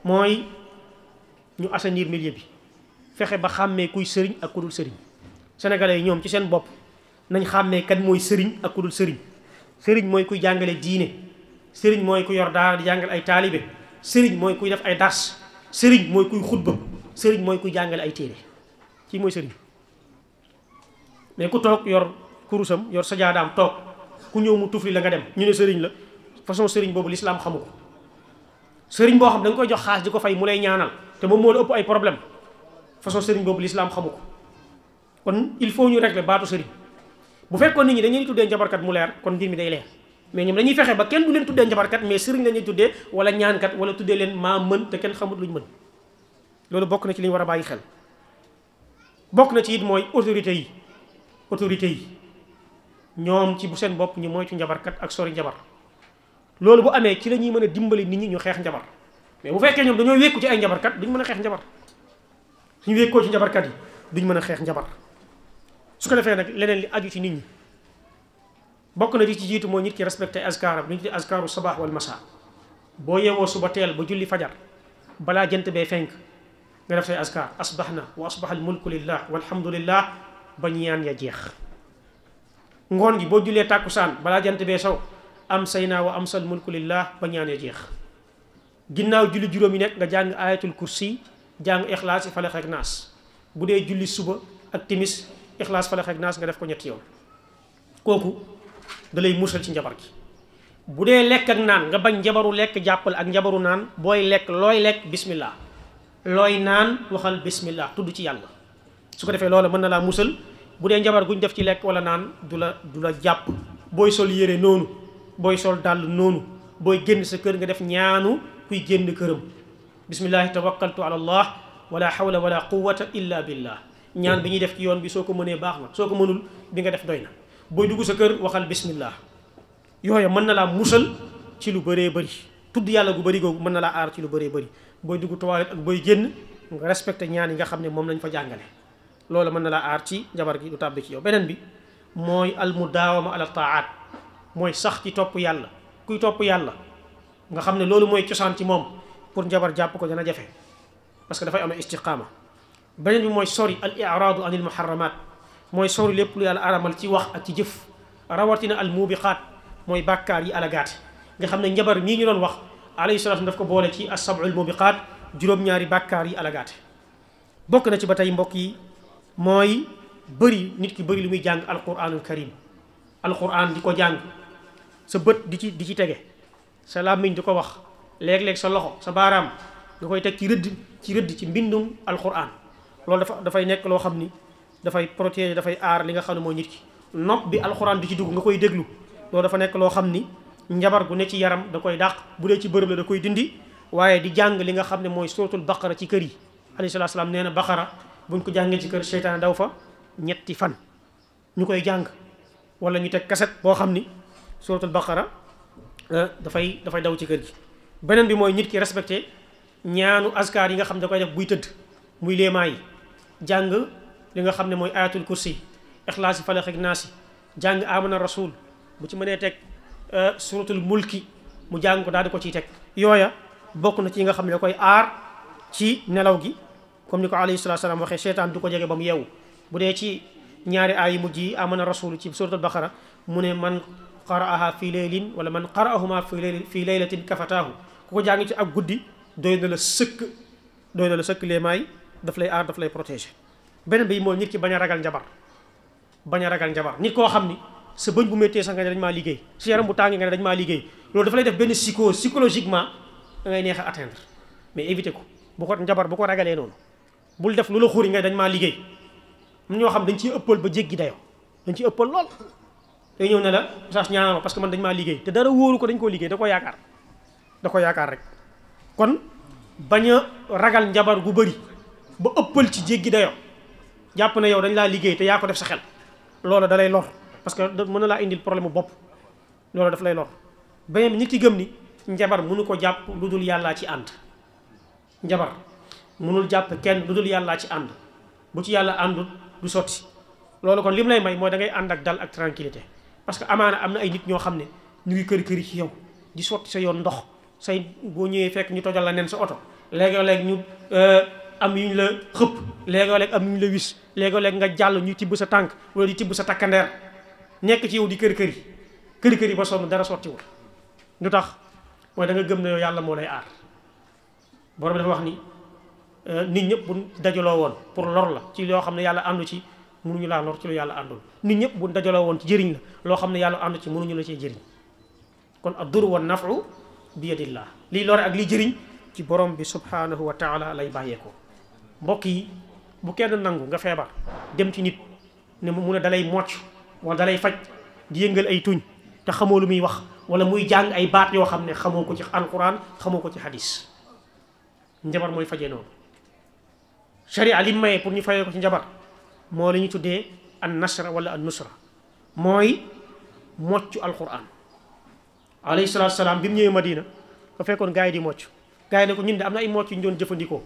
mooy ñu assainir milieu bi fexe ba xàmmee kuy sëriñ ak ku dul sëriñ sénégalais yi ñoom ci seen bopp nañ xàmmee mooy sëriñ ak ku dul sëriñ sëriñ mooy kuy jàngale diine sëriñ mooy ku yor daara di jàngal ay taalibe sëriñ mooy kuy def ay dars sëriñ mooy kuy xutba sëriñ mooy kuy jàngale ay téere ci mooy sëriñ mais ku toog yor kurusam yor sajaadaam toog ku ñëw mu tufli la nga dem ñu ne sëriñ la façon sëriñ boobu lislaam xamu ko sëriñ boo xam da nga koy jox xaas di ko fay mu lay ñaanal te moom moo la ëpp ay problème façon sëriñ boobu lislaam xamu ko kon il faut ñu régler baatu sëriñ bu fekkoon nit ñi dañuy tuddee njabarkat mu leer kon mbir mi day leer mais ñoom dañuy fexe ba kenn du leen tuddee njabarkat mais sëriñ la ñuy tuddee wala ñaankat wala tuddee leen maa mën te kenn xamut ñu mën loolu bokk na ci li war a bàyyi xel bokk na ci it mooy autorité yi autorité yi ñoom ci bu seen bopp ñu ci njabarkat ak sori njabar loolu bu amee ci la ñuy mën a dimbali nit ñi ñu xeex njabar mais bu fekkee ñoom dañoo wékku ci ay njabarkat duñ mën a xeex njabar suñu wékkoo ci njabarkat yi duñ mën a xeex njabar su ko defee nag leneen li aju ci nit ñi bokk na di ci jiitu mooy nit ki respecté askaaram lu ñu di sabaax wal masa boo yeewoo suba teel ba julli fajar balaa jant bee fenk nga def say askaar asbax na wa asbax al mulku lillah walhamdulillah ba ñaan ya jeex ngoon gi boo jullee tàkkusaan balaa jant bee sow am say naa wa am sal mulku lillah ba ñaan ya jeex ginnaaw julli juróom yi nekk nga jàng ayatul kursi jàng ixlaas yi falax ak naas bu dee julli suba ak timis ixlaas falax ak naas nga def ko ñetti yoon da lay musal ci njabar gi bu dee lekk ak naan nga bañ njabaru lekk jàppal ak njabaru naan booy lekk looy lekk bismillah looy naan waxal bismillah tudd ci yàlla su ko defee loola mën na laa musal bu dee njabar ñu def ci lekk wala naan du la du la jàpp booy sol yére noonu booy sol dàll noonu booy génn sa kër nga def ñaanu kuy génn këram bismillahi tawakkaltu ala allah wala hawla wala quwwata illa billah ñaan bi ñuy def ci yoon bi soo ko mënee baax na soo ko mënul bi nga def doy booy dugg sa kër waxal bismillah yooyu mën na laa musal ci lu bëree bëri tudd yàlla gu bëri googu mën na laa aar ci lu bëree bëri booy dugg toilette ak booy génn nga respecté ñaan yi nga xam ne moom lañ fa jàngale loolu mën na laa aar ci jabar gi du tàbbi ci yow beneen bi mooy al mudaawama ala taat mooy sax ci topp yàlla kuy topp yàlla nga xam ne loolu mooy cosaan ci moom pour njabar jàpp ko dana jafe parce que dafay am istiqaama beneen bi mooy sori al iraadu anil mooy sori lépp lu yàlla aramal ci wax ak ci jëf rawatina al muubiqaat mooy bàkkaar yi alagaate nga xam ne njabar mii ñu doon wax alayhi salaatu daf ko boole ci asabul muubiqaat juróom-ñaari bàkkaar yi alagaate bokk na ci ba tey mbokk yi mooy bëri nit ki bëri lu muy jàng alquranul karim alquran di ko jàng sa bët di ci di ci tege sa làmmiñ di ko wax léeg sa loxo sa baaraam nga koy teg ci rëdd ci rëdd ci mbindum alquran loolu dafa dafay nekk loo xam ni dafay protéger dafay aar li nga xam ne mooy nit ki nopp bi alxuraan di ci dugg nga koy déglu loolu dafa nekk loo xam ni njabar gu ne ci yaram da koy dàq bu dee ci bërëb la da koy dindi waaye di jàng li nga xam ne mooy suratul baqara ci kër yi alayhi salaatu salaam nee na baqara buñ ko jàngee ci kër seytaane daw fa ñetti fan ñu koy jàng wala ñu teg keset boo xam ni suratul baqara euh, dafay dafay daw ci kër gi beneen bi mooy nit ki respecté ñaanu askar yi nga xam da def buy tëdd muy léemaa yi jàng li nga xam ne mooy ayatul kursi ixlaas yi falax ak naas yi jàng amana rasuul bu ci mënee teg euh, suratul mulki mu jàng ko daal di ko ciy teg yooya bokk na ci yi nga xam ne da koy aar ci nelaw gi comme ni ko alayhi salatu salaam waxee seetaan du ko jege ba mu yeewu bu dee ci ñaari aay mujj yi amana rasul ci suratul baqara mu ne man qaraaha fi leylin wala man qaraahuma fi leylin fi leylatin kafataahu ku ko jàng ci ak guddi doy na la sëkk doy na la sëkk leemaay daf lay aar daf lay protéger benn bi moo nit ki bañ a ragal njabar bañ a ragal njabar nit koo xam ni sa bëñ bu méttee sax nga ne dañ maa liggéey sa yaram bu tàngee nga ne dañ maa liggéey loolu dafa lay def benn psycho psychologiquement da ngay neex a mais éviter ko bu ko njabar bu ko ragalee noonu bul def lu la xuri nga dañ maa liggéey mun ñoo xam dañ ciy ëppal ba jéggi dayoo dañ ci ëppal lool day ñëw ne la saas ñaanal ma que man dañ maa liggéey te dara wóoru ko dañ koo liggéey ko yaakaar da ko yaakaar rek kon bañ a ragal njabar gu bëri ba ëppal ci jéggi dayoo jàpp na yow dañ laa liggéey te yaa ko def sa xel loola da lay lor parce que mën na laa indil problème bu bopp loola daf lay lor beneen bi ñi ci gëm ni njabar mënu ko jàpp lu dul yàllaa ci ànd njabar mënul jàpp kenn lu dul yàllaa ci ànd bu ci yàlla àndul du sotti loolu kon mu lay may mooy da ngay ànd ak dal ak tranquillité parce que amaana am na ay nit ñoo xam ne ñu ngi kër këri ci yow di sotti sa yoon ndox say boo ñëwee fekk ñu tojal la nen sa oto léegi léegi ñu euh, am yuñ la xëpp léegoo-léeg am ñu la wis léegoo-léeg nga jàll ñu tibb sa tànk wala di tibb sa takkandeer nekk ci yow di kër kër yi kër kër yi ba sonn dara sottiwul lu tax mooy danga nga gëm ne yow yàlla moo lay aar borom dafa wax ni euh, nit ñëpp bu dajaloo woon pour lor la ci loo xam ne yàlla àndu ci mënuñu laa lor ci lu yàlla àndul nit ñëpp bu dajaloo woon ci jëriñ la loo xam ne yàlla àndu ci mënuñu la cee jëriñ kon ad-dur woon naf'u bi yadillah lii lore ak lii jëriñ ci boroom bi subhanahu wa taala lay bàyyeekoo mbokk yi bu kenn nangu nga feebar dem ci nit ne mu ne dalay mocc wala dalay faj di yëngal ay tuñ te xamoo lu muy wax wala muy jàng ay baat yoo xam ne xamoo ko ci alquran xamoo ko ci hadis njabar mooy fajee noonu sharia li maye pour ñu fajee ko ci njabar moo li ñu tuddee an nasra wala an nusra mooy mocc alquran alayhi salaatu salaam bi mu ñëwee Madina nga fekkoon gars yi di mocc gars yi ne ko ñun de am na ay mocc ñu doon jëfandikoo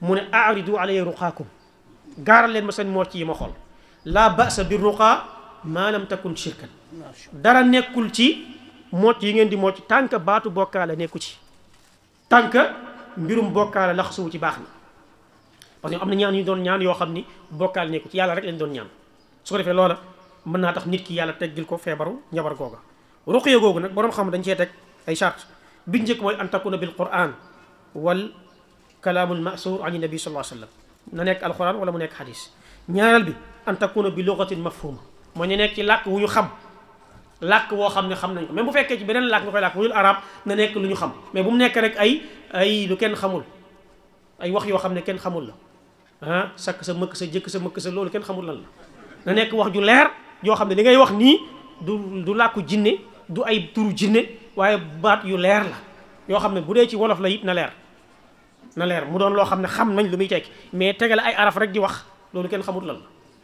mu ne aaridu alayya ruqaakum gaaral leen ma seen mocc yi ma xool laa basa bi ruqaa maa lam takun shirkan dara nekkul ci mocc yi ngeen di mocc tànk baatu bokkaale nekku ci tànk mbirum bokkaale laxasuwu ci baax na parce que am na ñaan yu doon ñaan yoo xam ni bokkaale nekku ci yàlla rek lañ doon ñaan su ko defee loola mën naa tax nit ki yàlla teggil ko feebaru njabar googa ruqiya googu nag boroom xam dañ cee teg ay charte bi njëkk mooy an takuna bil quran wal kalaamul masuur an nabi sallallahu alayhi wa sallam na nekk alxuraan wala mu nekk xadis ñaareel bi an takuna bi lugatin mafhuma mooy ñu nekk ci làkk wu ñu xam làkk woo xam ne xam nañ ko même bu fekkee ci beneen làkk nga koy làkk wuyul arab nekk lu ñu xam mais bu mu nekk rek ay ay lu kenn xamul ay wax yoo xam ne kenn xamul la ah sakk sa mëkk sa jëkk sa mëkk sa loolu kenn xamul lan la na nekk wax ju leer yoo xam ne li ngay wax nii du du làkku jinne du ay turu jinne waaye baat yu leer la yoo xam ne bu dee ci wolof la it na leer na leer mu doon loo xam ne xam nañ lu muy tekk mais tegale ay araf rek di wax loolu kenn xamut lan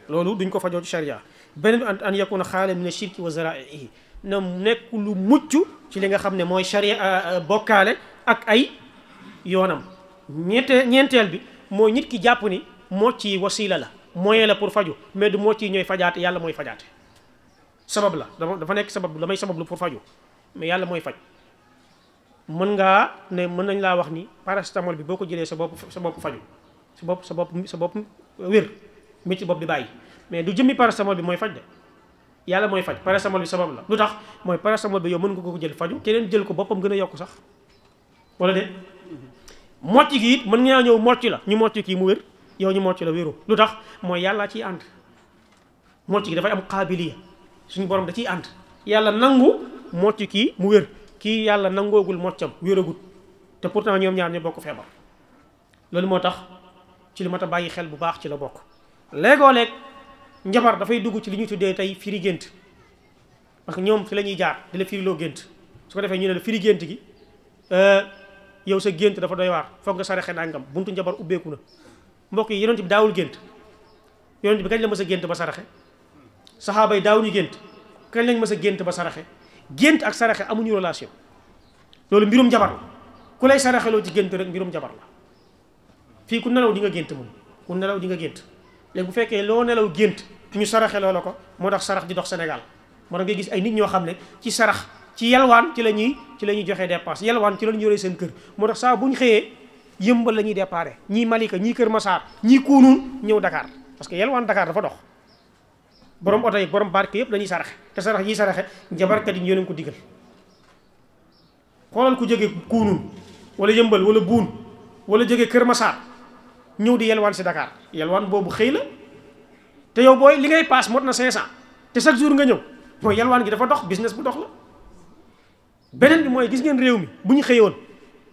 loolu duñ ko fajoo ci charia beneen bi an yakuna xaala min ashirki wa zaraihi na nekk lu mucc ci li nga xam ne mooy charia euh, euh, bokkaale ak ay yoonam ñeente ñeenteel bi mooy nit jàpp ni mocc yi wasila la moyen la pour faju mais du mocc yi ñooy fajaate yàlla mooy fajaate sabab la dafa nekk sabab damay sabab lu pour faju mais yàlla mooy faj mën ngaa ne mën nañ laa wax ni paracétamol bi boo ko jëlee sa bopp sa bopp faju sa bopp sa bopp sa bopp wér métti bopp di bàyyi mais du jëmmi paracétamol bi mooy faj de yàlla mooy faj pare paracétamol bi sabab la lu tax mooy paracétamol bi yow mën nga ko jël faju keneen jël ko boppam gën a yokk sax wala de mocc gi mën ngaa ñëw mocc la ñu mocc kii mu wér yow ñu mocc la wéru lu tax mooy yàlla ciy ànd mocc gi dafay am qaabiliya suñu borom da ciy ànd yàlla nangu mocc kii mu wér kii yàlla nangoogul moccam wéragut te pourtant ñoom ñaar ñu bokk feebar loolu moo tax ci li mat a bàyyi xel bu baax ci la bokk lekkoo leeg njabar dafay dugg ci li ñuy tuddee tey firi gént parce que ñoom fi la ñuy jaar di la firiloo gént su ko defee ñu ne la gént gi euh, yow sa gént dafa doy waar foog nga saraxe nàngam buntu njabar ubbeeku na mbokk yi yonent bi daawul gént yonent bi kañ la mës a gént ba saraxe saxaaba yi daawuñu gént kañ lañ mës a gént ba saraxe gént ak saraxe amuñu relation loolu mbirum jabar la ku lay saraxeloo ci gént rek mbirum jabar la fii ku nelaw di nga gént moom ku nelaw di nga gént léegi bu fekkee loo nelaw gént ñu saraxeloo la ko moo tax sarax di dox Sénégal moo tax nga gis ay nit ñoo xam ne ci sarax ci yalwaan ci la ñuy ci la ñuy joxe dépense yalwaan ci la ñuy seen kër moo tax saa bu ñu xëyee yëmbal la ñuy déparé ñii Malika ñii Kër Massar ñii Kounoune ñëw Dakar parce que yalwaan Dakar dafa dox borom oto yi borom barke yëpp dañuy saraxe te sarax yi saraxe njabarkat yi ñoo ko digal xoolal ku jóge kuunun wala yëmbal wala buun wala jóge Kër Masaar ñëw di yelwaan si Dakar yelwaan boobu xëy la te yow booy li ngay paas mot na 500 te chaque jour nga ñëw mooy yelwaan gi dafa dox business bu dox la. beneen bi mooy gis ngeen réew mi bu ñu xëyoon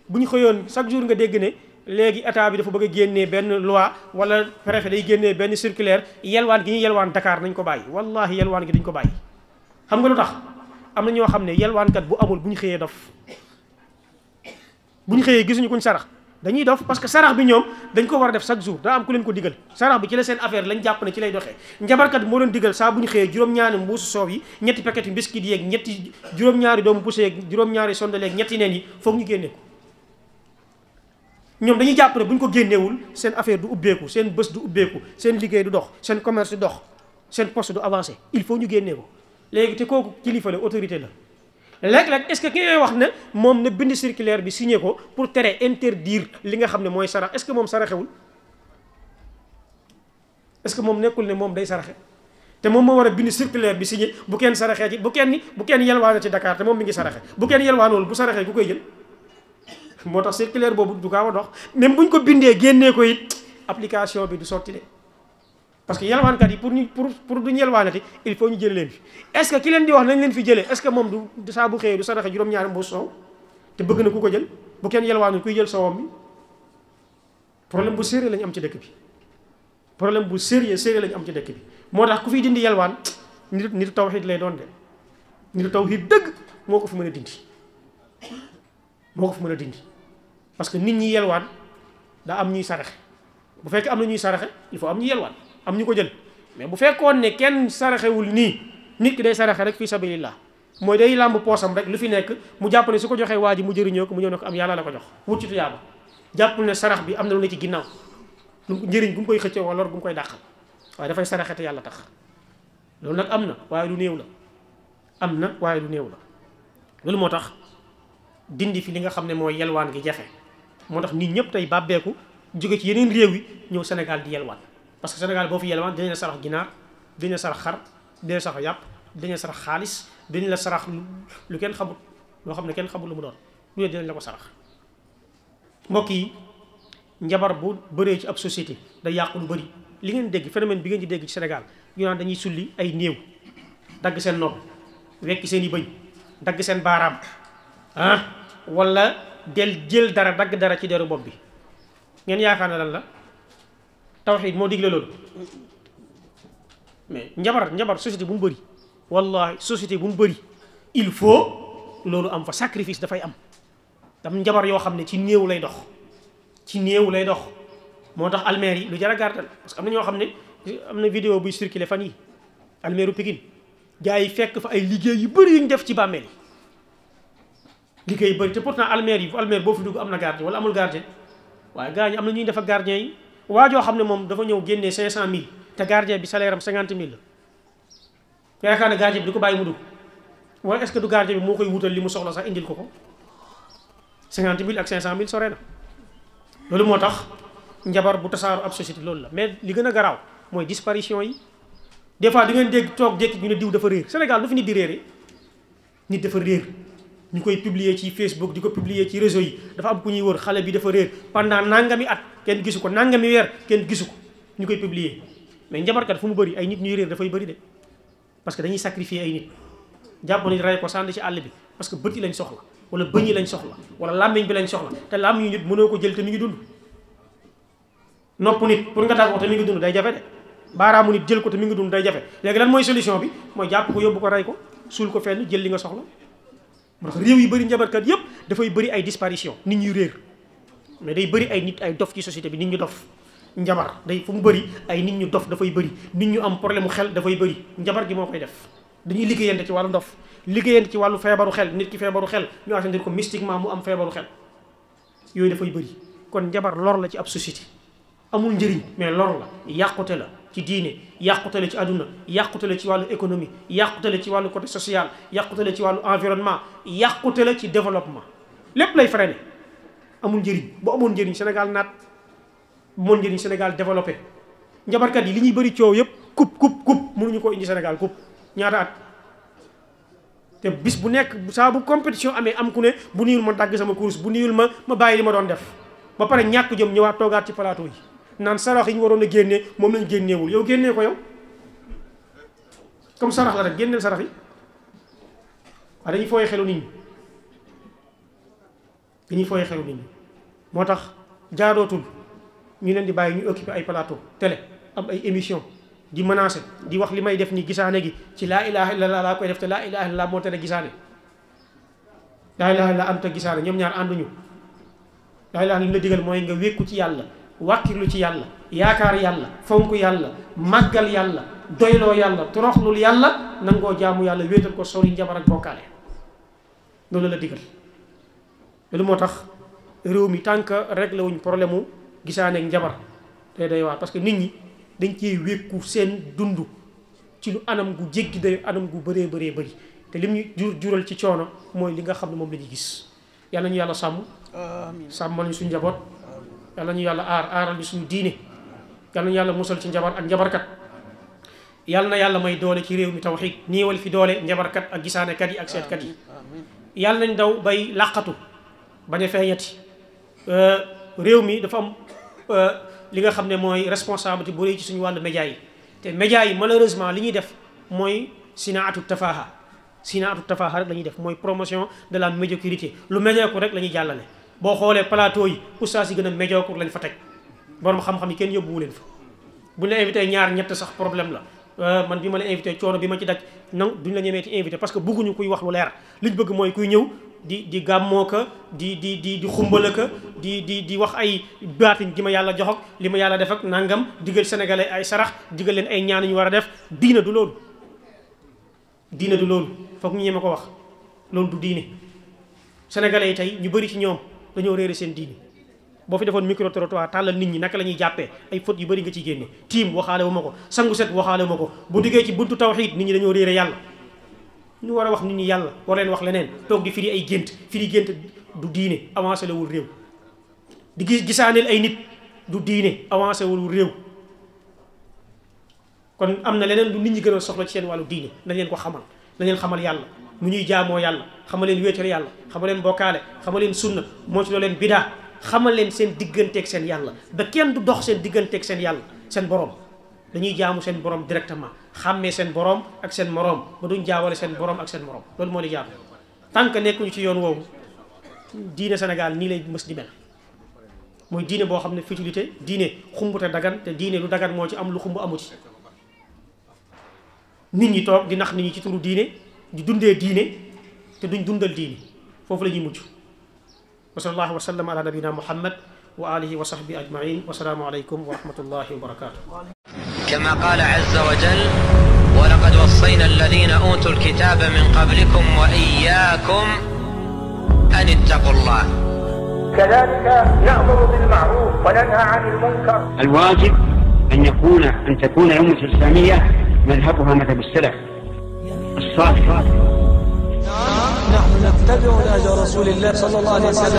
bu ñu xëyoon chaque jour nga dégg ne. léegi état bi dafa bëgg a benn loi wala préfet day génne benn circulaire yelwaan gi ñuy yelwaan Dakar nañ ko bàyyi wallahi yelwaan gi dañ ko bàyyi xam nga lu tax am na ñoo xam ne yelwaankat bu amul bu ñu xëyee dof bu ñu xëyee gisuñu kuñ sarax dañuy dof parce sarax bi ñoom dañ ko war a def chaque jour daa am ku leen ko digal sarax bi ci la seen affaire lañ jàpp ne ci lay doxee njabarkat bi moo doon digal saa bu xëyee juróom-ñaari mbuusu soow yi ñetti paquet yu biscuit ñetti juróom-ñaari doomu poussé yeeg juróom-ñaari sondeleeg yi foog ñu génne ñoom dañuy jàpp ne bu ñu ko génneewul seen affaire du ubbeeku seen bés du ubbeeku seen liggéey du dox seen commerce du dox seen poste du avancé il faut ñu génnee ko léegi te kooku kilifa la autorité la. léeg-léeg est-ce que ki ngay wax ne moom na bind circulaire bi signé ko pour tere interdire li nga xam ne mooy sarax est-ce que moom saraxewul est-ce que moom nekkul ne moom day saraxe te moom moo war a bind circulaire bi signé bu kenn saraxee ci bu kenn bu kenn yelwaane ci Dakar te moom mi ngi bu kenn bu koy jël. moo tax circulaire boobu du gaaw a dox bu buñ ko bindee génnee ko it application bi du sotti de parce que yelwaankat yi pour ñu pour pour duñ yelwaanati il faut ñu jële leen fi est-ce que ki leen di wax nañ leen fi jëlee est-ce que moom du saa bu xëyee du saraxe juróom-ñaari mbuus soow te bëgg na ku ko jël bu kenn yelwaanul kuy jël soowam bi problème bu sérieux lañ am ci dëkk bi problème bu sérieux sérieux lañ am ci dëkk bi moo tax ku fiy dindi yelwaan nit nitu tawxiid lay doon de nitu tawxiid dëgg moo ko fi mën a dindi moo mën a dindi parce que nit ñi yelwaan daa am ñuy saraxe bu fekkee am na ñuy saraxe il fa am ñu yelwaan am ñu ko jël mais bu fekkoon ne kenn saraxewul nii nit ki day saraxe rek fi sabilillah mooy day làmb poosam rek lu fi nekk mu jàpp ne su ko joxee waa ji mu jëriñoo ko mu ñëw ne ko am yàlla la ko jox wut ci tuyaaba jàppul ne sarax bi am na lu ne ci ginnaaw njëriñ bu mu koy xëccoo wala lor bu mu koy dàqal waaye dafay saraxe te yàlla tax loolu nag am na waaye lu néew la am na waaye lu néew la loolu moo tax dindi fi li nga xam ne mooy yelwaan gi jafe moo tax nit ñëpp tey bàbbeeku jóge ci yeneen réew yi ñëw Sénégal di yelwaan parce que Sénégal boo fi yelwaan dinañ la sarax ginaar dinañ la sarax xar dinañ la sarax yàpp dinañ la sarax xaalis lu kenn xamut loo xam ne kenn xamut lu mu doon lu ne ko sarax mbokk yi njabar bu bëree ci ab société day yàqu lu bëri li ngeen dégg phénomène bi ngeen di dégg ci Sénégal ñu naan dañuy sulli ay néew dagg seen nopp wekki seen i bëñ dagg seen baaraam ah wala del jël dara dagg dara ci deru bopp bi ngeen yaakaar ne lan la tawxiid moo digle loolu mais njabar njabar société bu mu bëri wallahi société bu mu bëri il faut loolu am fa sacrifice dafay am dam njabar yoo xam ne ci néew lay dox ci néew lay dox moo tax almeer yi lu jar a gàrtal parce que am na ñoo xam ne am na vidéo buy circulé fan yi almeeru Pikine gars yi fekk fa ay liggéey yu bëri yu ñu def ci bàmmeel yi liggéey bëri te pourtant almaire yi almaire boo fi dugg am na gardien wala amul gardien waaye gars am na ñuy defa gardien yi waa joo xam ne moom dafa ñëw génnee cinq cent mille te gardien bi salaire am cinquante mille la yaakaar ne gardien bi di ko bàyyi mu dugg wala est-ce que du gardien bi moo koy wutal li mu soxla sax indil ko ko cinquante mille ak cinq cent mille sore na loolu moo tax njabar bu tasaaru ab société loolu la mais li gën a garaaw mooy disparition yi des fois di ngeen dégg toog jékki ñu ne diw dafa réer Sénégal lu fi nit di réere nit dafa réer ñu koy publier ci Facebook di ko publier ci réseau yi dafa am ku ñuy wër xale bi dafa réer pendant nangami at kenn gisu ko nangami weer kenn gisu ko ñu koy publier mais njabarkat fu mu bëri ay nit ñuy réer dafay bëri de parce que dañuy sacrifier ay nit jàpp nit rey ko sànni ci àll bi parce que bët yi lañ soxla wala bëñ yi lañ soxla wala làmmiñ bi lañ soxla te làmmiñ yu nit mënoo ko jël te mi ngi dund nopp nit pour nga ko te mi ngi dund day jafe de baaraamu nit jël ko mi ngi dund day jafe léegi lan mooy solution bi mooy jàpp ko yóbbu ko rey ko suul ko fenn jël li nga soxla moo tax réew yu bëri njabarkat yëpp dafay bari ay disparition nit ñu réer mais day bëri ay nit ay dof ci société bi nit ñu dof njabar day fu mu bëri ay nit ñu dof dafay bëri nit ñu am problème xel dafay bëri njabar gi moo koy def dañuy liggéeyante ci wàllu ndof liggéeyante ci wàllu feebaru xel nit ki feebaru xel ñu assendir ko mystiquement mu am feebaru xel yooyu dafay bëri kon njabar lor la ci ab société amul njëriñ mais lor la yàqute la ci diine yàqutale ci àdduna yàqutale ci wàllu économie yàqutale ci wàllu côté social yàqutale ci wàllu environnement yàqutale ci développement lépp lay freiné amul njëriñ bu amoon njëriñ Sénégal naat bu amoon njëriñ Sénégal développé njabarkat yi li ñuy bëri coow yëpp coupe coupe coupe ñu ko indi Sénégal coupe ñaata at te bis bu nekk saa bu compétition amee am ku ne bu niwul ma dagg sama course bu niwul ma ma bàyyi li ma doon def ba pare ñàkk jëm ñëwaat toogaat ci plateau yi naan sarax yi ñu waroon a génnee moom lañ génneewul yow génnee ko yow comme sarax la rek génneel sarax yi waaye dañuy fooy xelu nit ñi moo tax jaarootul ñu leen di bàyyi ñu occupé ay plateau télé am ay émission di menacer di wax li may def ni gisaane gi ci laa ilaha illallah laa koy def te laa ilaha illallah moo tere gisaane laa ilaha illallah am te gisaane ñoom ñaar ànduñu laa ilaha li la digal mooy nga wékku ci yàlla lu ci yàlla yaakaar yàlla fonk yàlla màggal yàlla doyloo yàlla toroxlul yàlla nangoo jaamu yàlla wéetal ko sori njabar ak bokkaale loolu la digal loolu moo tax réew mi tant que réglé wuñ problème mu gisaaneeg njabar te day waar parce que nit ñi dañ cee wékku seen dund ci lu anam gu jéggi day anam gu bëree bëree bari te li ñu jur jural ci coono mooy li nga xam ne moom la ñuy gis yàlla ñu yàlla sàmm sàmmal ñu suñ njaboot yàlla ñu yàlla aar aaral suñu diine yàlla yàlla musal ci njabar ak njabarkat yàlla na yàlla may doole ci réew mi tawxiid niiwal fi doole njabarkat ak gisaanekat yi ak seetkat yi yàlla nañ daw bay làqatu bañ a feeñati euh, réew mi dafa am euh, li nga xam ne mooy responsabilité bu rëy ci suñu wàllu média yi te média yi malheureusement li ñuy def mooy sinaatu tafaaha sinaatu tafaaha rek la def mooy promotion de la médiocrité lu médiocre rek la ñuy jàllale boo xoolee plateau yi oustaz yi gën a médiocre lañ fa teg borom xam-xam yi kenn yóbbuwu leen fa bu ñu la invité ñaar ñett sax problème la euh, man bi ma la invité coono bi ma ci daj nang duñ la ñemee ci invité parce que bëgguñu kuy wax lu leer liñ bëgg mooy kuy ñëw di di gàmmoo di di di di xumbala di di di wax ay baatin gi ma yàlla jox li ma yàlla def ak nangam digal sénégalais ay sarax digal leen ay ñaan ñu war a def diina du loolu diina du loolu foog ñu ñeme ko wax loolu du diine sénégalais yi tey ñu bëri ci ñoom dañoo réere seen diini boo fi defoon micro trottoir tàllal nit ñi naka la ñuy jàppee ay fautes yu bëri nga ci génne tiim waxaale wu ma ko sangu set waxaale wu ma ko bu duggee ci buntu tawxiid nit ñi dañoo réere yàlla ñu war a wax nit ñi yàlla war leen wax leneen toog di firi ay gént firi gént du diine avancé wul réew di gis gisaaneel ay nit du diine avancé wul réew kon am na leneen lu nit ñi gën a soxla ci seen wàllu diine nañ leen ko xamal nañ leen xamal yàlla nu ñuy jaamoo yàlla xamal leen wéetal yàlla xamal leen bokkaale xamal leen sunna moo ci loo leen bidaa xamal leen seen digganteeg seen yàlla ba kenn du dox seen digganteeg seen yàlla seen borom dañuy jaamu seen borom directement xàmmee seen borom ak seen moroom ba duñ jaawale seen borom ak seen moroom loolu moo di jaamu tant que nekkuñu ci yoon woowu diine Sénégal nii lay mës di mel mooy diine boo xam ne futilité diine xumb te dagan te diine lu dagan moo ci am lu xumb amu ci ñi toog di nax nit ci turu diine di dundee diine te duñ dundal diine foofu la ñuy mujj wa sallallahu wa sallam ala nabina muhammad wa alihi wa sahbi ajmain wa salaamu alaykum wa rahmatullahi wa barakatuh kama qala azza wa jalla ولقد وصينا الذين أوتوا الكتاب من قبلكم وإياكم أن اتقوا الله كذلك نأمر بالمعروف وننهى عن المنكر الواجب أن يكون أن تكون الأمة الإسلامية مذهبها مذهب السلف الصالح نحن نتبع الأجر رسول الله صلى الله عليه وسلم